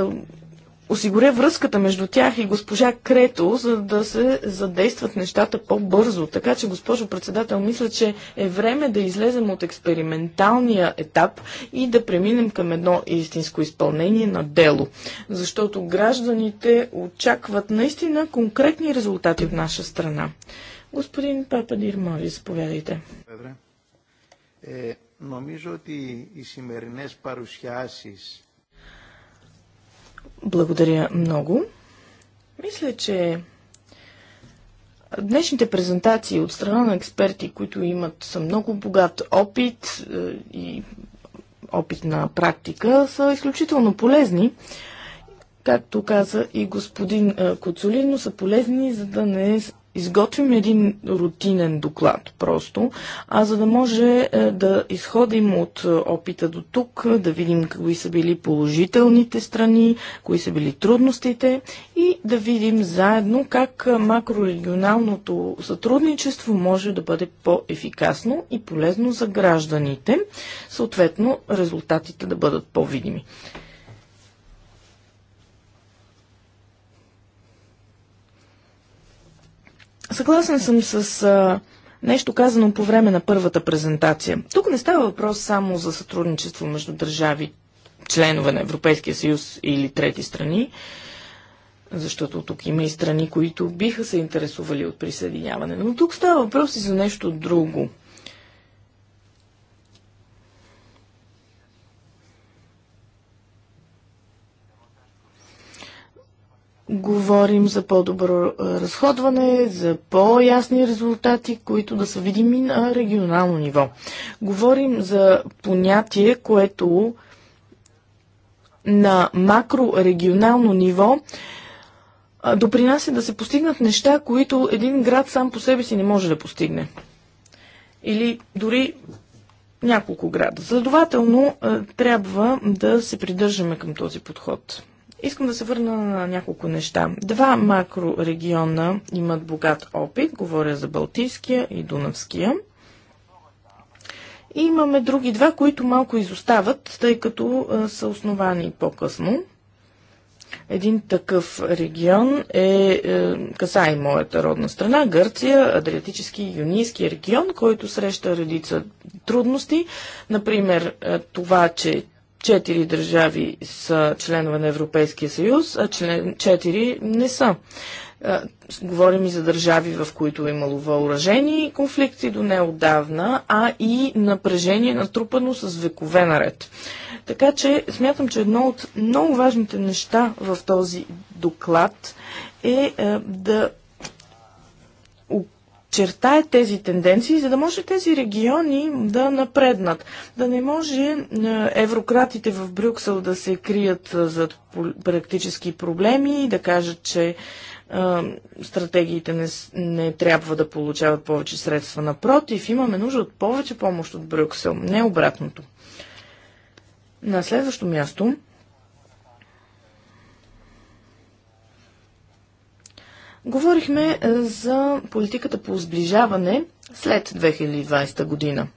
осигуря връзката между тях и госпожа Крето, за да се задействат нещата по-бързо. Така че, госпожо председател, мисля, че е време да излезем от експерименталния етап и да преминем към едно истинско изпълнение на дело. Защото гражданите очакват наистина конкретни резултати в наша страна. Господин Папа Дирмови, заповядайте. Добре. Νομίζω ότι οι σημερινές παρουσιάσεις... Благодаря много. Мисля, че днешните презентации от страна на експерти, които имат са много богат опит е, и опит на практика, са изключително полезни. Както каза и господин е, но са полезни, за да не изготвим един рутинен доклад просто, а за да може е, да изходим от е, опита до тук, е, да видим кои са били положителните страни, кои са били трудностите и да видим заедно как макрорегионалното сътрудничество може да бъде по-ефикасно и полезно за гражданите, съответно резултатите да бъдат по-видими. Съгласен съм с а, нещо казано по време на първата презентация. Тук не става въпрос само за сътрудничество между държави, членове на Европейския съюз или трети страни, защото тук има и страни, които биха се интересували от присъединяване. Но тук става въпрос и за нещо друго – говорим за по-добро разходване, за по-ясни резултати, които да са видими на регионално ниво. Говорим за понятие, което на макрорегионално ниво допринася да се постигнат неща, които един град сам по себе си не може да постигне. Или дори няколко града. Следователно, трябва да се придържаме към този подход. Искам да се върна на няколко неща. Два макрорегиона имат богат опит. Говоря за Балтийския и Дунавския. И имаме други два, които малко изостават, тъй като а, са основани по-късно. Един такъв регион е, е каса и моята родна страна, Гърция, Адриатически и Юнийски регион, който среща редица трудности. Например, това, че четири държави са членове на Европейския съюз, а член, четири не са. Говорим и за държави, в които е имало въоръжени конфликти до неодавна, а и напрежение натрупано с векове наред. Така че смятам, че едно от много важните неща в този доклад е да очертае тези тенденции, за да може тези региони да напреднат. Да не може е, еврократите в Брюксел да се крият е, зад практически проблеми и да кажат, че е, стратегиите не, не трябва да получават повече средства. Напротив, имаме нужда от повече помощ от Брюксел, не обратното. На следващо място Говорихме е, за политиката по сближаване след 2020 година.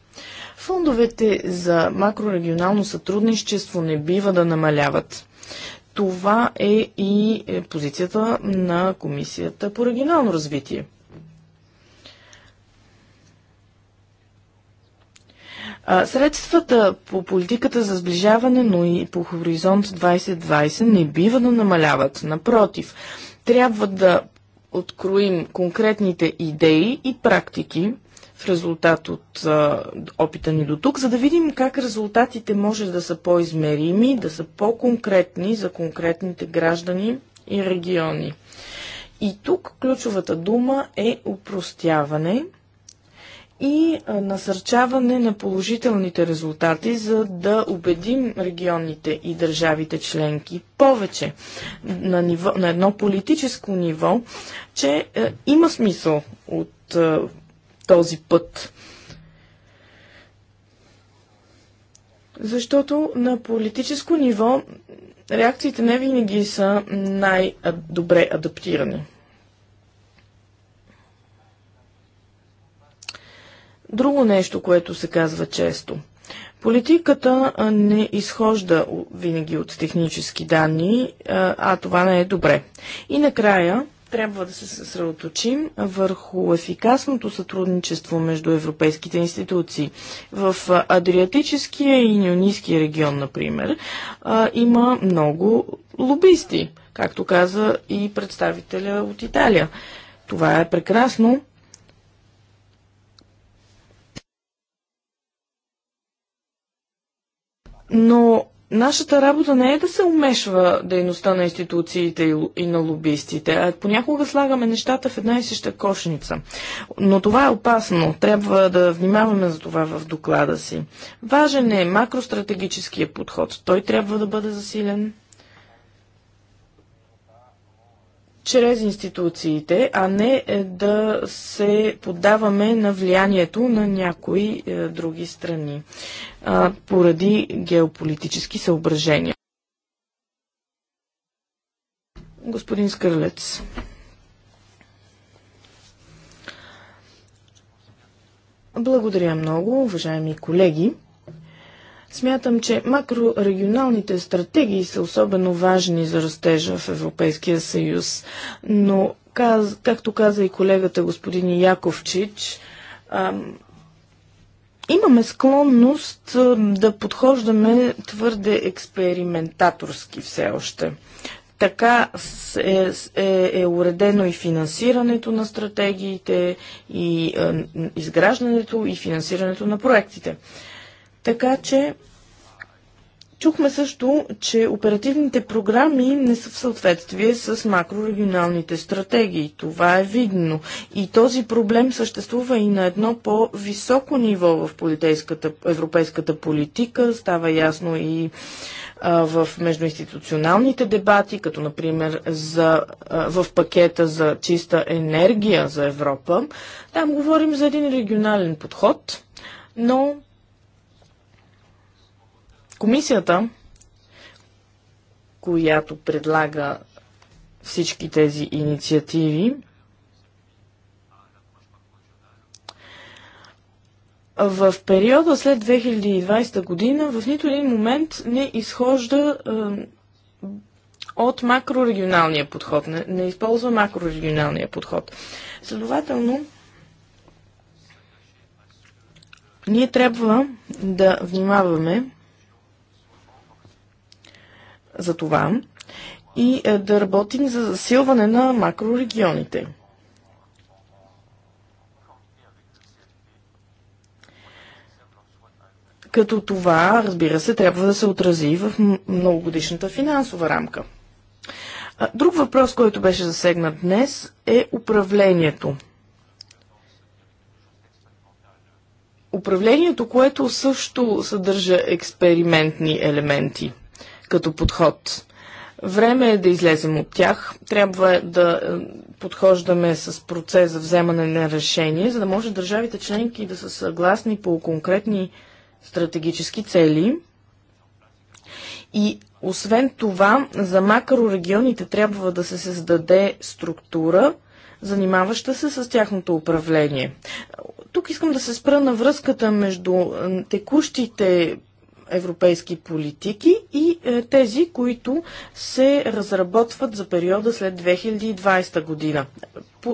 Фондовете за макрорегионално сътрудничество не бива да намаляват. Това е и е, позицията на Комисията по регионално развитие. Средствата по политиката за сближаване, но и по Хоризонт 2020 не бива да намаляват. Напротив, трябва да откроим конкретните идеи и практики в резултат от а, опита ни до тук, за да видим как резултатите може да са по-измерими, да са по-конкретни за конкретните граждани и региони. И тук ключовата дума е упростяване – и насърчаване на положителните резултати, за да убедим регионите и държавите членки повече на, ниво, на едно политическо ниво, че е, има смисъл от е, този път. Защото на политическо ниво реакциите не винаги са най-добре адаптирани. Друго нещо, което се казва често. Политиката не изхожда винаги от технически данни, а това не е добре. И накрая трябва да се съсредоточим върху ефикасното сътрудничество между европейските институции. В Адриатическия и Нионийския регион, например, има много лобисти, както каза и представителя от Италия. Това е прекрасно, Но нашата работа не е да се умешва дейността на институциите и на лобистите, а понякога слагаме нещата в една и съща кошница. Но това е опасно. Трябва да внимаваме за това в доклада си. Важен е макростратегическия подход. Той трябва да бъде засилен. чрез институциите, а не е, да се поддаваме на влиянието на някои е, други страни е, поради геополитически съображения. Господин Скърлец. Благодаря много, уважаеми колеги. Смятам, че макрорегионалните стратегии са особено важни за растежа в Европейския съюз, но, каз, както каза и колегата господин Яковчич, ам, имаме склонност да подхождаме твърде експериментаторски все още. Така е, е, е уредено и финансирането на стратегиите, и е, изграждането, и финансирането на проектите. Така че Чухме също, че оперативните програми не са в съответствие с макрорегионалните стратегии. Това е видно. И този проблем съществува и на едно по-високо ниво в европейската политика. Става ясно и в междуинституционалните дебати, като например за, в пакета за чиста енергия за Европа. Там говорим за един регионален подход, но Комисията, която предлага всички тези инициативи, В периода след 2020 година в нито един момент не изхожда от макрорегионалния подход, не, не използва макрорегионалния подход. Следователно, ние трябва да внимаваме за това и е, да работим за засилване на макрорегионите. Като това, разбира се, трябва да се отрази в многогодишната финансова рамка. Друг въпрос, който беше засегнат днес, е управлението. Управлението, което също съдържа експериментни елементи – като подход. Време е да излезем от тях. Трябва да е, подхождаме с процес за вземане на решение, за да може държавите членки да са съгласни по конкретни стратегически цели. И освен това, за макрорегионите трябва да се създаде структура, занимаваща се с тяхното управление. Тук искам да се спра на връзката между е, текущите европейски политики и е, тези, които се разработват за периода след 2020 година.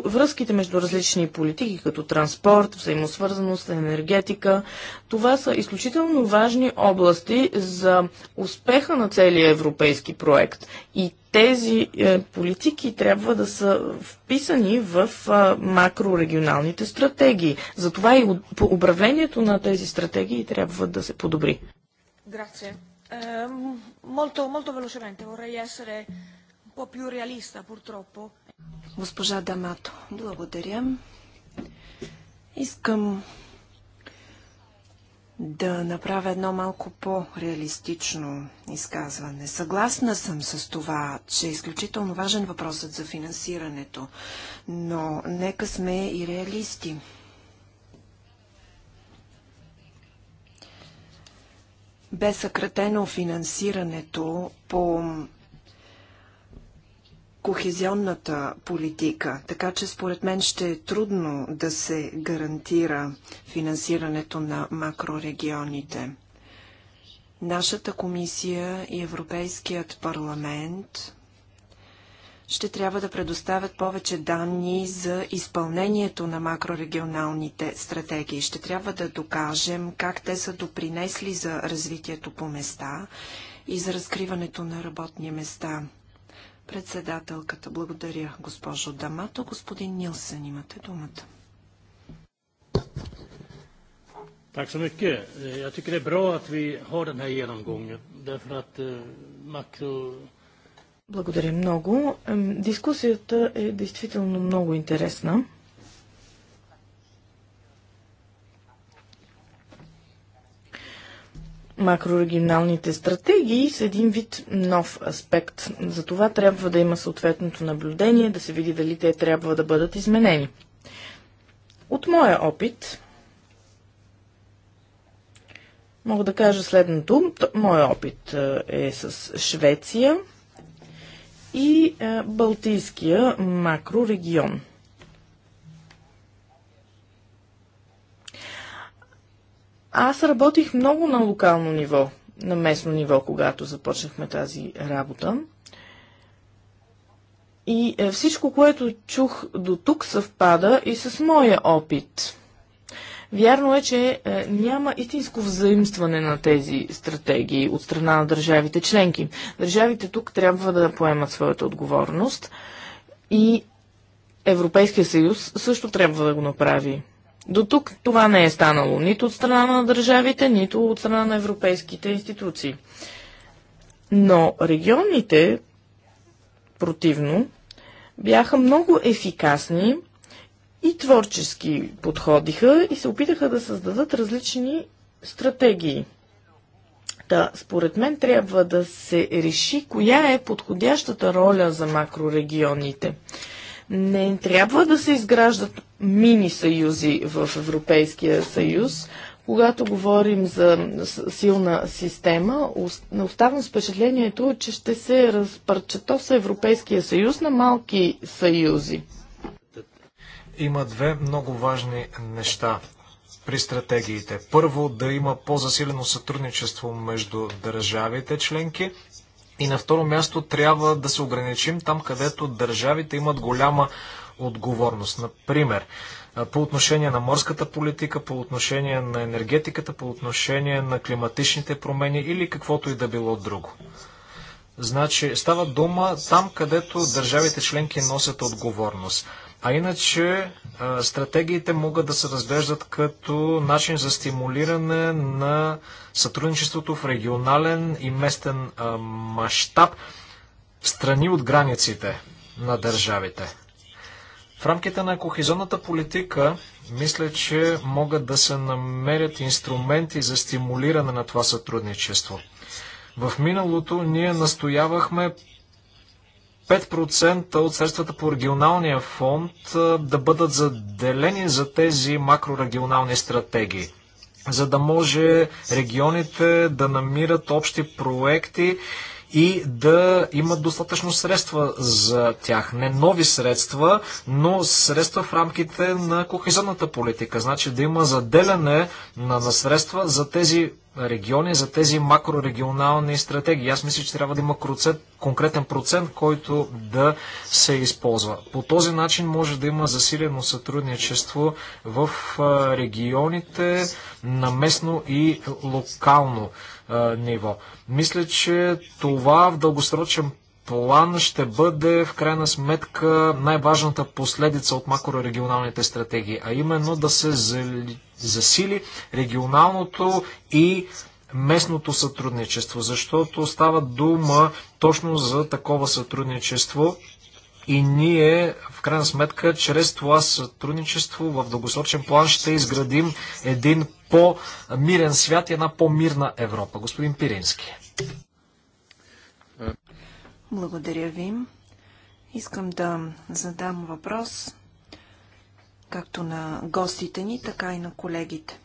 Връзките между различни политики, като транспорт, взаимосвързаност, енергетика, това са изключително важни области за успеха на целия европейски проект. И тези е, политики трябва да са вписани в е, макрорегионалните стратегии. Затова и управлението на тези стратегии трябва да се подобри. Grazie. Eh, molto, molto velocemente, vorrei essere un po' più realista, purtroppo. Госпожа Дамато, благодаря. Искам да направя едно малко по-реалистично изказване. Съгласна съм с това, че е изключително важен въпросът за финансирането, но нека сме и реалисти. бе съкратено финансирането по кохезионната политика, така че според мен ще е трудно да се гарантира финансирането на макрорегионите. Нашата комисия и Европейският парламент ще трябва да предоставят повече данни за изпълнението на макрорегионалните стратегии. Ще трябва да докажем как те са допринесли за развитието по места и за разкриването на работни места. Председателката, благодаря, госпожо Дамато. Господин Нилсън, имате думата. Tack så mycket. Eh, jag tycker det är bra att vi har den här genomgången därför att eh, makro благодаря много. Дискусията е действително много интересна. макрорегионалните стратегии с един вид нов аспект. За това трябва да има съответното наблюдение, да се види дали те трябва да бъдат изменени. От моя опит мога да кажа следното. Моя опит е, е с Швеция – и е, Балтийския макрорегион. Аз работих много на локално ниво, на местно ниво, когато започнахме тази работа. И е, всичко, което чух до тук, съвпада и с моя опит. Вярно е, че е, няма истинско взаимстване на тези стратегии от страна на държавите членки. Държавите тук трябва да поемат своята отговорност и Европейския съюз също трябва да го направи. До тук това не е станало нито от страна на държавите, нито от страна на европейските институции. Но регионите, противно, бяха много ефикасни и творчески подходиха и се опитаха да създадат различни стратегии. Та, според мен трябва да се реши коя е подходящата роля за макрорегионите. Не трябва да се изграждат мини-съюзи в Европейския съюз. Когато говорим за силна система, оставам с впечатлението, че ще се разпърчето с Европейския съюз на малки съюзи. Има две много важни неща при стратегиите. Първо, да има по-засилено сътрудничество между държавите членки. И на второ място трябва да се ограничим там, където държавите имат голяма отговорност. Например, по отношение на морската политика, по отношение на енергетиката, по отношение на климатичните промени или каквото и да било друго. Значи става дума там, където държавите членки носят отговорност. А иначе стратегиите могат да се разглеждат като начин за стимулиране на сътрудничеството в регионален и местен мащаб страни от границите на държавите. В рамките на кохезионната политика мисля, че могат да се намерят инструменти за стимулиране на това сътрудничество. В миналото ние настоявахме 5% от средствата по регионалния фонд да бъдат заделени за тези макрорегионални стратегии, за да може регионите да намират общи проекти и да имат достатъчно средства за тях. Не нови средства, но средства в рамките на кохезионната политика. Значи да има заделяне на, на средства за тези региони, за тези макрорегионални стратегии. Аз мисля, че трябва да има процент, конкретен процент, който да се използва. По този начин може да има засилено сътрудничество в регионите на местно и локално а, ниво. Мисля, че това в дългосрочен план ще бъде в крайна сметка най-важната последица от макрорегионалните стратегии, а именно да се засили регионалното и местното сътрудничество, защото става дума точно за такова сътрудничество и ние, в крайна сметка, чрез това сътрудничество в дългосрочен план ще изградим един по-мирен свят и една по-мирна Европа. Господин Пирински. Благодаря ви. Искам да задам въпрос както на гостите ни, така и на колегите.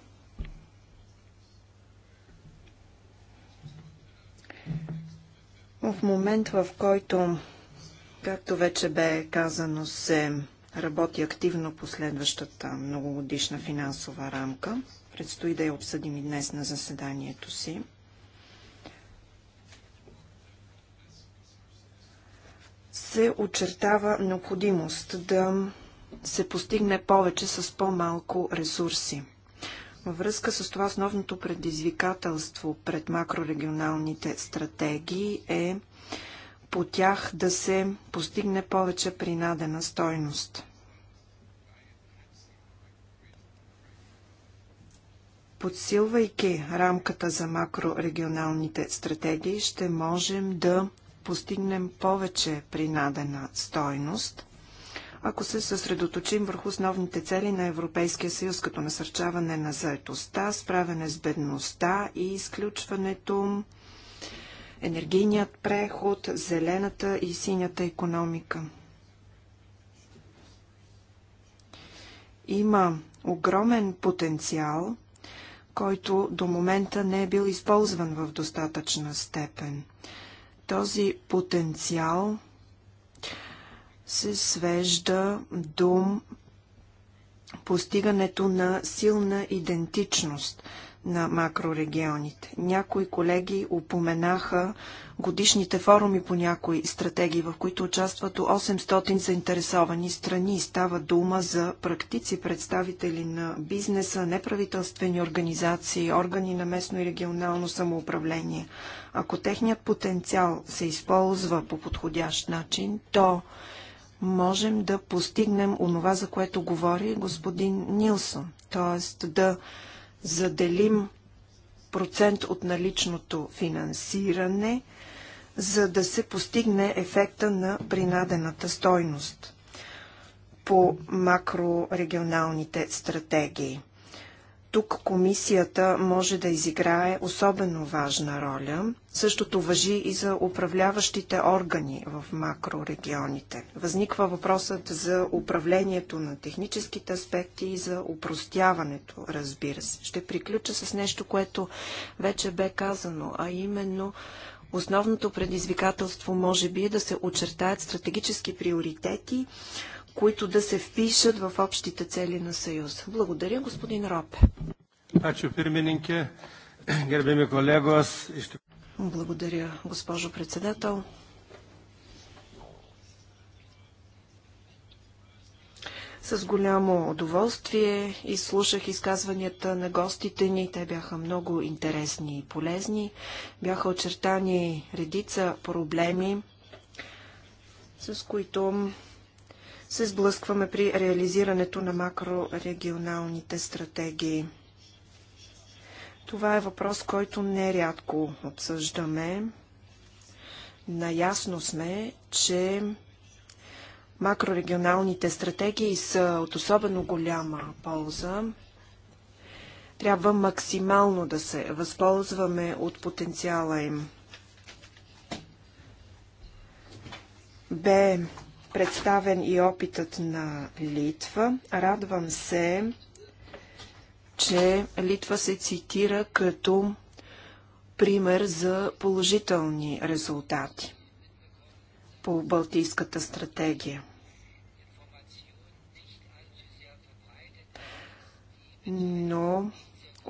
В момент, в който Както вече бе казано, се работи активно по следващата многогодишна финансова рамка. Предстои да я обсъдим и днес на заседанието си. се очертава необходимост да се постигне повече с по-малко ресурси. Във връзка с това основното предизвикателство пред макрорегионалните стратегии е по тях да се постигне повече принадена стойност. Подсилвайки рамката за макрорегионалните стратегии, ще можем да постигнем повече принадена стойност, ако се съсредоточим върху основните цели на Европейския съюз, като насърчаване на заетостта, справяне с бедността и изключването енергийният преход, зелената и синята економика. Има огромен потенциал, който до момента не е бил използван в достатъчна степен. Този потенциал се свежда до постигането на силна идентичност – на макрорегионите. Някои колеги упоменаха годишните форуми по някои стратегии, в които участват 800 заинтересовани страни. Става дума за практици, представители на бизнеса, неправителствени организации, органи на местно и регионално самоуправление. Ако техният потенциал се използва по подходящ начин, то можем да постигнем онова, за което говори господин Нилсон, т.е. да заделим процент от наличното финансиране, за да се постигне ефекта на принадената стойност по макрорегионалните стратегии. Тук комисията може да изиграе особено важна роля. Същото въжи и за управляващите органи в макрорегионите. Възниква въпросът за управлението на техническите аспекти и за упростяването, разбира се. Ще приключа с нещо, което вече бе казано, а именно основното предизвикателство може би е да се очертаят стратегически приоритети, които да се впишат в общите цели на Съюза. Благодаря, господин Ропе. Благодаря, госпожо председател. С голямо удоволствие изслушах изказванията на гостите ни. Те бяха много интересни и полезни. Бяха очертани редица проблеми, с които се сблъскваме при реализирането на макрорегионалните стратегии. Това е въпрос, който нерядко обсъждаме. Наясно сме, че макрорегионалните стратегии са от особено голяма полза. Трябва максимално да се възползваме от потенциала им. Б представен и опитът на Литва. Радвам се, че Литва се цитира като пример за положителни резултати по Балтийската стратегия. Но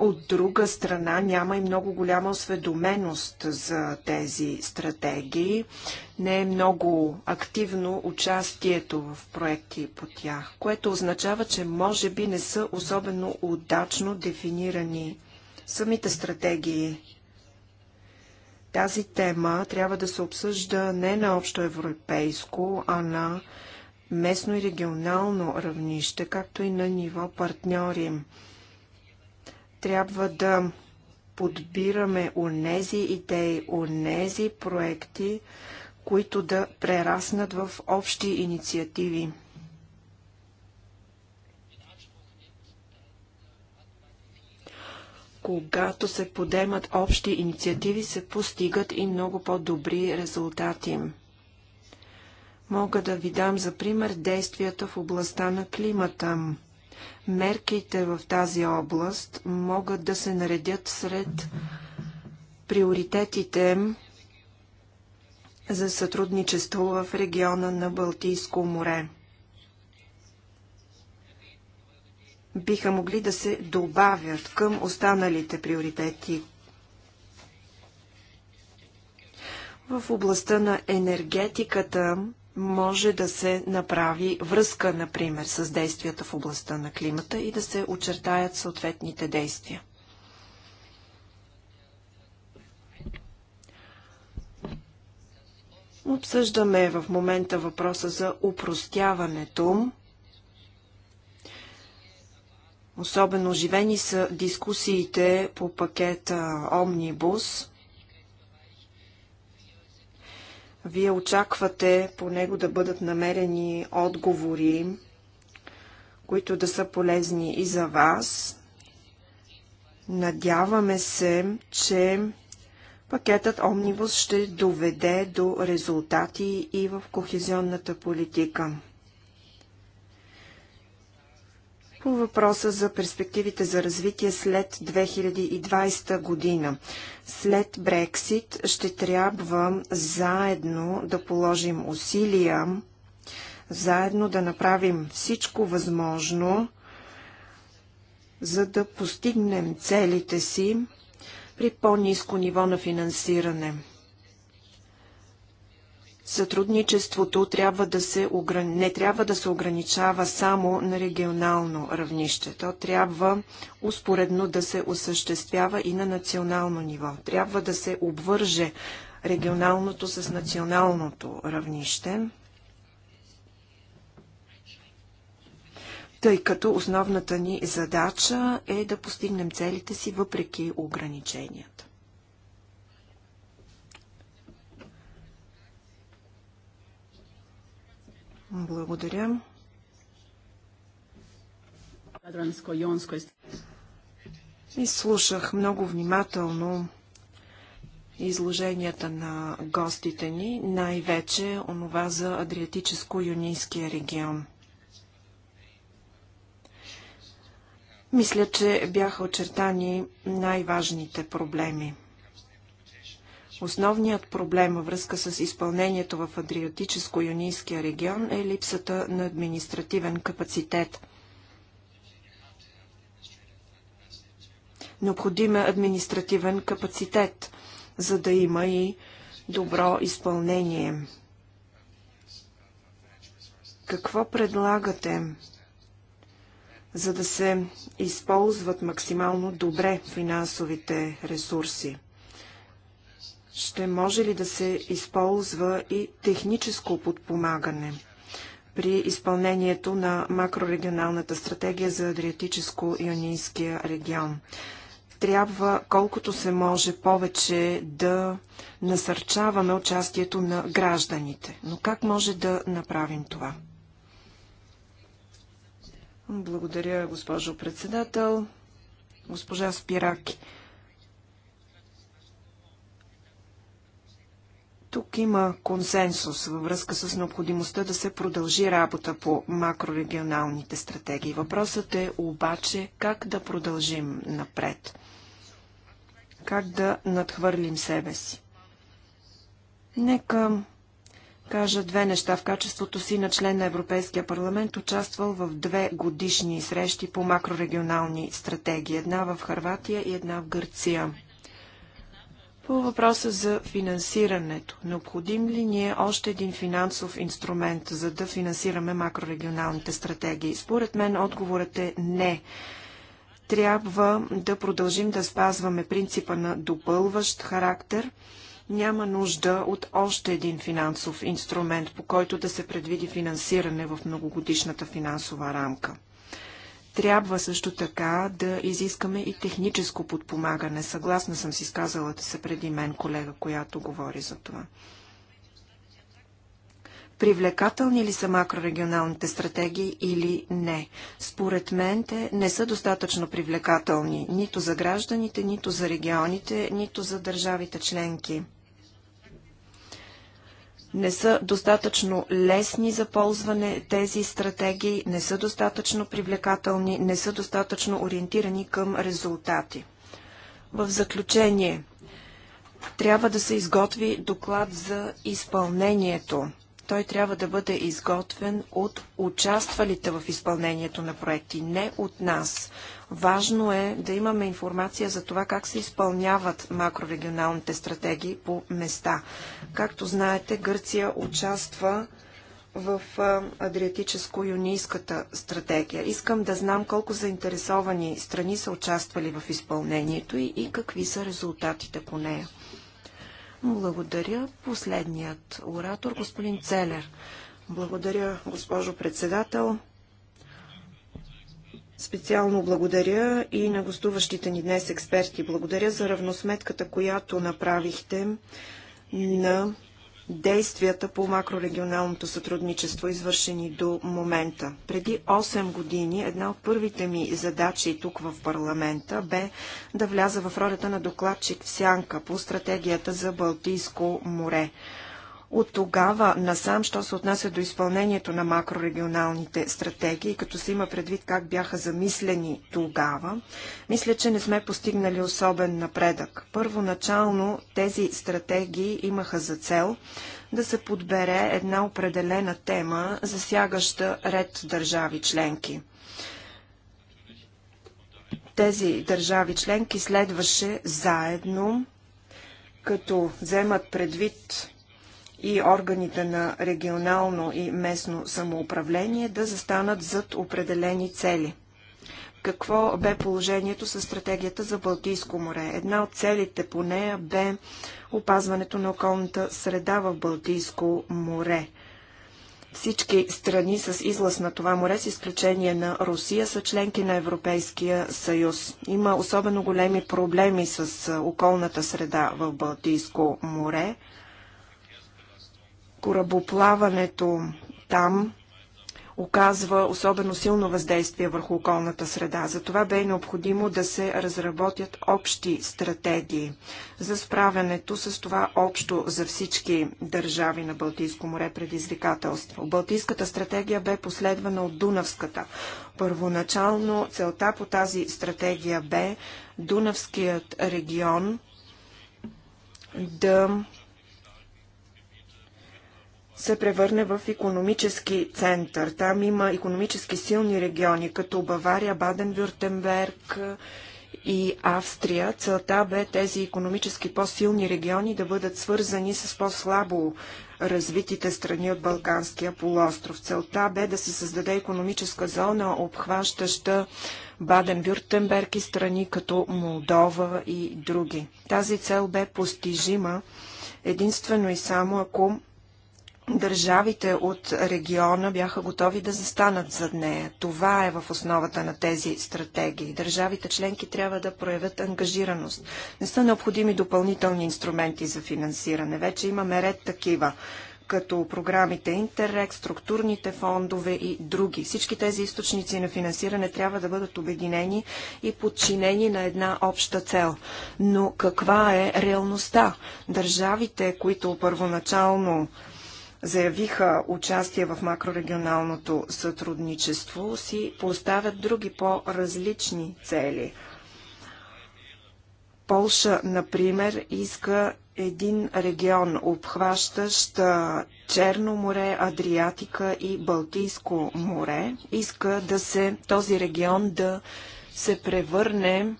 от друга страна няма и много голяма осведоменост за тези стратегии. Не е много активно участието в проекти по тях, което означава, че може би не са особено удачно дефинирани самите стратегии. Тази тема трябва да се обсъжда не на общо европейско, а на местно и регионално равнище, както и на ниво партньори трябва да подбираме унези идеи, онези проекти, които да прераснат в общи инициативи. Когато се подемат общи инициативи, се постигат и много по-добри резултати. Мога да ви дам за пример действията в областта на климата мерките в тази област могат да се наредят сред приоритетите за сътрудничество в региона на Балтийско море. Биха могли да се добавят към останалите приоритети. В областта на енергетиката може да се направи връзка, например, с действията в областта на климата и да се очертаят съответните действия. Обсъждаме в момента въпроса за упростяването. Особено живени са дискусиите по пакета Омнибус – Вие очаквате по него да бъдат намерени отговори, които да са полезни и за вас. Надяваме се, че пакетът Омнибус ще доведе до резултати и в кохезионната политика. по въпроса за перспективите за развитие след 2020 година. След Брексит ще трябва заедно да положим усилия, заедно да направим всичко възможно, за да постигнем целите си при по-низко ниво на финансиране. Сътрудничеството трябва да се, не трябва да се ограничава само на регионално равнище. То трябва успоредно да се осъществява и на национално ниво. Трябва да се обвърже регионалното с националното равнище, тъй като основната ни задача е да постигнем целите си въпреки ограниченията. Благодаря. И слушах много внимателно изложенията на гостите ни, най-вече онова за Адриатическо-юнийския регион. Мисля, че бяха очертани най-важните проблеми – Основният проблем във връзка с изпълнението в Адриатическо-Юнийския регион е липсата на административен капацитет. Необходим е административен капацитет, за да има и добро изпълнение. Какво предлагате, за да се използват максимално добре финансовите ресурси? ще може ли да се използва и техническо подпомагане при изпълнението на макрорегионалната стратегия за Адриатическо-Ионийския регион? трябва колкото се може повече да насърчаваме участието на гражданите. Но как може да направим това? Благодаря, госпожо председател. Госпожа Спираки. Тук има консенсус във връзка с необходимостта да се продължи работа по макрорегионалните стратегии. Въпросът е обаче как да продължим напред. Как да надхвърлим себе си. Нека кажа две неща. В качеството си на член на Европейския парламент участвал в две годишни срещи по макрорегионални стратегии. Една в Харватия и една в Гърция. По въпроса за финансирането. Необходим ли ни е още един финансов инструмент, за да финансираме макрорегионалните стратегии? Според мен отговорът е не трябва да продължим да спазваме принципа на допълващ характер. Няма нужда от още един финансов инструмент, по който да се предвиди финансиране в многогодишната финансова рамка. Трябва също така да изискаме и техническо подпомагане. Съгласна съм с изказалата се преди мен колега, която говори за това. Привлекателни ли са макрорегионалните стратегии или не? Според мен те не са достатъчно привлекателни нито за гражданите, нито за регионите, нито за държавите членки. Не са достатъчно лесни за ползване тези стратегии, не са достатъчно привлекателни, не са достатъчно ориентирани към резултати. В заключение, трябва да се изготви доклад за изпълнението. Той трябва да бъде изготвен от участвалите в изпълнението на проекти, не от нас. Важно е да имаме информация за това как се изпълняват макрорегионалните стратегии по места. Както знаете, Гърция участва в Адриатическо-юнийската стратегия. Искам да знам колко заинтересовани страни са участвали в изпълнението и, и какви са резултатите по нея. Благодаря. Последният оратор, господин Целер. Благодаря, госпожо председател. Специално благодаря и на гостуващите ни днес експерти. Благодаря за равносметката, която направихте на действията по макрорегионалното сътрудничество, извършени до момента. Преди 8 години една от първите ми задачи тук в парламента бе да вляза в ролята на докладчик в Сянка по стратегията за Балтийско море. От тогава насам, що се отнася до изпълнението на макрорегионалните стратегии, като се има предвид как бяха замислени тогава, мисля, че не сме постигнали особен напредък. Първоначално тези стратегии имаха за цел да се подбере една определена тема, засягаща ред държави членки тези държави членки следваше заедно, като вземат предвид и органите на регионално и местно самоуправление да застанат зад определени цели. Какво бе положението с стратегията за Балтийско море? Една от целите по нея бе опазването на околната среда в Балтийско море. Всички страни с излъз на това море, с изключение на Русия, са членки на Европейския съюз. Има особено големи проблеми с околната среда в Балтийско море корабоплаването там оказва особено силно въздействие върху околната среда. Затова бе необходимо да се разработят общи стратегии за справянето с това общо за всички държави на Балтийско море предизвикателство. Балтийската стратегия бе последвана от Дунавската. Първоначално целта по тази стратегия бе Дунавският регион да се превърне в економически център. Там има економически силни региони, като Бавария, Баден-Вюртемберг и Австрия. Целта бе тези економически по-силни региони да бъдат свързани с по-слабо развитите страни от Балканския полуостров. Целта бе да се създаде економическа зона, обхващаща Баден-Вюртемберг и страни като Молдова и други. Тази цел бе постижима единствено и само ако държавите от региона бяха готови да застанат зад нея. Това е в основата на тези стратегии. Държавите членки трябва да проявят ангажираност. Не са необходими допълнителни инструменти за финансиране. Вече имаме ред такива като програмите Интеррек, структурните фондове и други. Всички тези източници на финансиране трябва да бъдат обединени и подчинени на една обща цел. Но каква е реалността? Държавите, които първоначално заявиха участие в макрорегионалното сътрудничество, си поставят други по-различни цели. Полша, например, иска един регион, обхващащ Черно море, Адриатика и Балтийско море. Иска да се, този регион да се превърне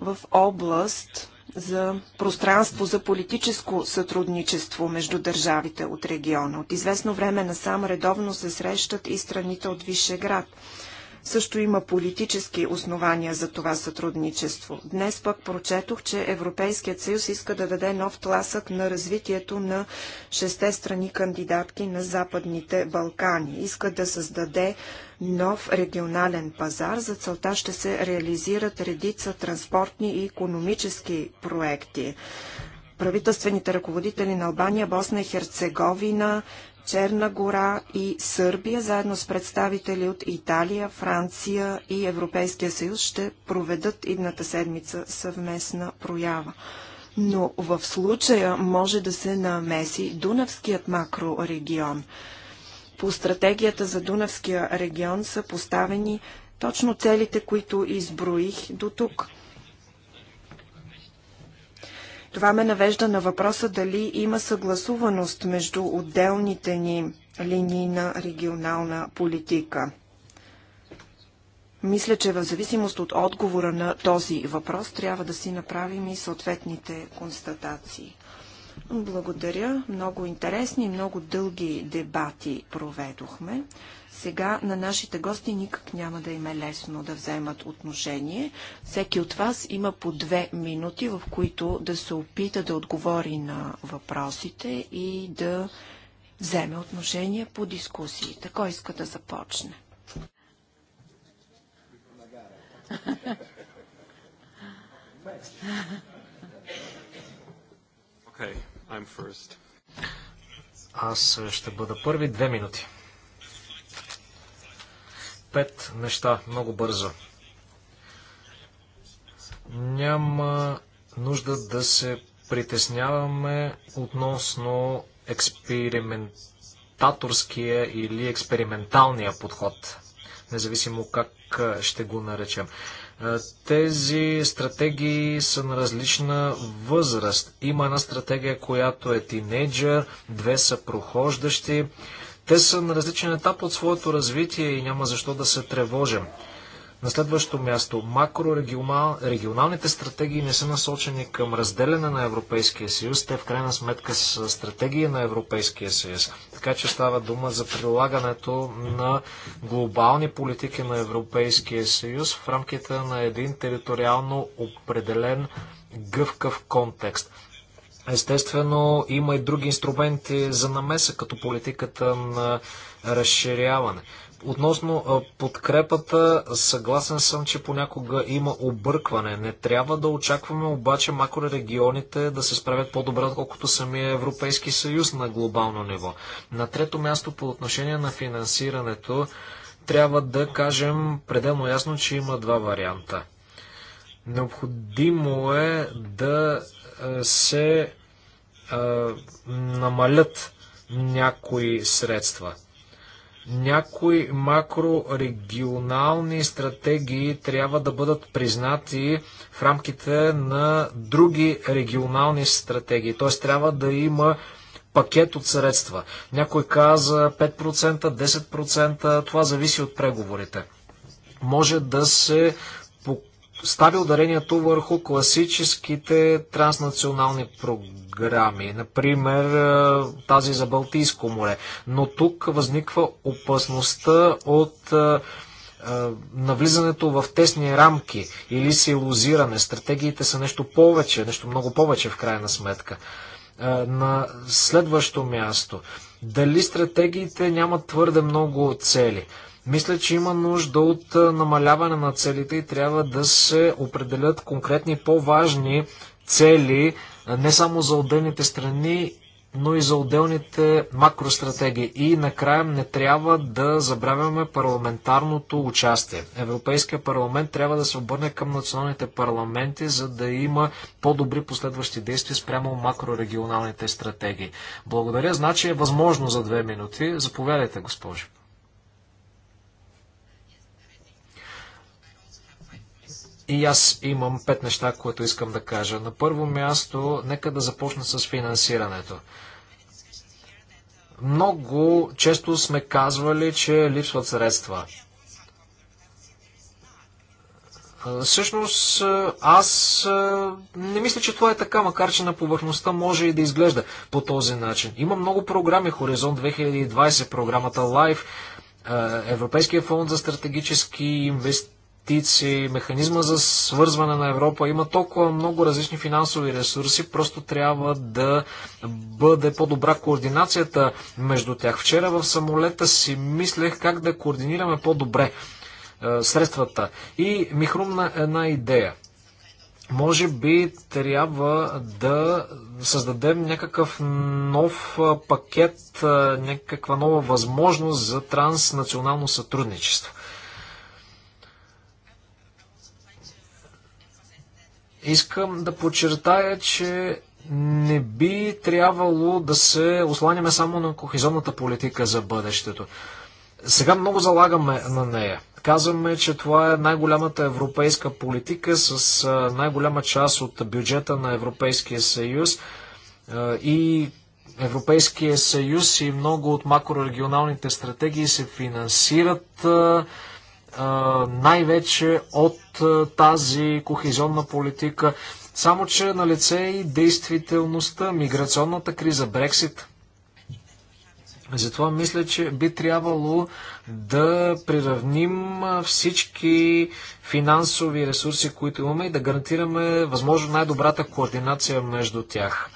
в област, за пространство за политическо сътрудничество между държавите от региона. От известно време насам редовно се срещат и страните от Вишеград. град също има политически основания за това сътрудничество. Днес пък прочетох, че Европейският съюз иска да даде нов тласък на развитието на шесте страни кандидатки на Западните Балкани. Иска да създаде нов регионален пазар. За целта ще се реализират редица транспортни и економически проекти правителствените ръководители на Албания, Босна и Херцеговина, Черна гора и Сърбия, заедно с представители от Италия, Франция и Европейския съюз, ще проведат идната седмица съвместна проява. Но в случая може да се намеси Дунавският макрорегион. По стратегията за Дунавския регион са поставени точно целите, които изброих до тук – това ме навежда на въпроса дали има съгласуваност между отделните ни линии на регионална политика. Мисля, че в зависимост от отговора на този въпрос трябва да си направим и съответните констатации. Благодаря. Много интересни, много дълги дебати проведохме. Сега на нашите гости никак няма да им е лесно да вземат отношение. Всеки от вас има по две минути, в които да се опита да отговори на въпросите и да вземе отношение по дискусиите. Кой иска да започне? Okay, I'm first. Аз ще бъда първи две минути пет неща много бързо. Няма нужда да се притесняваме относно експериментаторския или експерименталния подход, независимо как ще го наречем. Тези стратегии са на различна възраст. Има една стратегия, която е тинейджър, две са прохождащи, те са на различен етап от своето развитие и няма защо да се тревожим. На следващо място, макрорегионалните стратегии не са насочени към разделяне на Европейския съюз, те в крайна сметка са стратегии на Европейския съюз. Така че става дума за прилагането на глобални политики на Европейския съюз в рамките на един териториално определен гъвкав контекст. Естествено, има и други инструменти за намеса, като политиката на разширяване. Относно подкрепата, съгласен съм, че понякога има объркване. Не трябва да очакваме обаче макрорегионите да се справят по-добре, отколкото самия Европейски съюз на глобално ниво. На трето място по отношение на финансирането, трябва да кажем пределно ясно, че има два варианта. Необходимо е да се намалят някои средства. Някои макрорегионални стратегии трябва да бъдат признати в рамките на други регионални стратегии. Т.е. трябва да има пакет от средства. Някой каза 5%, 10%, това зависи от преговорите. Може да се стави ударението върху класическите транснационални програми, например е, тази за Балтийско море. Но тук възниква опасността от е, е, навлизането в тесни рамки или се иллюзиране. Стратегиите са нещо повече, нещо много повече в крайна сметка. На следващо място, дали стратегиите нямат твърде много цели? Мисля, че има нужда от намаляване на целите и трябва да се определят конкретни по-важни цели не само за отделните страни, но и за отделните макростратегии. И накрая не трябва да забравяме парламентарното участие. Европейския парламент трябва да се обърне към националните парламенти, за да има по-добри последващи действия спрямо макрорегионалните стратегии. Благодаря. Значи е възможно за две минути. Заповядайте, госпожо. И аз имам пет неща, които искам да кажа. На първо място, нека да започна с финансирането. Много често сме казвали, че липсват средства. Всъщност, аз не мисля, че това е така, макар че на повърхността може и да изглежда по този начин. Има много програми, Хоризонт 2020, програмата LIFE, Европейския фонд за стратегически инвестиции, политици, механизма за свързване на Европа. Има толкова много различни финансови ресурси, просто трябва да бъде по-добра координацията между тях. Вчера в самолета си мислех как да координираме по-добре е, средствата. И ми хрумна една идея може би трябва да създадем някакъв нов е, пакет, е, някаква нова възможност за транснационално сътрудничество. Искам да подчертая, че не би трябвало да се осланяме само на кохезионната политика за бъдещето. Сега много залагаме на нея. Казваме, че това е най-голямата европейска политика с най-голяма част от бюджета на Европейския съюз и Европейския съюз и много от макрорегионалните стратегии се финансират най-вече от тази кохезионна политика. Само, че на лице е и действителността, миграционната криза, Брексит. Затова мисля, че би трябвало да приравним всички финансови ресурси, които имаме и да гарантираме възможно най-добрата координация между тях.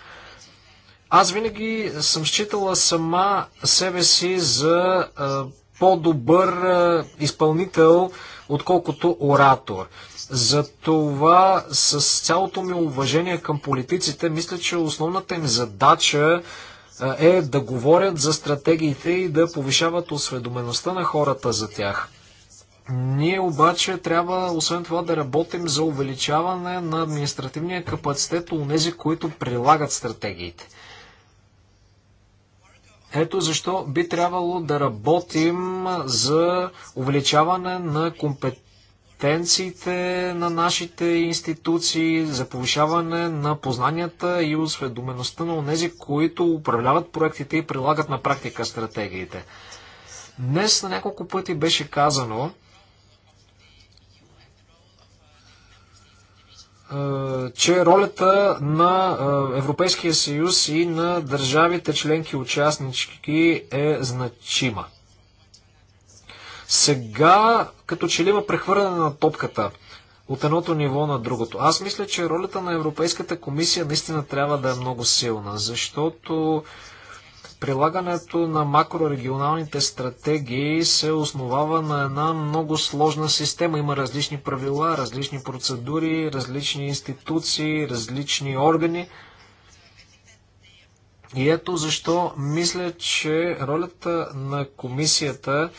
Аз винаги съм считала сама себе си за а, по-добър изпълнител, отколкото оратор. Затова с цялото ми уважение към политиците, мисля, че основната им задача е да говорят за стратегиите и да повишават осведомеността на хората за тях. Ние обаче трябва, освен това, да работим за увеличаване на административния капацитет у нези, които прилагат стратегиите. Ето защо би трябвало да работим за увеличаване на компетенциите на нашите институции, за повишаване на познанията и осведомеността на тези, които управляват проектите и прилагат на практика стратегиите. Днес на няколко пъти беше казано, че ролята на Европейския съюз и на държавите членки участнички е значима. Сега, като че ли има прехвърляне на топката от едното ниво на другото. Аз мисля, че ролята на Европейската комисия наистина трябва да е много силна, защото Прилагането на макрорегионалните стратегии се основава на една много сложна система. Има различни правила, различни процедури, различни институции, различни органи. И ето защо мисля, че ролята на комисията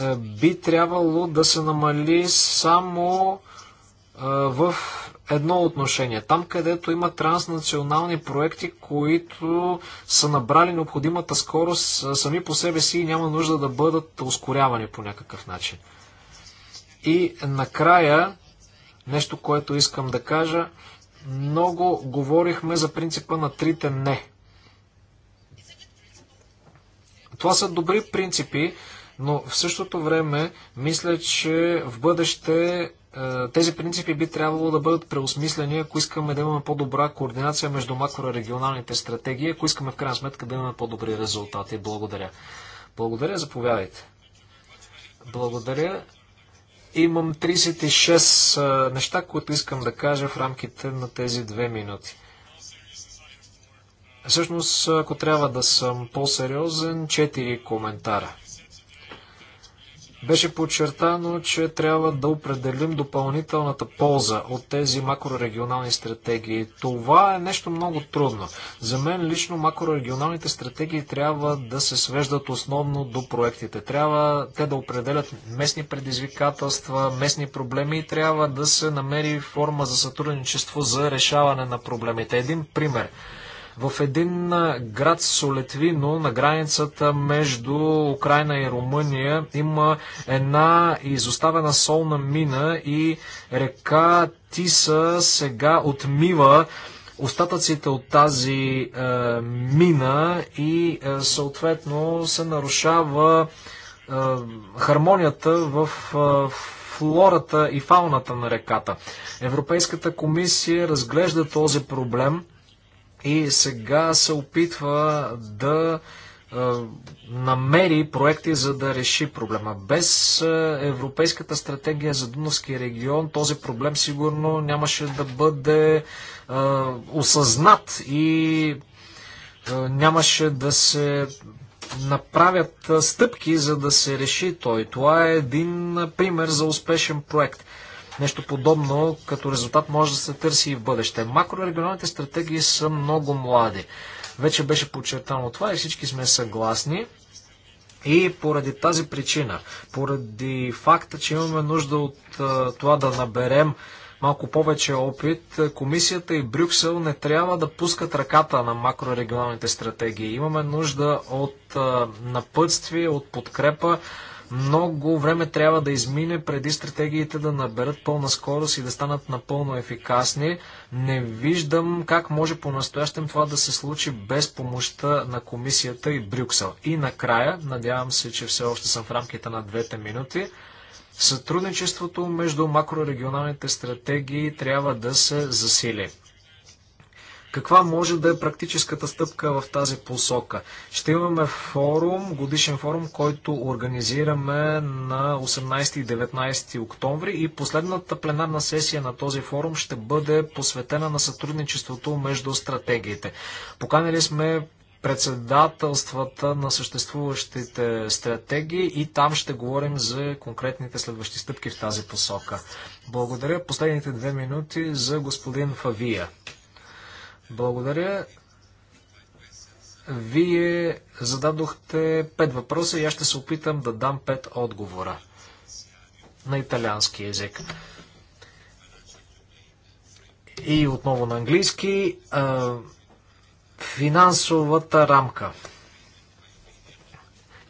е, би трябвало да се намали само е, в едно отношение. Там, където има транснационални проекти, които са набрали необходимата скорост сами по себе си и няма нужда да бъдат ускорявани по някакъв начин. И накрая, нещо, което искам да кажа, много говорихме за принципа на трите не. Това са добри принципи, но в същото време мисля, че в бъдеще е, тези принципи би трябвало да бъдат преосмислени, ако искаме да имаме по-добра координация между макрорегионалните стратегии, ако искаме в крайна сметка да имаме по-добри резултати. Благодаря. Благодаря, заповядайте. Благодаря. Имам 36 е, неща, които искам да кажа в рамките на тези две минути. Всъщност, ако трябва да съм по-сериозен, 4 коментара. Беше подчертано, че трябва да определим допълнителната полза от тези макрорегионални стратегии. Това е нещо много трудно. За мен лично макрорегионалните стратегии трябва да се свеждат основно до проектите. Трябва те да определят местни предизвикателства, местни проблеми и трябва да се намери форма за сътрудничество за решаване на проблемите. Един пример – в един град Солетвино на границата между Украина и Румъния има една изоставена солна мина и река Тиса сега отмива остатъците от тази е, мина и е, съответно се нарушава е, хармонията в е, флората и фауната на реката. Европейската комисия разглежда този проблем и сега се опитва да намери проекти, за да реши проблема. Без Европейската стратегия за Дунавския регион този проблем сигурно нямаше да бъде осъзнат и нямаше да се направят стъпки, за да се реши той. Това е един пример за успешен проект. Нещо подобно като резултат може да се търси и в бъдеще. Макрорегионалните стратегии са много млади. Вече беше подчертано това и всички сме съгласни. И поради тази причина, поради факта, че имаме нужда от това да наберем малко повече опит, комисията и Брюксел не трябва да пускат ръката на макрорегионалните стратегии. Имаме нужда от напътствие, от подкрепа, много време трябва да измине преди стратегиите да наберат пълна скорост и да станат напълно ефикасни. Не виждам как може по-настоящем това да се случи без помощта на комисията и Брюксел. И накрая, надявам се, че все още съм в рамките на двете минути, сътрудничеството между макрорегионалните стратегии трябва да се засили. Каква може да е практическата стъпка в тази посока? Ще имаме форум, годишен форум, който организираме на 18 и 19 октомври и последната пленарна сесия на този форум ще бъде посветена на сътрудничеството между стратегиите. Поканили сме председателствата на съществуващите стратегии и там ще говорим за конкретните следващи стъпки в тази посока. Благодаря последните две минути за господин Фавия. Благодаря. Вие зададохте пет въпроса и аз ще се опитам да дам пет отговора на италиански язик. И отново на английски. финансовата рамка.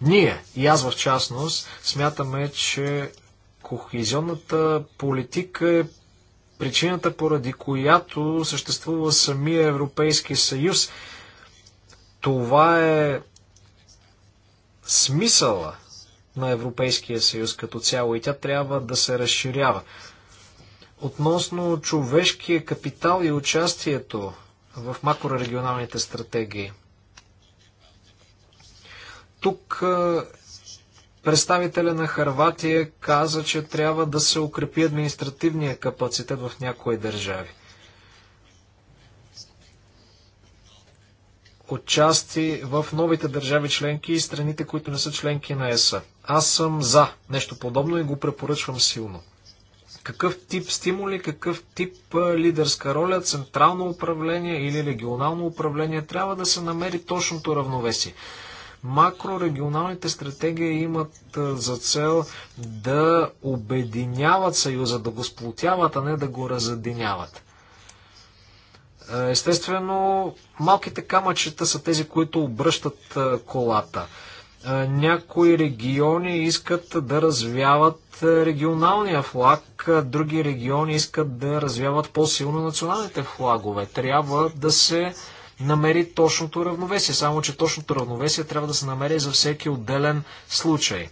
Ние, и аз в частност, смятаме, че кохезионната политика е причината поради която съществува самия Европейски съюз. Това е смисъла на Европейския съюз като цяло и тя трябва да се разширява. Относно човешкия капитал и участието в макрорегионалните стратегии. Тук Представителя на Харватия каза, че трябва да се укрепи административния капацитет в някои държави. Отчасти в новите държави членки и страните, които не са членки на ЕСА. Аз съм за нещо подобно и го препоръчвам силно. Какъв тип стимули, какъв тип лидерска роля, централно управление или регионално управление трябва да се намери точното равновесие. Макрорегионалните стратегии имат за цел да обединяват съюза, да го сплотяват, а не да го разединяват. Естествено, малките камъчета са тези, които обръщат колата. Някои региони искат да развяват регионалния флаг, други региони искат да развяват по-силно националните флагове. Трябва да се намери точното равновесие. Само, че точното равновесие трябва да се намери за всеки отделен случай.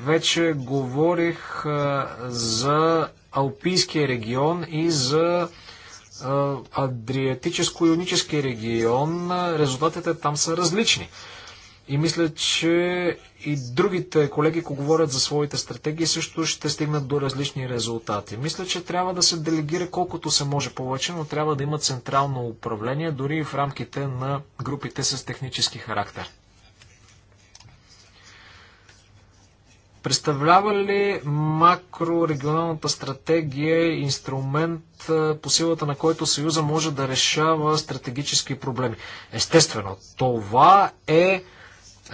Вече говорих а, за Алпийския регион и за Адриатическо-юнически регион. Резултатите там са различни. И мисля, че и другите колеги, ако говорят за своите стратегии, също ще стигнат до различни резултати. Мисля, че трябва да се делегира колкото се може повече, но трябва да има централно управление, дори и в рамките на групите с технически характер. Представлява ли макрорегионалната стратегия инструмент по силата на който Съюза може да решава стратегически проблеми? Естествено, това е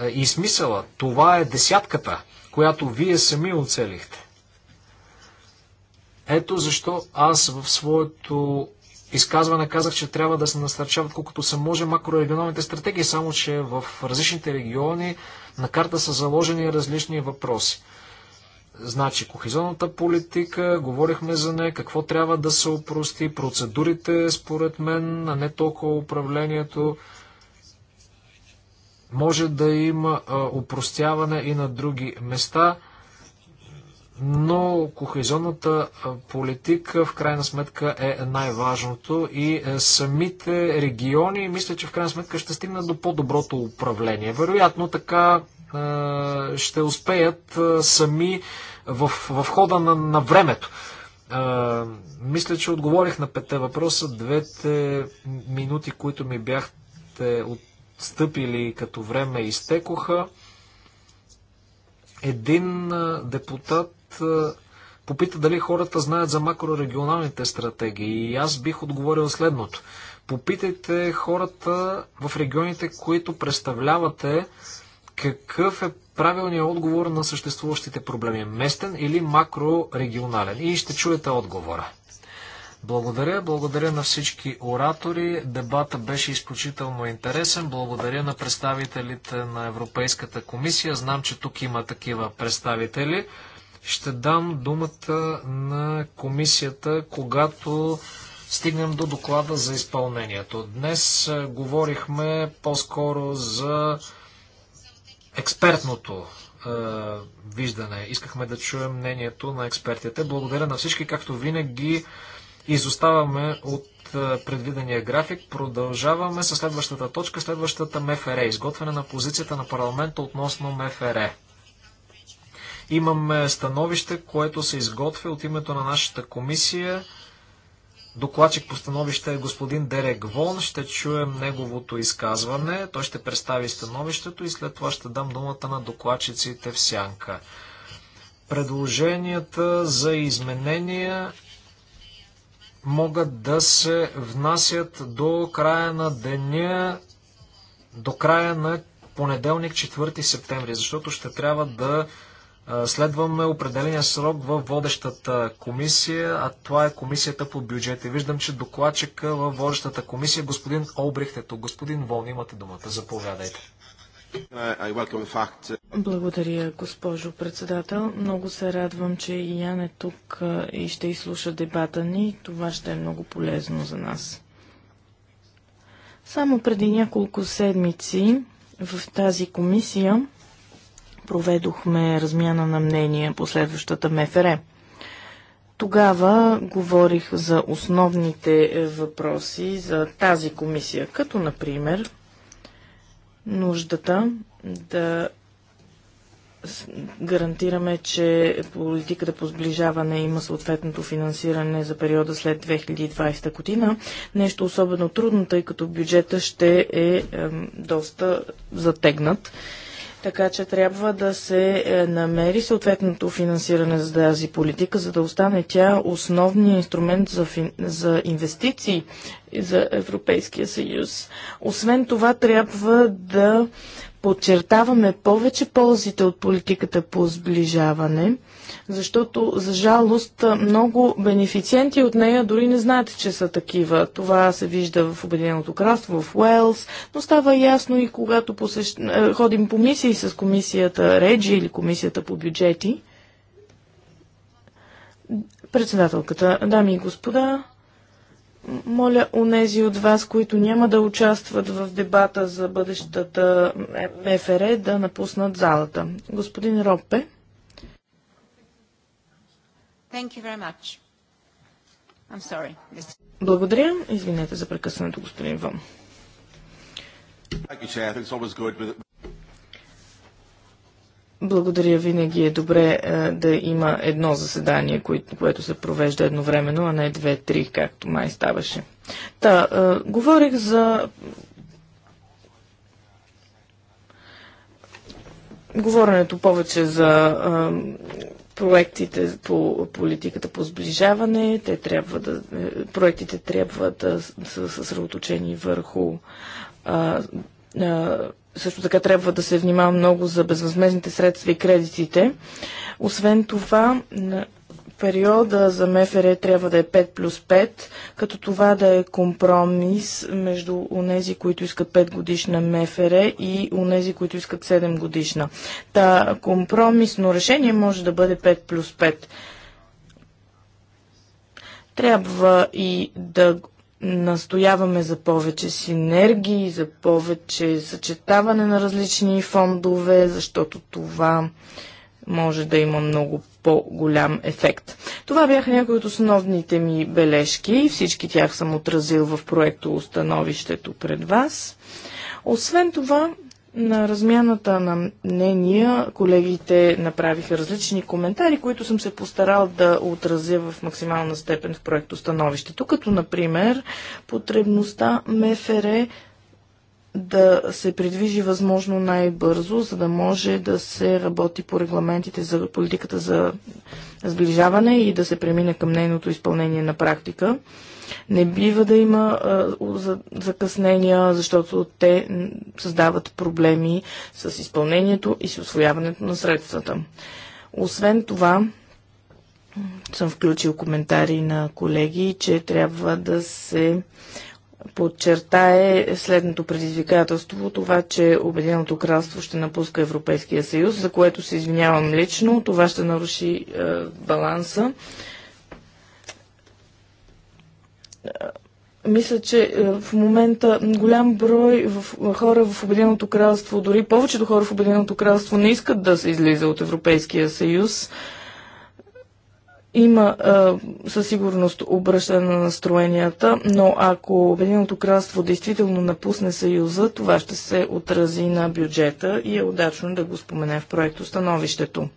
е, и смисъла. Това е десятката, която вие сами оцелихте. Ето защо аз в своето изказване казах, че трябва да се насърчават колкото се може макрорегионалните стратегии, само че в различните региони на карта са заложени различни въпроси. Значи, кохезионната политика, говорихме за нея, какво трябва да се опрости, процедурите, според мен, а не толкова управлението. Може да има упростяване и на други места, но кохезионната политика в крайна сметка е най-важното и самите региони мисля, че в крайна сметка ще стигнат до по-доброто управление. Вероятно така ще успеят сами в, в хода на, на времето. А, мисля, че отговорих на пете въпроса. Двете минути, които ми бяхте от стъпили като време изтекоха. Един депутат попита дали хората знаят за макрорегионалните стратегии и аз бих отговорил следното. Попитайте хората в регионите, които представлявате, какъв е правилният отговор на съществуващите проблеми. Местен или макрорегионален? И ще чуете отговора. Благодаря, благодаря на всички оратори. Дебата беше изключително интересен. Благодаря на представителите на Европейската комисия. Знам, че тук има такива представители. Ще дам думата на комисията, когато стигнем до доклада за изпълнението. Днес е, говорихме по-скоро за експертното е, виждане. Искахме да чуем мнението на експертите. Благодаря на всички, както винаги изоставаме от предвидения график. Продължаваме с следващата точка, следващата МФР. Изготвяне на позицията на парламента относно МФР. Имаме становище, което се изготвя от името на нашата комисия. Докладчик по становище е господин Дерек Вон. Ще чуем неговото изказване. Той ще представи становището и след това ще дам думата на докладчиците в сянка. Предложенията за изменения могат да се внасят до края на деня, до края на понеделник, 4 септември, защото ще трябва да следваме определения срок в водещата комисия, а това е комисията по бюджет. И виждам, че докладчика в водещата комисия, е господин Олбрихтето, Господин Волн, имате думата. Заповядайте. Благодаря, госпожо председател. Много се радвам, че и Ян е тук и ще изслуша дебата ни. Това ще е много полезно за нас. Само преди няколко седмици в тази комисия проведохме размяна на мнение по следващата МФР. Тогава говорих за основните е, въпроси за тази комисия, като например нуждата да гарантираме, че политиката по сближаване има съответното финансиране за периода след 2020 година. Нещо особено трудно, тъй като бюджета ще е, доста затегнат така че трябва да се е, намери съответното финансиране за тази политика, за да остане тя основният инструмент за, фин... за инвестиции за Европейския съюз. Освен това, трябва да подчертаваме повече ползите от политиката по сближаване защото за жалост много бенефициенти от нея дори не знаят, че са такива. Това се вижда в Обединеното кралство, в Уелс, но става ясно и когато посещ... Е, ходим по мисии с комисията Реджи или комисията по бюджети. Председателката, дами и господа, моля онези от вас, които няма да участват в дебата за бъдещата ФРЕ, да напуснат залата. Господин Ропе. Thank you very much. I'm sorry. Благодаря. Извинете за прекъсването, господин Вън. Благодаря. Винаги е добре е, да има едно заседание, което се провежда едновременно, а не две-три, както май ставаше. Та, е, говорих за говоренето повече за е, проектите по политиката по сближаване, те трябва да, е, проектите трябва да са съсредоточени върху а, а, също така трябва да се внимава много за безвъзмезните средства и кредитите. Освен това, периода за МФР трябва да е 5 плюс 5, като това да е компромис между онези, които искат 5 годишна МФР и онези, които искат 7 годишна. Та компромисно решение може да бъде 5 плюс 5. Трябва и да настояваме за повече синергии, за повече съчетаване на различни фондове, защото това е може да има много по-голям ефект. Това бяха някои от основните ми бележки. Всички тях съм отразил в проекто Остановището пред вас. Освен това, на размяната на мнения колегите направиха различни коментари, които съм се постарал да отразя в максимална степен в проекто становището, като например потребността МФР да се придвижи възможно най-бързо, за да може да се работи по регламентите за политиката за сближаване и да се премине към нейното изпълнение на практика. Не бива да има а, закъснения, защото те създават проблеми с изпълнението и с освояването на средствата. Освен това, съм включил коментари на колеги, че трябва да се подчертае следното предизвикателство, това, че Обединеното кралство ще напуска Европейския съюз, за което се извинявам лично, това ще наруши е, баланса. Е, мисля, че е, в момента голям брой в, хора в Обединеното кралство, дори повечето хора в Обединеното кралство не искат да се излиза от Европейския съюз. Има а, със сигурност обръщане на настроенията, но ако Обединеното кралство действително напусне Съюза, това ще се отрази на бюджета и е удачно да го спомене в проекто становището.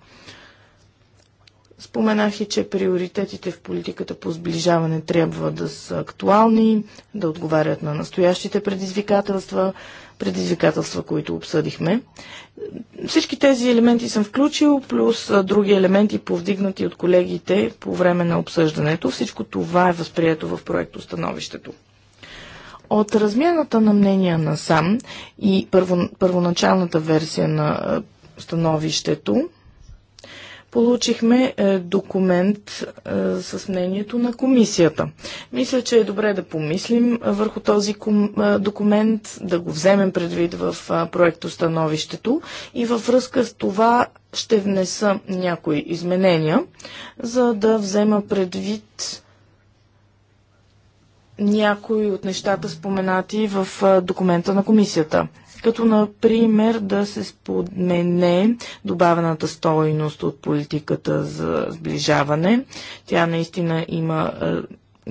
Споменах и, че приоритетите в политиката по сближаване трябва да са актуални, да отговарят на настоящите предизвикателства, предизвикателства, които обсъдихме. Всички тези елементи съм включил, плюс други елементи повдигнати от колегите по време на обсъждането. Всичко това е възприето в проекто становището. От размяната на мнения на сам и първо, първоначалната версия на становището, получихме е, документ е, с мнението на комисията. Мисля, че е добре да помислим е, върху този документ, да го вземем предвид в проектостановището и във връзка с това ще внеса някои изменения, за да взема предвид някои от нещата споменати в документа на комисията като например да се спомене добавената стойност от политиката за сближаване. Тя наистина има е,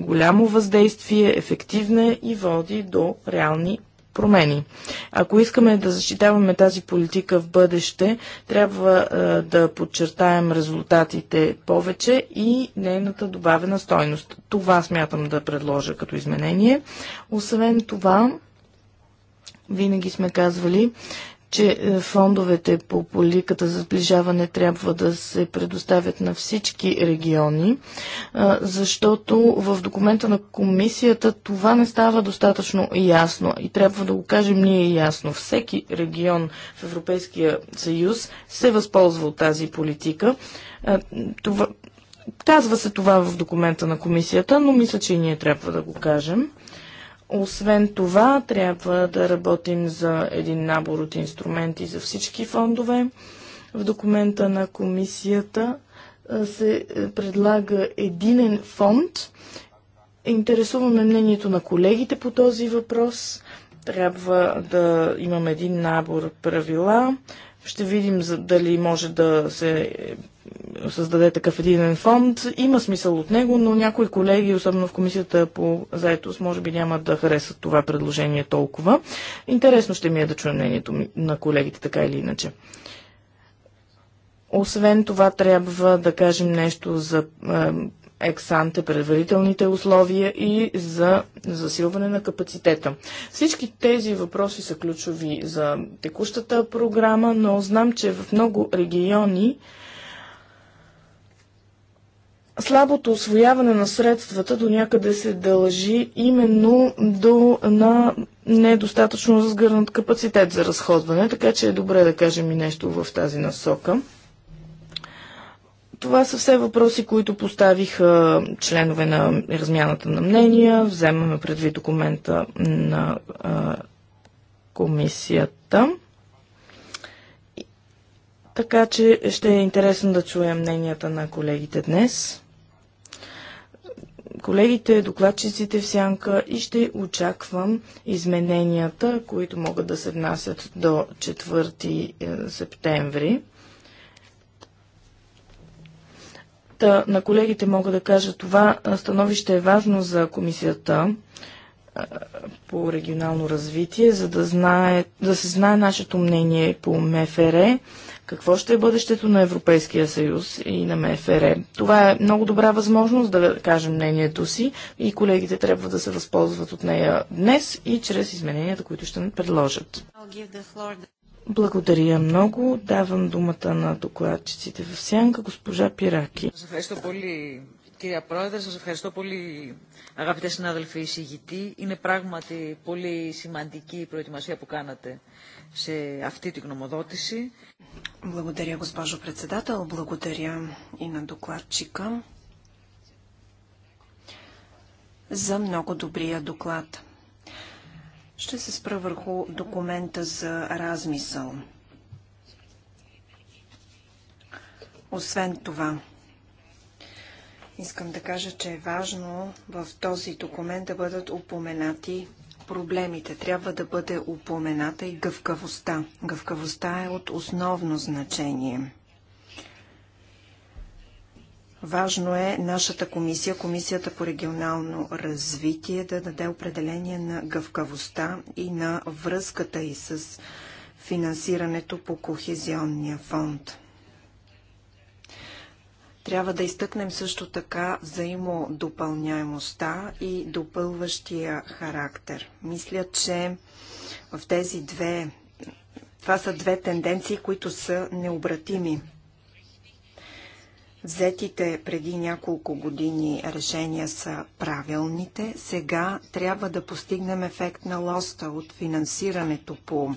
голямо въздействие, ефективна е и води до реални промени. Ако искаме да защитаваме тази политика в бъдеще, трябва е, да подчертаем резултатите повече и нейната добавена стойност. Това смятам да предложа като изменение. Освен това, винаги сме казвали, че е, фондовете по поликата за сближаване трябва да се предоставят на всички региони, е, защото в документа на комисията това не става достатъчно ясно и трябва да го кажем ние ясно. Всеки регион в Европейския съюз се възползва от тази политика. Е, това, казва се това в документа на комисията, но мисля, че и ние трябва да го кажем. Освен това, трябва да работим за един набор от инструменти за всички фондове. В документа на комисията се е, предлага единен фонд. Интересуваме мнението на колегите по този въпрос. Трябва да имаме един набор правила. Ще видим дали може да се създаде такъв единен фонд. Има смисъл от него, но някои колеги, особено в комисията по заетост, може би няма да харесат това предложение толкова. Интересно ще ми е да чуя мнението на колегите, така или иначе. Освен това, трябва да кажем нещо за ексанте, предварителните условия и за засилване на капацитета. Всички тези въпроси са ключови за текущата програма, но знам, че в много региони Слабото освояване на средствата до някъде се дължи именно до, на недостатъчно разгърнат капацитет за разходване, така че е добре да кажем и нещо в тази насока. Това са все въпроси, които поставиха членове на размяната на мнения. Вземаме предвид документа на а, комисията. Така че ще е интересно да чуя мненията на колегите днес колегите, докладчиците в сянка и ще очаквам измененията, които могат да се внасят до 4 е, септември. Та, на колегите мога да кажа това. Становище е важно за комисията по регионално развитие, за да, знае, да се знае нашето мнение по МФР, какво ще е бъдещето на Европейския съюз и на МФР. Това е много добра възможност да кажем мнението си и колегите трябва да се възползват от нея днес и чрез измененията, които ще ни предложат. Благодаря много. Давам думата на докладчиците в сянка, госпожа Пираки κυρία Πρόεδρε. Σας ευχαριστώ πολύ αγαπητέ συνάδελφοι εισηγητή. Είναι πράγματι πολύ σημαντική η προετοιμασία που κάνατε σε αυτή την γνωμοδότηση. Благодаря, госпожо председател. Благодаря и на докладчика за много добрия доклад. Ще се спра върху документа за размисъл. Освен това, Искам да кажа, че е важно в този документ да бъдат упоменати проблемите. Трябва да бъде упомената и гъвкавостта. Гъвкавостта е от основно значение. Важно е нашата комисия, Комисията по регионално развитие, да даде определение на гъвкавостта и на връзката и с финансирането по Кохезионния фонд. Трябва да изтъкнем също така взаимодопълняемостта и допълващия характер. Мисля, че в тези две, това са две тенденции, които са необратими. Взетите преди няколко години решения са правилните. Сега трябва да постигнем ефект на лоста от финансирането по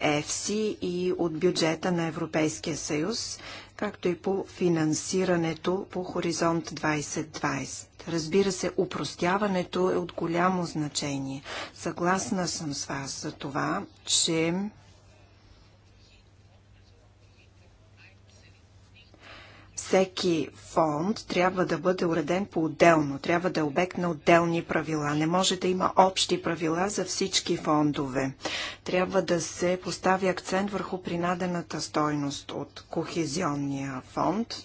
ЕФСИ и от бюджета на Европейския съюз както и по финансирането по Хоризонт 2020. Разбира се, упростяването е от голямо значение. Съгласна съм с вас за това, че всеки фонд трябва да бъде уреден по-отделно, трябва да е обект на отделни правила. Не може да има общи правила за всички фондове. Трябва да се постави акцент върху принадената стойност от кохезионния фонд.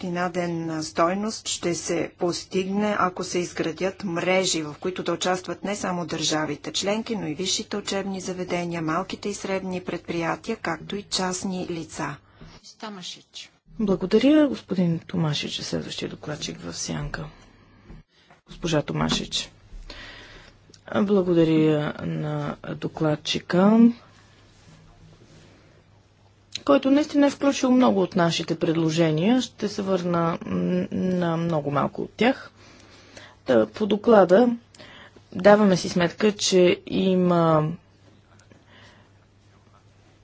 принадена стойност ще се постигне, ако се изградят мрежи, в които да участват не само държавите членки, но и висшите учебни заведения, малките и средни предприятия, както и частни лица. Стамашич. Благодаря, господин Томашич, следващия докладчик в Сянка. Госпожа Томашич. Благодаря на докладчика който наистина е включил много от нашите предложения. Ще се върна на много малко от тях. по доклада даваме си сметка, че има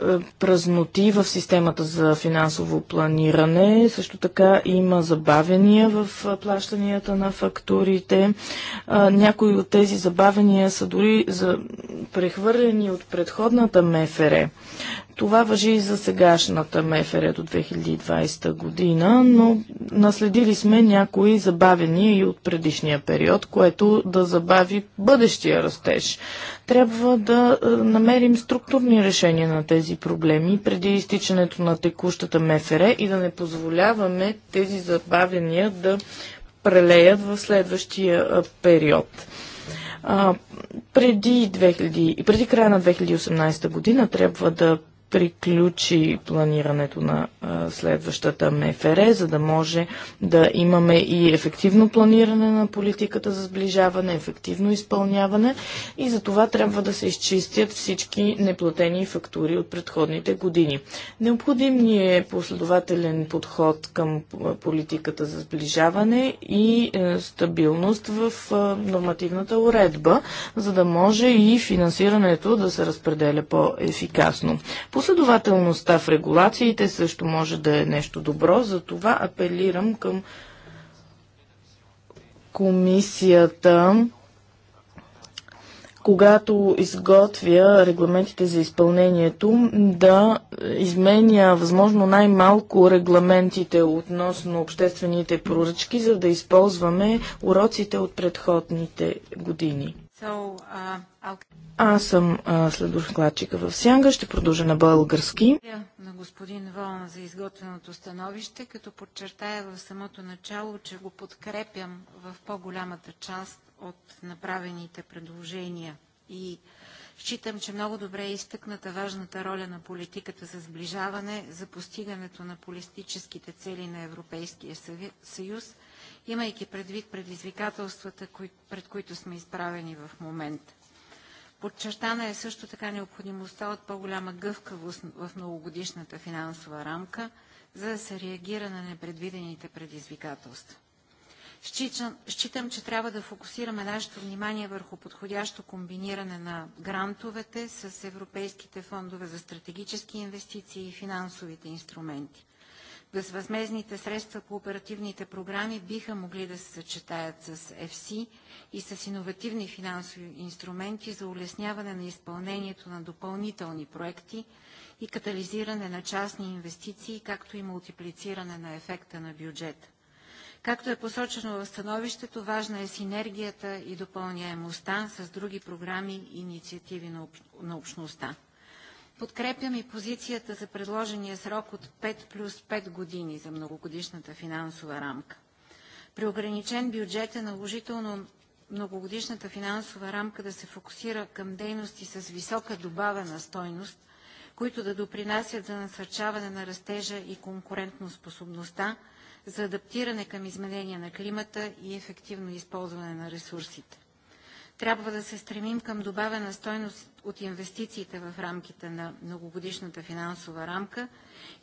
е, празноти в системата за финансово планиране. Също така има забавения в е, плащанията на фактурите. Е, някои от тези забавения са дори за прехвърлени от предходната МФР. Това въжи и за сегашната МФР до 2020 година, но наследили сме някои забавения и от предишния период, което да забави бъдещия растеж. Трябва да е, намерим структурни решения на тези проблеми преди изтичането на текущата МФР и да не позволяваме тези забавения да прелеят в следващия е, период. А, преди, 2000, преди края на 2018 година трябва да приключи планирането на а, следващата МФР, за да може да имаме и ефективно планиране на политиката за сближаване, ефективно изпълняване и за това трябва да се изчистят всички неплатени фактури от предходните години. Необходим ни е последователен подход към политиката за сближаване и е, стабилност в е, нормативната уредба, за да може и финансирането да се разпределя по-ефикасно. По Последователността в регулациите също може да е нещо добро, затова апелирам към комисията когато изготвя регламентите за изпълнението, да изменя възможно най-малко регламентите относно обществените поръчки, за да използваме уроците от предходните години. Uh, Аз съм следовкладчика в Сянга. Ще продължа на български. На господин Волн за изготвеното становище, като подчертая в самото начало, че го подкрепям в по-голямата част от направените предложения. И считам, че много добре е изтъкната важната роля на политиката за сближаване за постигането на политическите цели на Европейския съюз – имайки предвид предизвикателствата, пред които сме изправени в момента. Подчертана е също така необходимостта от по-голяма гъвкавост в многогодишната финансова рамка, за да се реагира на непредвидените предизвикателства. Считам, считам, че трябва да фокусираме нашето внимание върху подходящо комбиниране на грантовете с европейските фондове за стратегически инвестиции и финансовите инструменти. Безвъзмезните средства по оперативните програми биха могли да се съчетаят с FC и с иновативни финансови инструменти за улесняване на изпълнението на допълнителни проекти и катализиране на частни инвестиции, както и мултиплициране на ефекта на бюджета. Както е посочено в становището, важна е синергията и допълняемостта с други програми и инициативи на, на общността. Подкрепям и позицията за предложения срок от 5 плюс 5 години за многогодишната финансова рамка. При ограничен бюджет е наложително многогодишната финансова рамка да се фокусира към дейности с висока добавена стойност, които да допринасят за насърчаване на растежа и конкурентноспособността, за адаптиране към изменения на климата и ефективно използване на ресурсите трябва да се стремим към добавена стойност от инвестициите в рамките на многогодишната финансова рамка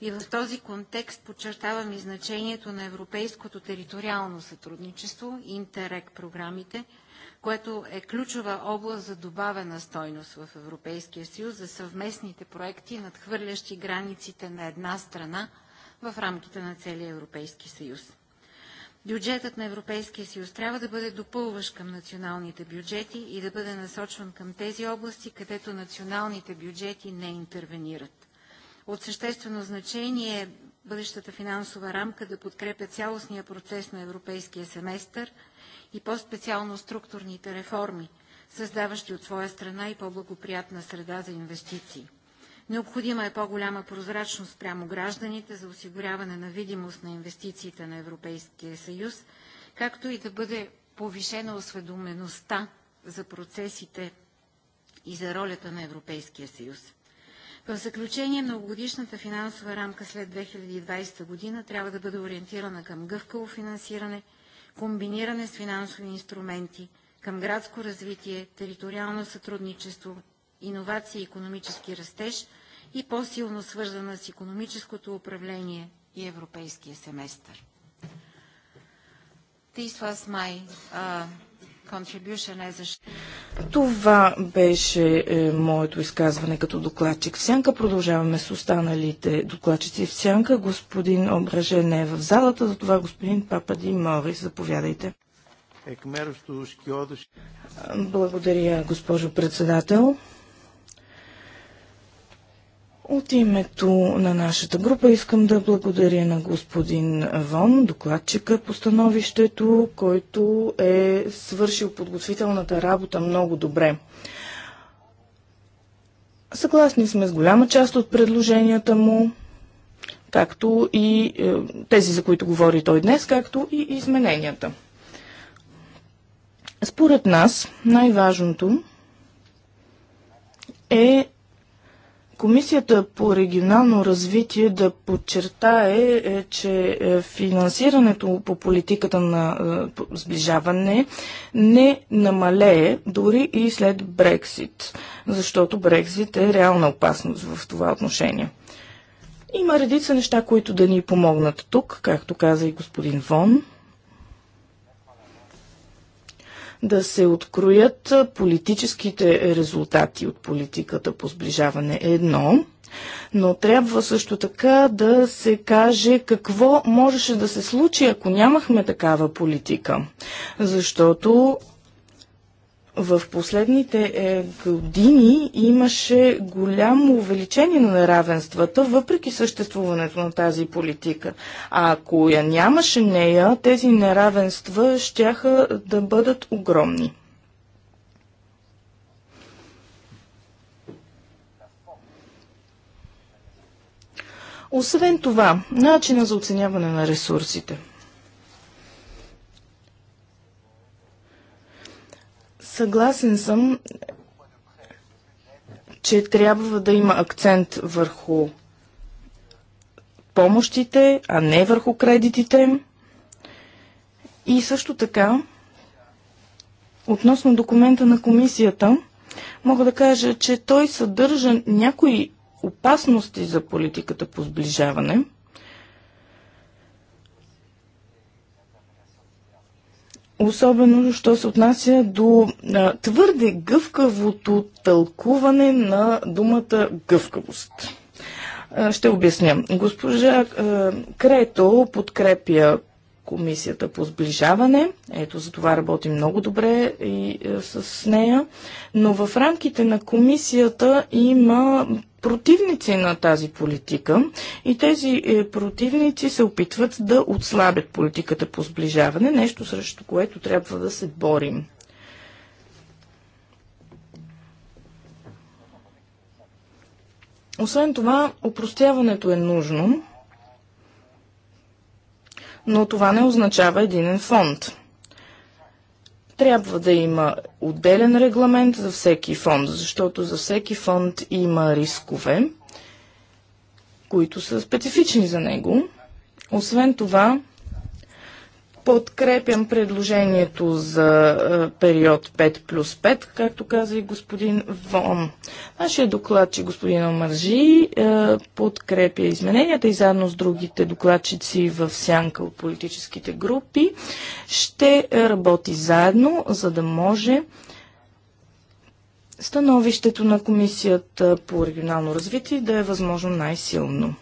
и в този контекст подчертавам и значението на европейското териториално сътрудничество, интерек програмите, което е ключова област за добавена стойност в Европейския съюз за съвместните проекти, надхвърлящи границите на една страна в рамките на целия Европейски съюз. Бюджетът на Европейския съюз трябва да бъде допълващ към националните бюджети и да бъде насочван към тези области, където националните бюджети не интервенират. От съществено значение е бъдещата финансова рамка да подкрепя цялостния процес на европейския семестър и по-специално структурните реформи, създаващи от своя страна и по-благоприятна среда за инвестиции. Необходима е по-голяма прозрачност прямо гражданите за осигуряване на видимост на инвестициите на Европейския съюз, както и да бъде повишена осведомеността за процесите и за ролята на Европейския съюз. В заключение, многогодишната финансова рамка след 2020 година трябва да бъде ориентирана към гъвкаво финансиране, комбиниране с финансови инструменти, към градско развитие, териториално сътрудничество, иновации и економически растеж – и по-силно свързана с економическото управление и европейския семестър. This was my uh, това беше е, моето изказване като докладчик в сянка. Продължаваме с останалите докладчици в сянка. Господин Ображе не е в залата, затова господин Папади Мори, заповядайте. Е, Благодаря, госпожо председател. От името на нашата група искам да благодаря на господин Вон, докладчика по становището, който е свършил подготвителната работа много добре. Съгласни сме с голяма част от предложенията му, както и е, тези, за които говори той днес, както и измененията. Според нас най-важното е Комисията по регионално развитие да подчертае, е, че е, финансирането по политиката на е, сближаване не намалее дори и след Брексит, защото Брексит е реална опасност в това отношение. Има редица неща, които да ни помогнат тук, както каза и господин Вон да се откроят политическите резултати от политиката по сближаване е едно, но трябва също така да се каже какво можеше да се случи, ако нямахме такава политика. Защото в последните е, години имаше голямо увеличение на неравенствата, въпреки съществуването на тази политика. А ако я нямаше нея, тези неравенства щяха да бъдат огромни. Освен това, начина за оценяване на ресурсите – Съгласен съм, че трябва да има акцент върху помощите, а не върху кредитите. И също така, относно документа на комисията, мога да кажа, че той съдържа някои опасности за политиката по сближаване – особено що се отнася до а, твърде гъвкавото тълкуване на думата гъвкавост. Ще обясня. Госпожа Крето подкрепя комисията по сближаване. Ето за това работим много добре и е, с нея. Но в рамките на комисията има противници на тази политика и тези е, противници се опитват да отслабят политиката по сближаване, нещо срещу което трябва да се борим. Освен това, упростяването е нужно но това не означава единен фонд. Трябва да има отделен регламент за всеки фонд, защото за всеки фонд има рискове, които са специфични за него. Освен това, Подкрепям предложението за е, период 5 плюс 5, както каза и господин Вон. Нашия докладчик, господин Омържи, е, подкрепя измененията и заедно с другите докладчици в сянка от политическите групи ще работи заедно, за да може становището на Комисията по регионално развитие да е възможно най-силно.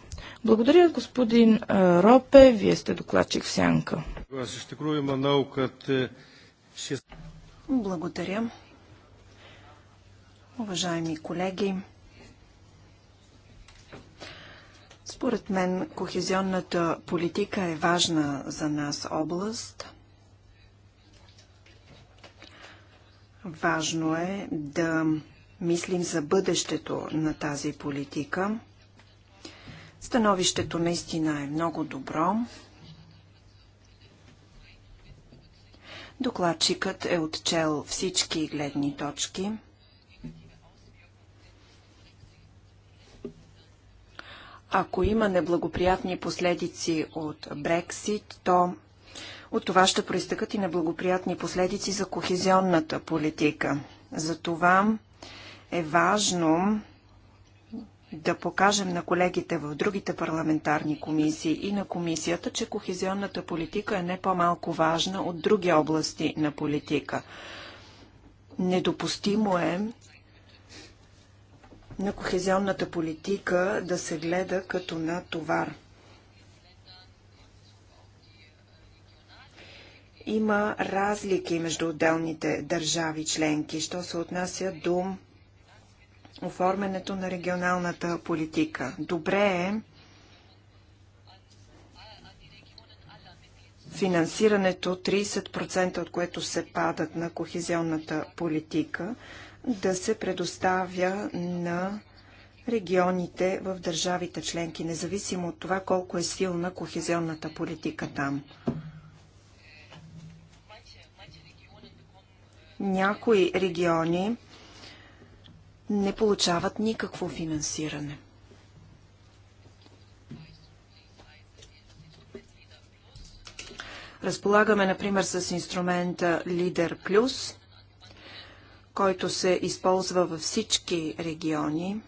Благодаря, господин Ропе. Вие сте докладчик в Сянка. Благодаря. Уважаеми колеги, според мен кохезионната политика е важна за нас област. Важно е да мислим за бъдещето на тази политика – Становището наистина е много добро. Докладчикът е отчел всички гледни точки. Ако има неблагоприятни последици от Брексит, то от това ще проистъкат и неблагоприятни последици за кохезионната политика. Затова е важно да покажем на колегите в другите парламентарни комисии и на комисията, че кохезионната политика е не по-малко важна от други области на политика. Недопустимо е на кохезионната политика да се гледа като на товар. Има разлики между отделните държави членки, що се отнася до оформянето на регионалната политика. Добре е финансирането, 30% от което се падат на кохезионната политика, да се предоставя на регионите в държавите членки, независимо от това колко е силна кохезионната политика там. Някои региони не получават никакво финансиране. Разполагаме, например, с инструмента Лидер Плюс, който се използва във всички региони.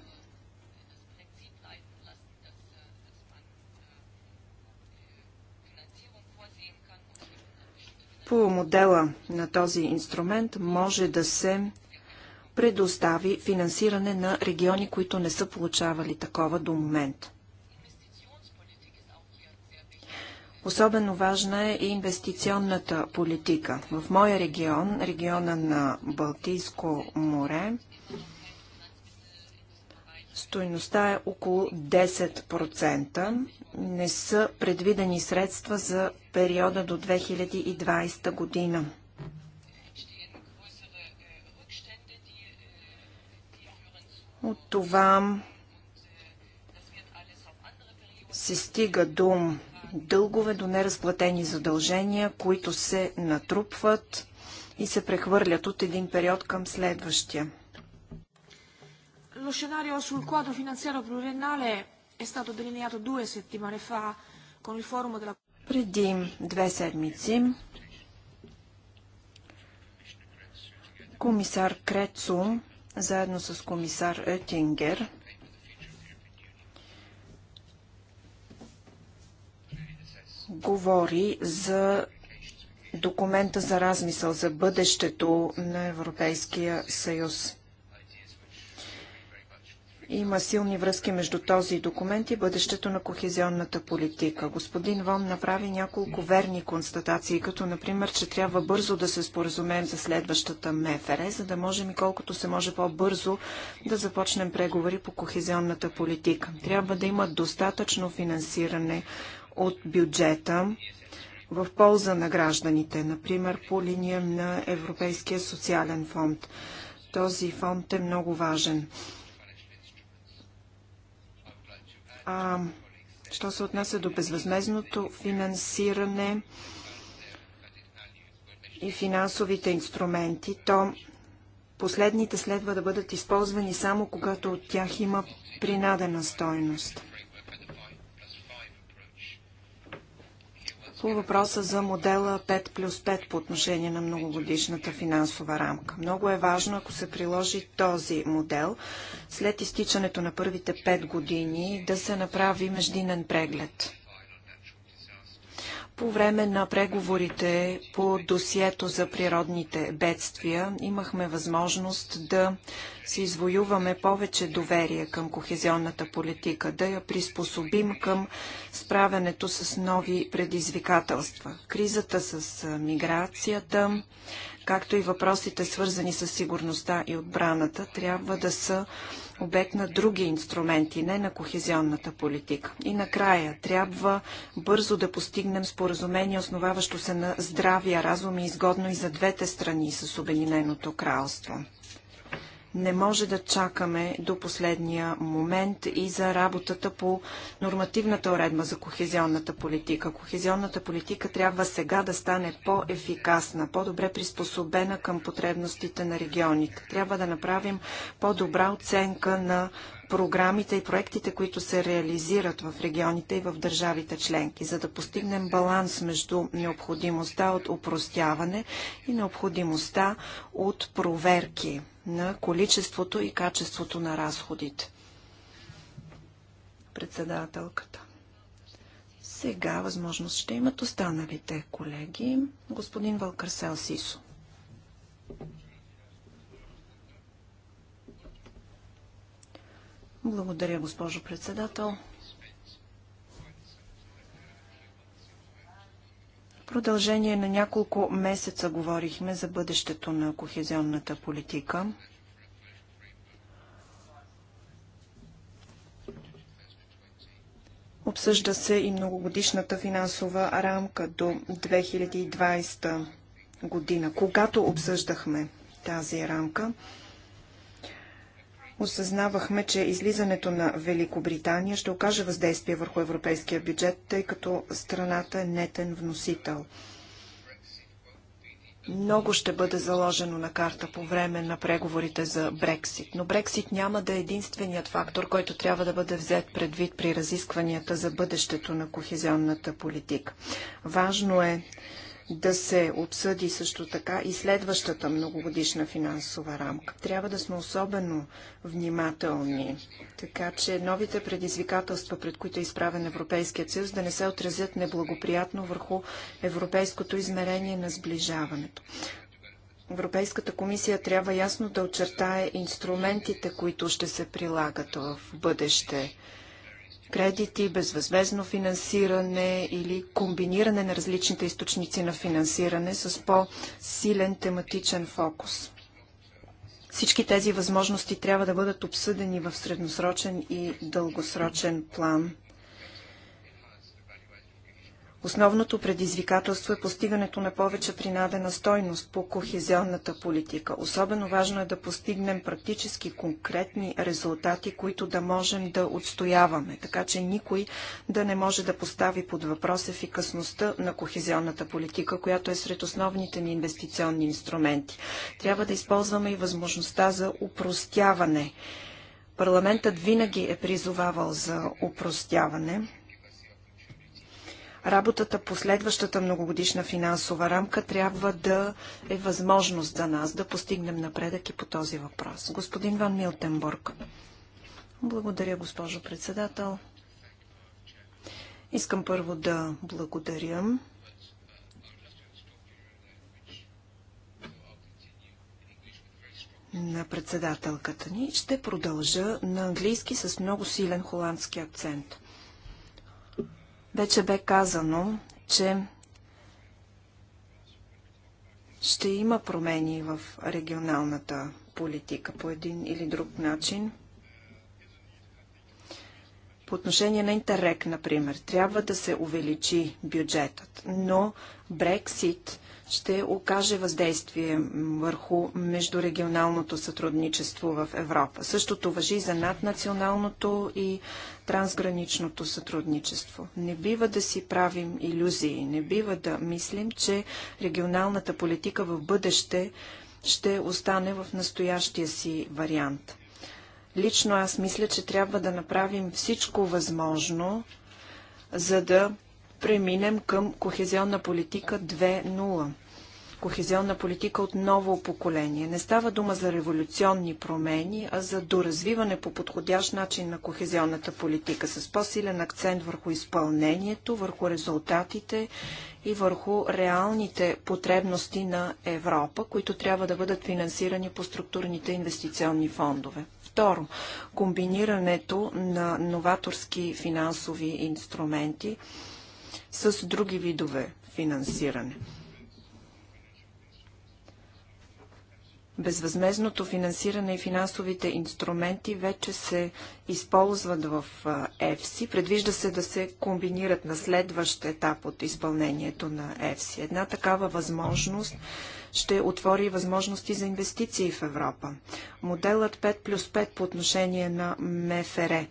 По модела на този инструмент може да се предостави финансиране на региони, които не са получавали такова до момента. Особено важна е и инвестиционната политика. В моя регион, региона на Балтийско море, Стойността е около 10%. Не са предвидени средства за периода до 2020 година. От това се стига до дългове, до неразплатени задължения, които се натрупват и се прехвърлят от един период към следващия. Lo scenario sul quadro finanziario pluriennale è stato delineato due settimane fa con il forum della... Преди две седмици комисар Крецо заедно с комисар Етингер. Говори за документа за размисъл за бъдещето на Европейския съюз. Има силни връзки между този документ и бъдещето на кохезионната политика. Господин Вон направи няколко верни констатации, като например, че трябва бързо да се споразумеем за следващата МФР, за да можем и колкото се може по-бързо да започнем преговори по кохезионната политика. Трябва да има достатъчно финансиране от бюджета в полза на гражданите, например по линия на Европейския социален фонд. Този фонд е много важен. А, що се отнася до безвъзмезното финансиране и финансовите инструменти, то последните следва да бъдат използвани само когато от тях има принадена стойност. по въпроса за модела 5 плюс 5 по отношение на многогодишната финансова рамка. Много е важно, ако се приложи този модел, след изтичането на първите 5 години да се направи междинен преглед. По време на преговорите по досието за природните бедствия имахме възможност да си извоюваме повече доверие към кохезионната политика, да я приспособим към справянето с нови предизвикателства. Кризата с миграцията, както и въпросите свързани с сигурността и отбраната, трябва да са обект на други инструменти, не на кохезионната политика. И накрая, трябва бързо да постигнем споразумение, основаващо се на здравия разум и изгодно и за двете страни с Обединеното кралство. Не може да чакаме до последния момент и за работата по нормативната уредба за кохезионната политика. Кохезионната политика трябва сега да стане по-ефикасна, по-добре приспособена към потребностите на регионите. Трябва да направим по-добра оценка на програмите и проектите, които се реализират в регионите и в държавите членки, за да постигнем баланс между необходимостта от упростяване и необходимостта от проверки на количеството и качеството на разходите. Председателката. Сега възможност ще имат останалите колеги. Господин Вълкарсел Сисо. Благодаря, госпожо председател. продължение на няколко месеца говорихме за бъдещето на кохезионната политика. Обсъжда се и многогодишната финансова рамка до 2020 година. Когато обсъждахме тази рамка, осъзнавахме, че излизането на Великобритания ще окаже въздействие върху европейския бюджет, тъй като страната е нетен вносител. Много ще бъде заложено на карта по време на преговорите за Брексит, но Брексит няма да е единственият фактор, който трябва да бъде взет предвид при разискванията за бъдещето на кохезионната политика. Важно е да се обсъди също така и следващата многогодишна финансова рамка. Трябва да сме особено внимателни, така че новите предизвикателства, пред които е изправен Европейският съюз, да не се отразят неблагоприятно върху европейското измерение на сближаването. Европейската комисия трябва ясно да очертае инструментите, които ще се прилагат в бъдеще кредити, безвъзмезно финансиране или комбиниране на различните източници на финансиране с по-силен тематичен фокус. Всички тези възможности трябва да бъдат обсъдени в средносрочен и дългосрочен план. Основното предизвикателство е постигането на повече принадена стойност по кохезионната политика. Особено важно е да постигнем практически конкретни резултати, които да можем да отстояваме, така че никой да не може да постави под въпрос ефикасността на кохезионната политика, която е сред основните ни инвестиционни инструменти. Трябва да използваме и възможността за упростяване. Парламентът винаги е призовавал за упростяване Работата по следващата многогодишна финансова рамка трябва да е възможност за нас да постигнем напредък и по този въпрос. Господин Ван Милтенбург. Благодаря, госпожо председател. Искам първо да благодаря на председателката ни. Ще продължа на английски с много силен холандски акцент. Вече бе казано, че ще има промени в регионалната политика по един или друг начин. По отношение на Интеррек, например, трябва да се увеличи бюджетът, но Брексит ще окаже въздействие върху междурегионалното сътрудничество в Европа. Същото въжи за наднационалното и трансграничното сътрудничество. Не бива да си правим иллюзии, не бива да мислим, че регионалната политика в бъдеще ще остане в настоящия си вариант. Лично аз мисля, че трябва да направим всичко възможно, за да преминем към кохезионна политика 2.0. Кохезионна политика от ново поколение. Не става дума за революционни промени, а за доразвиване по подходящ начин на кохезионната политика с по-силен акцент върху изпълнението, върху резултатите и върху реалните потребности на Европа, които трябва да бъдат финансирани по структурните инвестиционни фондове. Второ, комбинирането на новаторски финансови инструменти – с други видове финансиране. Безвъзмезното финансиране и финансовите инструменти вече се използват в ЕФСИ. Предвижда се да се комбинират на следващ етап от изпълнението на ЕФСИ. Една такава възможност ще отвори възможности за инвестиции в Европа. Моделът 5 плюс 5 по отношение на МФР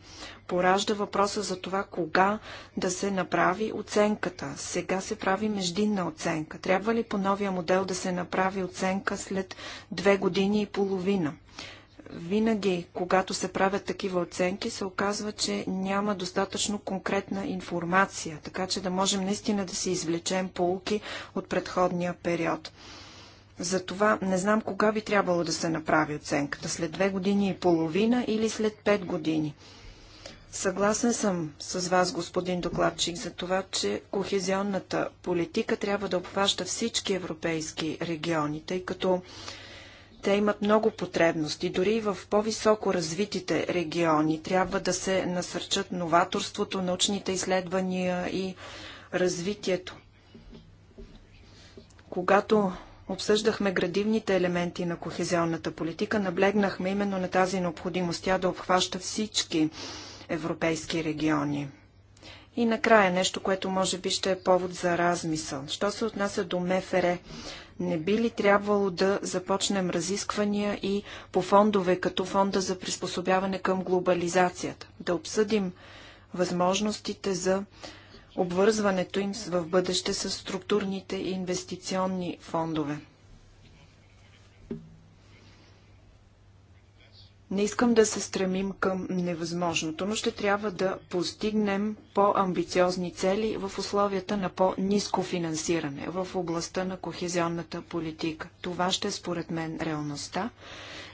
поражда въпроса за това кога да се направи оценката. Сега се прави междинна оценка. Трябва ли по новия модел да се направи оценка след две години и половина? винаги, когато се правят такива оценки, се оказва, че няма достатъчно конкретна информация, така че да можем наистина да си извлечем полуки от предходния период. Затова не знам кога би трябвало да се направи оценката. След две години и половина или след пет години. Съгласен съм с вас, господин докладчик, за това, че кохезионната политика трябва да обхваща всички европейски региони, тъй като те имат много потребности. Дори в по-високо развитите региони трябва да се насърчат новаторството, научните изследвания и развитието. Когато обсъждахме градивните елементи на кохезионната политика, наблегнахме именно на тази необходимост тя да обхваща всички европейски региони. И накрая нещо, което може би ще е повод за размисъл. Що се отнася до МФР, не би ли трябвало да започнем разисквания и по фондове, като фонда за приспособяване към глобализацията? Да обсъдим възможностите за обвързването им в бъдеще с структурните и инвестиционни фондове. Не искам да се стремим към невъзможното, но ще трябва да постигнем по-амбициозни цели в условията на по-низко финансиране в областта на кохезионната политика. Това ще е според мен реалността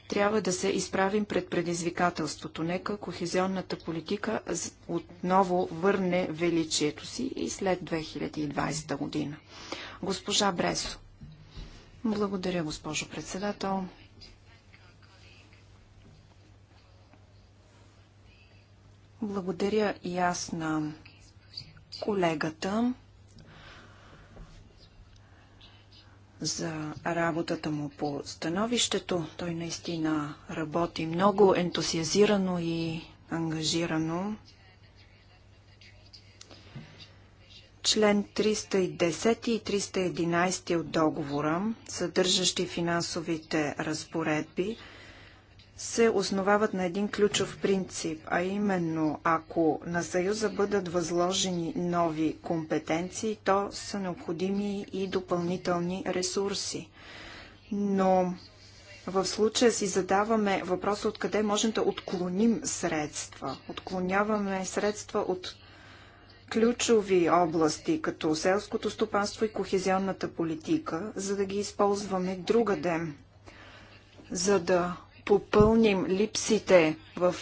трябва да се изправим пред предизвикателството. Нека кохезионната политика отново върне величието си и след 2020 година. Госпожа Бресо. Благодаря, госпожо председател. Благодаря и аз на колегата за работата му по становището. Той наистина работи много ентусиазирано и ангажирано. Член 310 и 311 от договора, съдържащи финансовите разпоредби, се основават на един ключов принцип, а именно ако на Съюза бъдат възложени нови компетенции, то са необходими и допълнителни ресурси. Но в случая си задаваме въпроса откъде можем да отклоним средства. Отклоняваме средства от ключови области, като селското стопанство и кохезионната политика, за да ги използваме другаде, за да попълним липсите в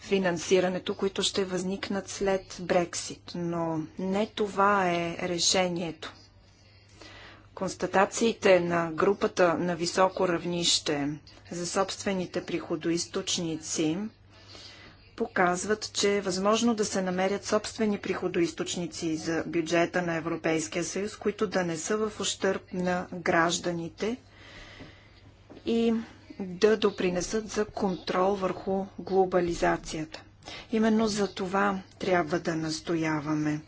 финансирането, които ще възникнат след Брексит. Но не това е решението. Констатациите на групата на високо равнище за собствените приходоисточници показват, че е възможно да се намерят собствени приходоисточници за бюджета на Европейския съюз, които да не са в ущърп на гражданите и да допринесат за контрол върху глобализацията. Именно за това трябва да настояваме.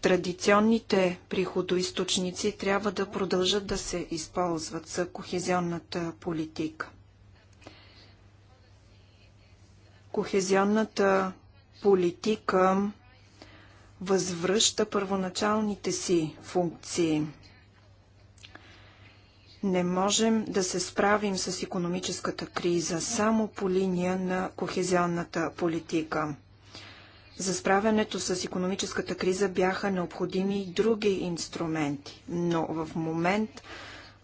Традиционните приходоисточници трябва да продължат да се използват за кохезионната политика. Кохезионната политика възвръща първоначалните си функции – не можем да се справим с економическата криза само по линия на кохезионната политика. За справянето с економическата криза бяха необходими и други инструменти, но в момент,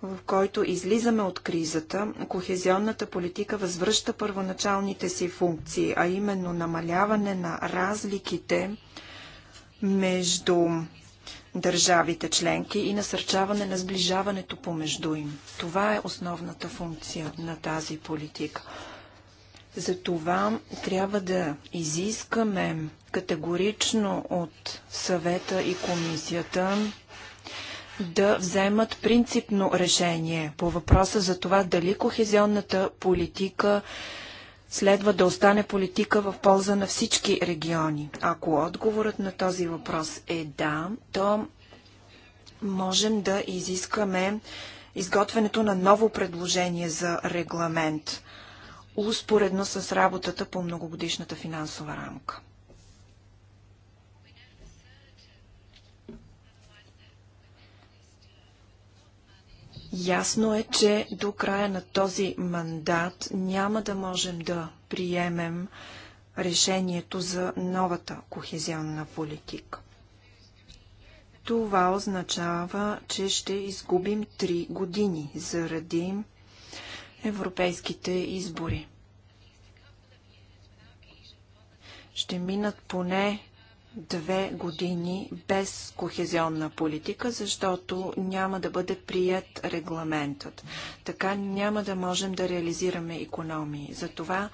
в който излизаме от кризата, кохезионната политика възвръща първоначалните си функции, а именно намаляване на разликите между държавите членки и насърчаване на сближаването помежду им. Това е основната функция на тази политика. Затова трябва да изискаме категорично от съвета и комисията да вземат принципно решение по въпроса за това дали кохезионната политика следва да остане политика в полза на всички региони? Ако отговорът на този въпрос е да, то можем да изискаме изготвянето на ново предложение за регламент, успоредно с работата по многогодишната финансова рамка. Ясно е, че до края на този мандат няма да можем да приемем решението за новата кохезионна политика. Това означава, че ще изгубим три години заради европейските избори. Ще минат поне две години без кохезионна политика, защото няма да бъде прият регламентът. Така няма да можем да реализираме економии. Затова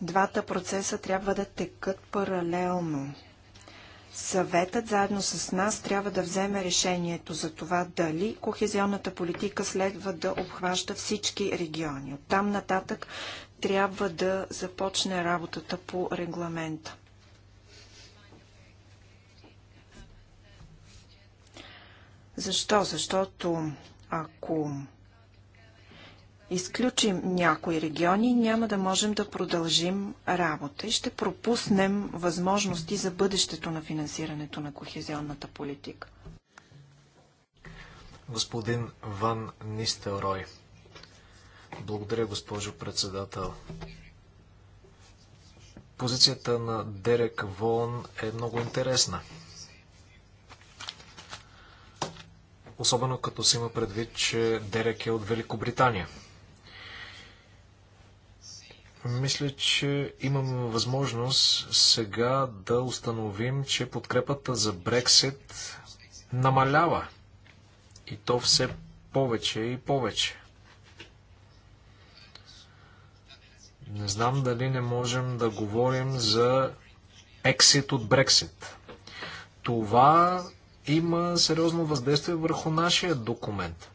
двата процеса трябва да текат паралелно. Съветът заедно с нас трябва да вземе решението за това дали кохезионната политика следва да обхваща всички региони. Оттам нататък трябва да започне работата по регламента. Защо? Защото ако изключим някои региони, няма да можем да продължим работа и ще пропуснем възможности за бъдещето на финансирането на кохезионната политика. Господин Ван Нистелрой. Благодаря, госпожо председател. Позицията на Дерек Вон е много интересна. особено като се има предвид, че Дерек е от Великобритания. Мисля, че имаме възможност сега да установим, че подкрепата за Брексит намалява. И то все повече и повече. Не знам дали не можем да говорим за ексит от Брексит. Това има сериозно въздействие върху нашия документ.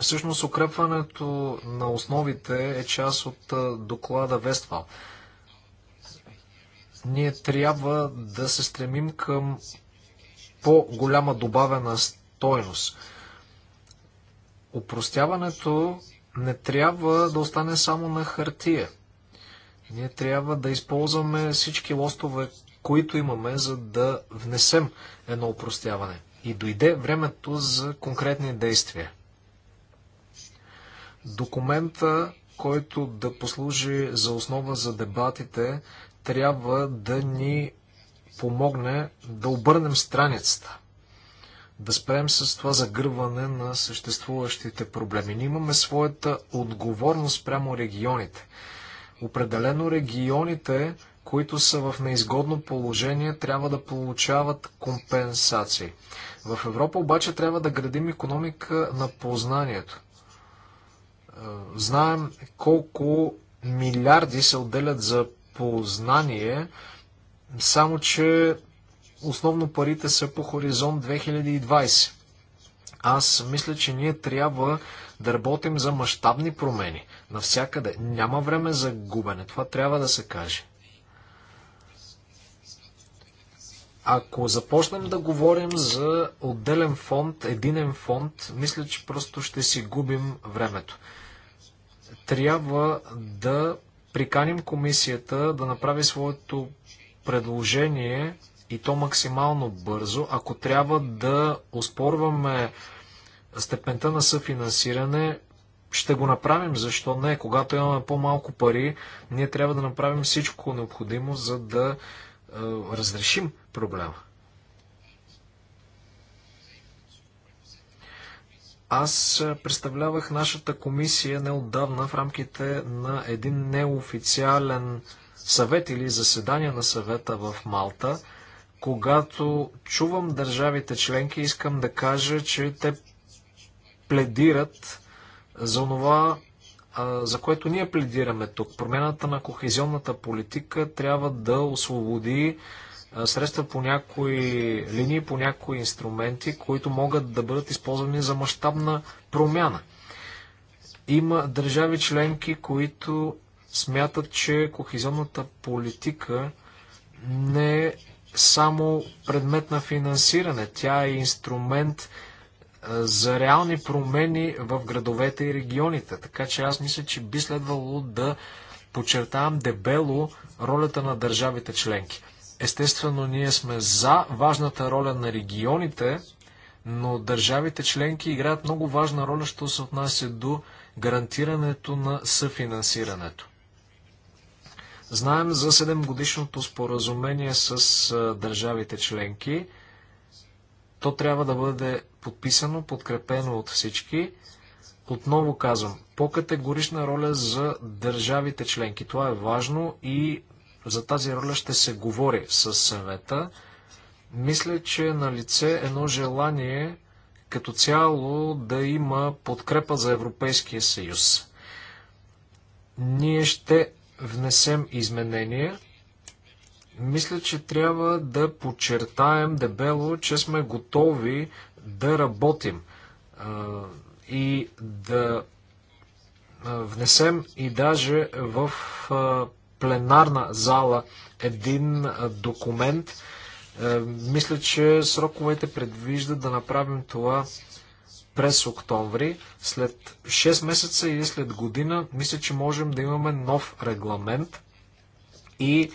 Всъщност укрепването на основите е част от доклада Вествал. Ние трябва да се стремим към по-голяма добавена стойност. Упростяването не трябва да остане само на хартия. Ние трябва да използваме всички лостове, които имаме, за да внесем едно упростяване. И дойде времето за конкретни действия. Документа, който да послужи за основа за дебатите, трябва да ни помогне да обърнем страницата да спрем с това загърване на съществуващите проблеми. Ние имаме своята отговорност прямо регионите. Определено регионите които са в неизгодно положение, трябва да получават компенсации. В Европа обаче трябва да градим економика на познанието. Е, знаем колко милиарди се отделят за познание, само че основно парите са по хоризонт 2020. Аз мисля, че ние трябва да работим за мащабни промени. Навсякъде. Няма време за губене. Това трябва да се каже. Ако започнем да говорим за отделен фонд, единен фонд, мисля, че просто ще си губим времето. Трябва да приканим комисията да направи своето предложение и то максимално бързо. Ако трябва да оспорваме степента на съфинансиране, ще го направим. Защо не? Когато имаме по-малко пари, ние трябва да направим всичко необходимо, за да разрешим проблема. Аз представлявах нашата комисия неотдавна в рамките на един неофициален съвет или заседание на съвета в Малта. Когато чувам държавите членки, искам да кажа, че те пледират за това, за което ние пледираме тук. Промената на кохезионната политика трябва да освободи средства по някои линии, по някои инструменти, които могат да бъдат използвани за мащабна промяна. Има държави членки, които смятат, че кохезионната политика не е само предмет на финансиране. Тя е инструмент за реални промени в градовете и регионите. Така че аз мисля, че би следвало да подчертавам дебело ролята на държавите членки. Естествено, ние сме за важната роля на регионите, но държавите членки играят много важна роля, що се отнася до гарантирането на съфинансирането. Знаем за 7 годишното споразумение с държавите членки – то трябва да бъде подписано, подкрепено от всички. Отново казвам, по-категорична роля за държавите членки. Това е важно и за тази роля ще се говори с съвета. Мисля, че е на лице едно желание като цяло да има подкрепа за Европейския съюз. Ние ще внесем изменения мисля, че трябва да подчертаем дебело, че сме готови да работим и да внесем и даже в пленарна зала един документ. Мисля, че сроковете предвиждат да направим това през октомври. След 6 месеца или след година, мисля, че можем да имаме нов регламент и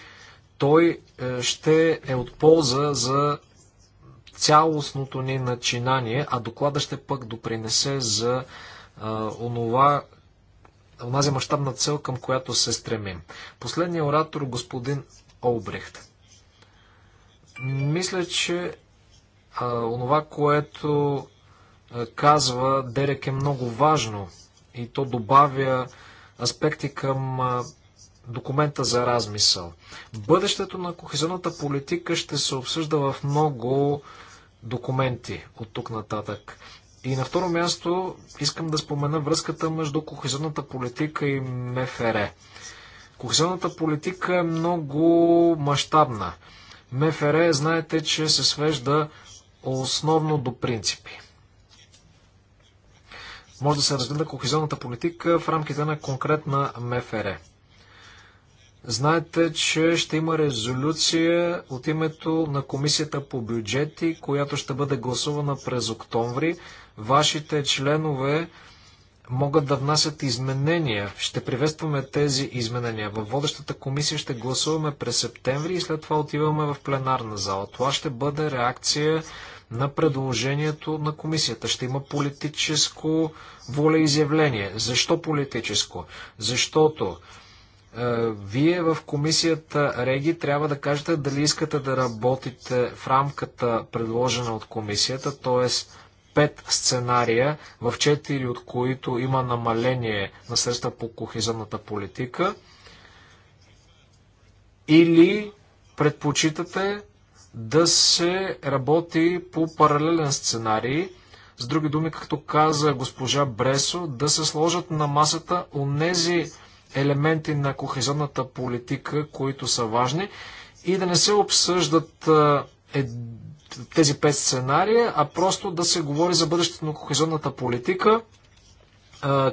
той е, ще е от полза за цялостното ни начинание, а доклада ще пък допринесе за а, е, онова, онази мащабна цел, към която се стремим. Последният оратор, господин Олбрехт. Мисля, че а, е, онова, което а, казва Дерек е много важно и то добавя аспекти към а, документа за размисъл. Бъдещето на кохезионната политика ще се обсъжда в много документи от тук нататък. И на второ място искам да спомена връзката между кохезионната политика и МФР. Кохезионната политика е много мащабна. МФР, знаете, че се свежда основно до принципи. Може да се разгледа кохезионната политика в рамките на конкретна МФР. Знаете, че ще има резолюция от името на Комисията по бюджети, която ще бъде гласувана през октомври. Вашите членове могат да внасят изменения. Ще приветстваме тези изменения. Във водещата комисия ще гласуваме през септември и след това отиваме в пленарна зала. Това ще бъде реакция на предложението на комисията. Ще има политическо волеизявление. Защо политическо? Защото е, вие в комисията Реги трябва да кажете дали искате да работите в рамката предложена от комисията, т.е. пет сценария, в четири от които има намаление на средства по кохезионната политика, или предпочитате да се работи по паралелен сценарий, с други думи, както каза госпожа Бресо, да се сложат на масата онези нези елементи на кохезионната политика, които са важни и да не се обсъждат е, тези пет сценария, а просто да се говори за бъдещето на кохезионната политика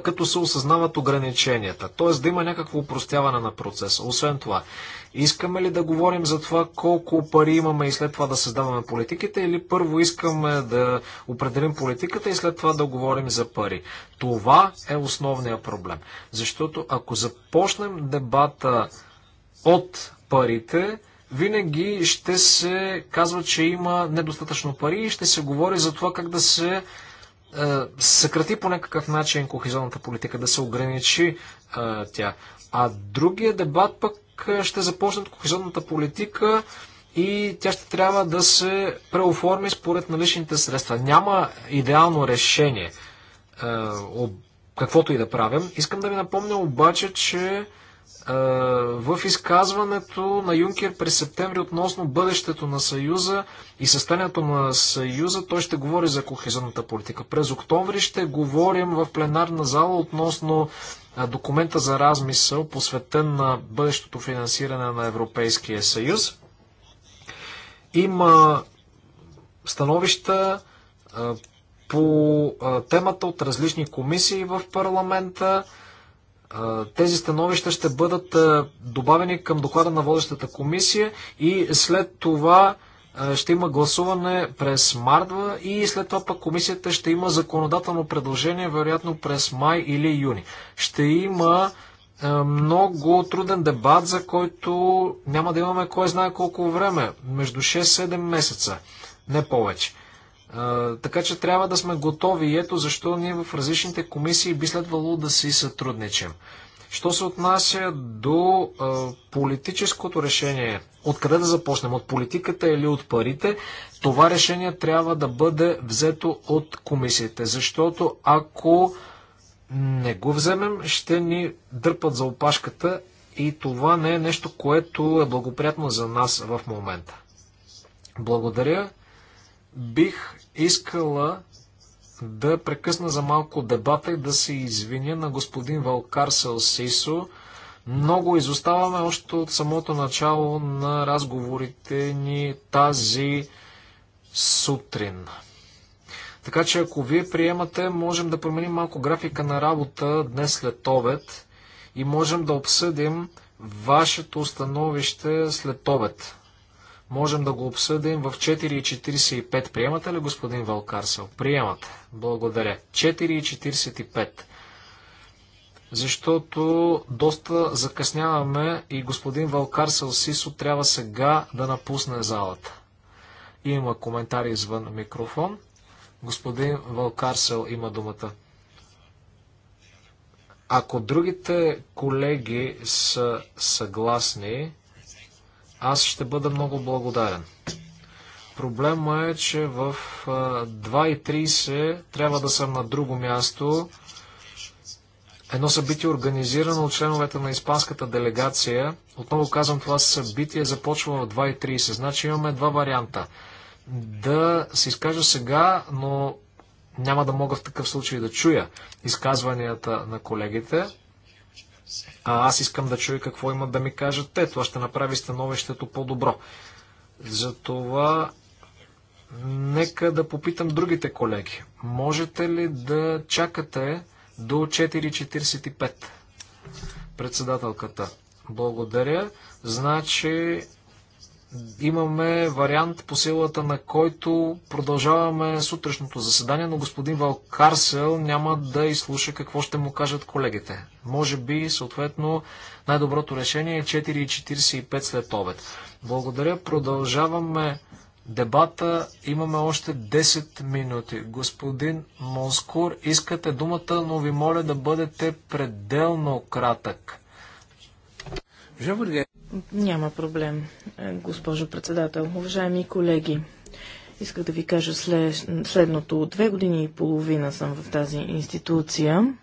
като се осъзнават ограниченията. Т.е. да има някакво упростяване на процеса. Освен това, искаме ли да говорим за това колко пари имаме и след това да създаваме политиките или първо искаме да определим политиката и след това да говорим за пари? Това е основният проблем. Защото ако започнем дебата от парите, винаги ще се казва, че има недостатъчно пари и ще се говори за това как да се е, съкрати по някакъв начин кохезионната политика, да се ограничи а, е, тя. А другия дебат пък е, ще започне от кохезионната политика и тя ще трябва да се преоформи според наличните средства. Няма идеално решение, а, каквото и да правим. Искам да ви напомня обаче, че в изказването на Юнкер през септември относно бъдещето на Съюза и състоянието на Съюза, той ще говори за кохезионната политика. През октомври ще говорим в пленарна зала относно документа за размисъл, посветен на бъдещото финансиране на Европейския съюз. Има становища по темата от различни комисии в парламента тези становища ще бъдат добавени към доклада на водещата комисия и след това ще има гласуване през мардва и след това пък комисията ще има законодателно предложение, вероятно през май или юни. Ще има много труден дебат, за който няма да имаме кой знае колко време, между 6-7 месеца, не повече така че трябва да сме готови и ето защо ние в различните комисии би следвало да си сътрудничим. Що се отнася до а, политическото решение, откъде да започнем, от политиката или от парите, това решение трябва да бъде взето от комисиите, защото ако не го вземем, ще ни дърпат за опашката и това не е нещо, което е благоприятно за нас в момента. Благодаря. Бих искала да прекъсна за малко дебата и да се извиня на господин Валкар Селсисо. Много изоставаме още от самото начало на разговорите ни тази сутрин. Така че ако вие приемате, можем да променим малко графика на работа днес след обед и можем да обсъдим вашето установище след обед. Можем да го обсъдим в 4.45. Приемате ли, господин Валкарсел? Приемате. Благодаря. 4.45. Защото доста закъсняваме и господин Валкарсел Сисо трябва сега да напусне залата. Има коментари извън микрофон. Господин Валкарсел има думата. Ако другите колеги са съгласни, аз ще бъда много благодарен. Проблема е, че в 2.30 трябва да съм на друго място. Едно събитие, организирано от членовете на испанската делегация. Отново казвам, това събитие започва в 2.30. Значи имаме два варианта. Да се изкажа сега, но няма да мога в такъв случай да чуя изказванията на колегите. А аз искам да чуя какво имат да ми кажат те. Това ще направи становището по-добро. Затова нека да попитам другите колеги. Можете ли да чакате до 4.45? Председателката. Благодаря. Значи имаме вариант по силата на който продължаваме сутрешното заседание, но господин Валкарсел няма да изслуша какво ще му кажат колегите. Може би, съответно, най-доброто решение е 4.45 след обед. Благодаря. Продължаваме дебата. Имаме още 10 минути. Господин Монскур, искате думата, но ви моля да бъдете пределно кратък. Няма проблем, е, госпожо председател. Уважаеми колеги, исках да ви кажа след, следното. Две години и половина съм в тази институция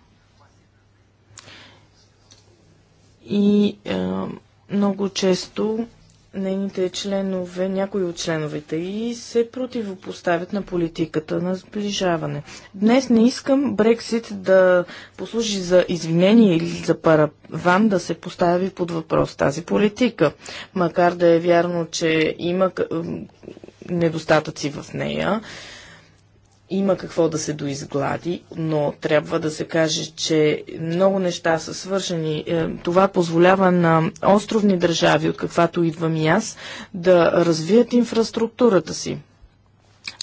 и е, много често нейните членове, някои от членовете и се противопоставят на политиката на сближаване. Днес не искам Брексит да послужи за извинение или за параван да се постави под въпрос тази политика. Макар да е вярно, че има недостатъци в нея, има какво да се доизглади, но трябва да се каже, че много неща са свършени. Е, това позволява на островни държави, от каквато идвам и аз, да развият инфраструктурата си.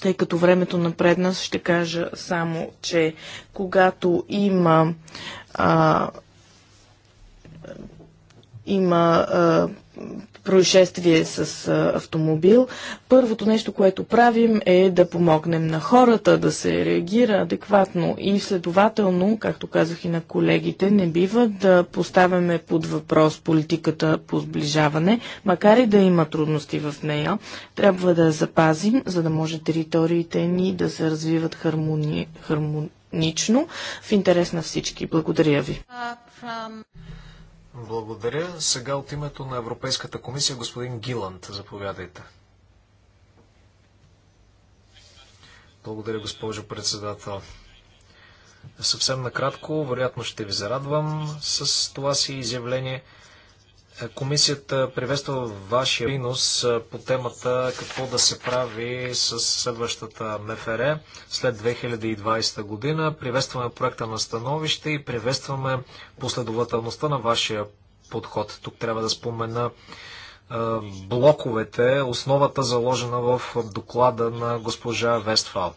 Тъй като времето напредна, ще кажа само, че когато има а, има а, происшествие с автомобил, първото нещо, което правим е да помогнем на хората да се реагира адекватно и следователно, както казах и на колегите, не бива да поставяме под въпрос политиката по сближаване, макар и да има трудности в нея. Трябва да я запазим, за да може териториите ни да се развиват хармони... хармонично в интерес на всички. Благодаря ви. Uh, благодаря. Сега от името на Европейската комисия господин Гиланд. Заповядайте. Благодаря, госпожо председател. Съвсем накратко, вероятно ще ви зарадвам с това си изявление – Комисията приветства вашия принос по темата какво да се прави с следващата МФР след 2020 година. Приветстваме проекта на становище и приветстваме последователността на вашия подход. Тук трябва да спомена блоковете, основата заложена в доклада на госпожа Вестфал.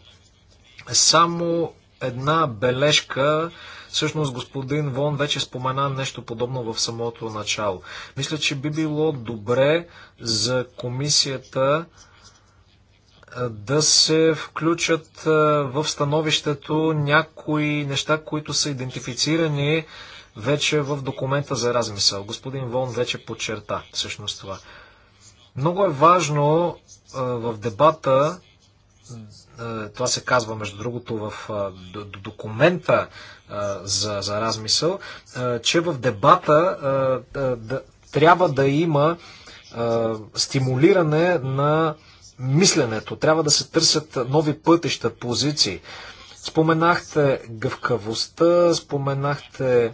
Само една бележка Всъщност господин Вон вече спомена нещо подобно в самото начало. Мисля, че би било добре за комисията да се включат в становището някои неща, които са идентифицирани вече в документа за размисъл. Господин Вон вече подчерта всъщност това. Много е важно в дебата е, това се казва между другото в е, документа е, за, за размисъл, че в дебата трябва да има стимулиране на мисленето, трябва да се търсят нови пътища, позиции. Споменахте гъвкавостта, споменахте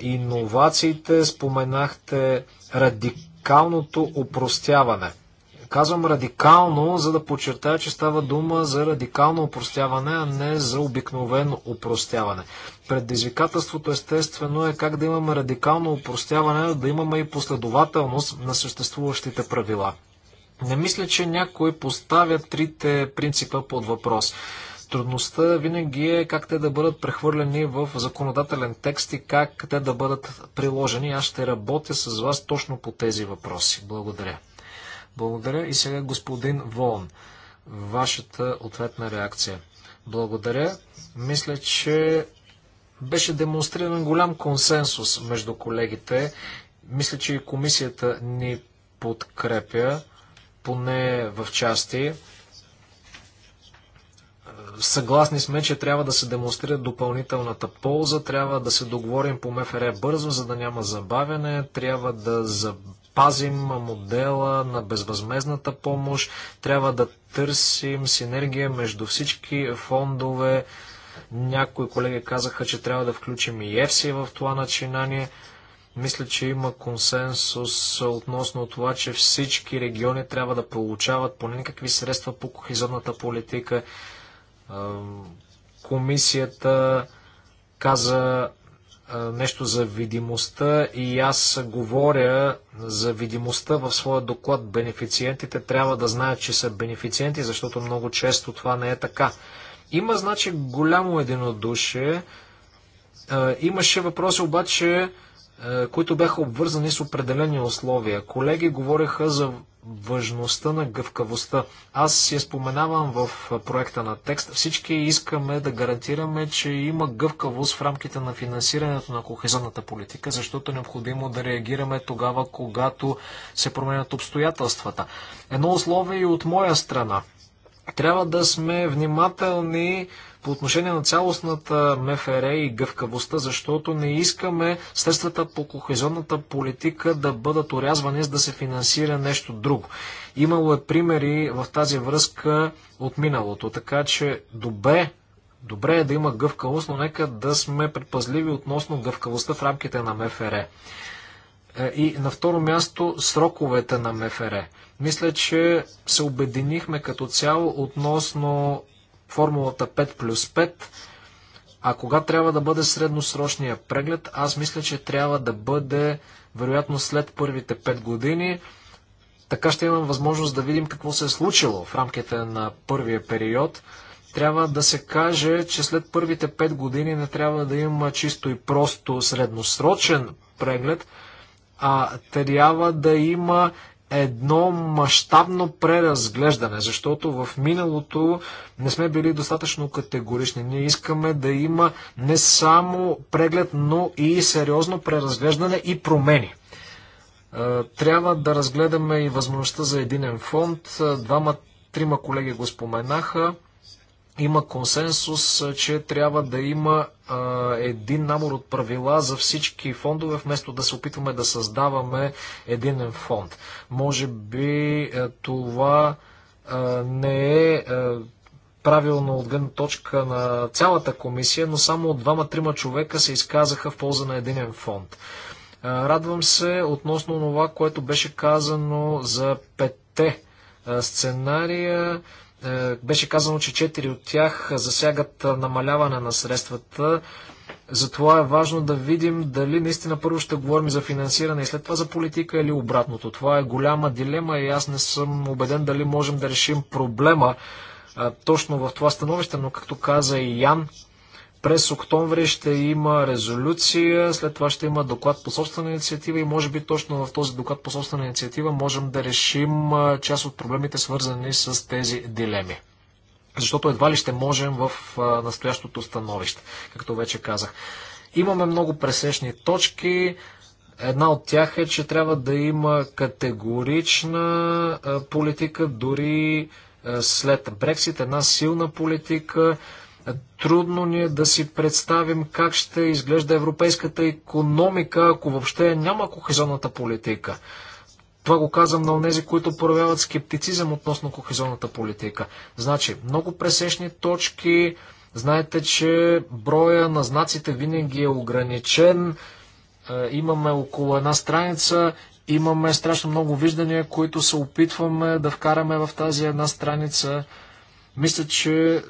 иновациите, споменахте радикалното упростяване – Казвам радикално, за да подчертая, че става дума за радикално упростяване, а не за обикновено упростяване. Предизвикателството естествено е как да имаме радикално упростяване, да имаме и последователност на съществуващите правила. Не мисля, че някой поставя трите принципа под въпрос. Трудността винаги е как те да бъдат прехвърлени в законодателен текст и как те да бъдат приложени. Аз ще работя с вас точно по тези въпроси. Благодаря. Благодаря и сега господин Вон, вашата ответна реакция. Благодаря. Мисля, че беше демонстриран голям консенсус между колегите. Мисля, че и комисията ни подкрепя, поне в части. Съгласни сме, че трябва да се демонстрира допълнителната полза, трябва да се договорим по МФР бързо, за да няма забавяне, трябва да забавим пазим модела на безвъзмезната помощ, трябва да търсим синергия между всички фондове. Някои колеги казаха, че трябва да включим и ЕФСИ в това начинание. Мисля, че има консенсус относно това, че всички региони трябва да получават по някакви средства по кохизионната политика. Комисията каза нещо за видимостта и аз говоря за видимостта в своя доклад. Бенефициентите трябва да знаят, че са бенефициенти, защото много често това не е така. Има, значи, голямо единодушие. Имаше въпроси обаче е, които бяха обвързани с определени условия. Колеги говореха за важността на гъвкавостта. Аз си я споменавам в проекта на текст. Всички искаме да гарантираме, че има гъвкавост в рамките на финансирането на кохезионната политика, защото е необходимо да реагираме тогава, когато се променят обстоятелствата. Едно условие и от моя страна. Трябва да сме внимателни по отношение на цялостната МФР и гъвкавостта, защото не искаме средствата по кохезионната политика да бъдат урязвани, за да се финансира нещо друго. Имало е примери в тази връзка от миналото, така че добре Добре е да има гъвкавост, но нека да сме предпазливи относно гъвкавостта в рамките на МФР. Е, и на второ място сроковете на МФР. Мисля, че се обединихме като цяло относно формулата 5 плюс 5. А кога трябва да бъде средносрочния преглед? Аз мисля, че трябва да бъде вероятно след първите 5 години. Така ще имам възможност да видим какво се е случило в рамките на първия период. Трябва да се каже, че след първите 5 години не трябва да има чисто и просто средносрочен преглед, а трябва да има едно мащабно преразглеждане, защото в миналото не сме били достатъчно категорични. Ние искаме да има не само преглед, но и сериозно преразглеждане и промени. Е, трябва да разгледаме и възможността за единен фонд. Е, двама, трима колеги го споменаха има консенсус, че трябва да има а, един набор от правила за всички фондове, вместо да се опитваме да създаваме един фонд. Може би а, това а, не е а, правилно от гледна точка на цялата комисия, но само от двама-трима човека се изказаха в полза на един фонд. А, радвам се относно това, което беше казано за петте а, сценария. Е, беше казано, че четири от тях засягат е, намаляване на средствата. Затова е важно да видим дали наистина първо ще говорим за финансиране и след това за политика или обратното. Това е голяма дилема и аз не съм убеден дали можем да решим проблема е, точно в това становище, но както каза и Ян, през октомври ще има резолюция, след това ще има доклад по собствена инициатива и може би точно в този доклад по собствена инициатива можем да решим част от проблемите свързани с тези дилеми. Защото едва ли ще можем в настоящото становище, както вече казах. Имаме много пресечни точки. Една от тях е, че трябва да има категорична политика, дори след Брексит, една силна политика Трудно ни е да си представим как ще изглежда европейската економика, ако въобще няма кохезионната политика. Това го казвам на тези, които проявяват скептицизъм относно кохезионната политика. Значи, много пресечни точки, знаете, че броя на знаците винаги е ограничен, е, имаме около една страница, имаме страшно много виждания, които се опитваме да вкараме в тази една страница. Мисля, че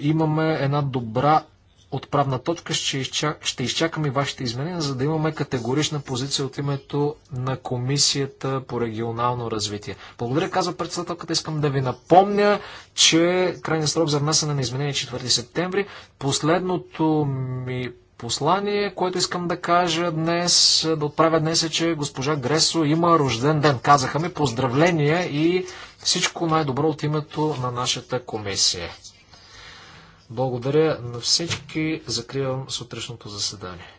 имаме една добра отправна точка, ще, изчак... ще изчакаме вашите изменения, за да имаме категорична позиция от името на Комисията по регионално развитие. Благодаря, казва председателката. Искам да ви напомня, че крайният срок за внасяне на изменение е 4 септември. Последното ми послание, което искам да кажа днес, да отправя днес е, че госпожа Гресо има рожден ден. Казаха ми поздравления и всичко най-добро от името на нашата комисия. Благодаря на всички. Закривам сутрешното заседание.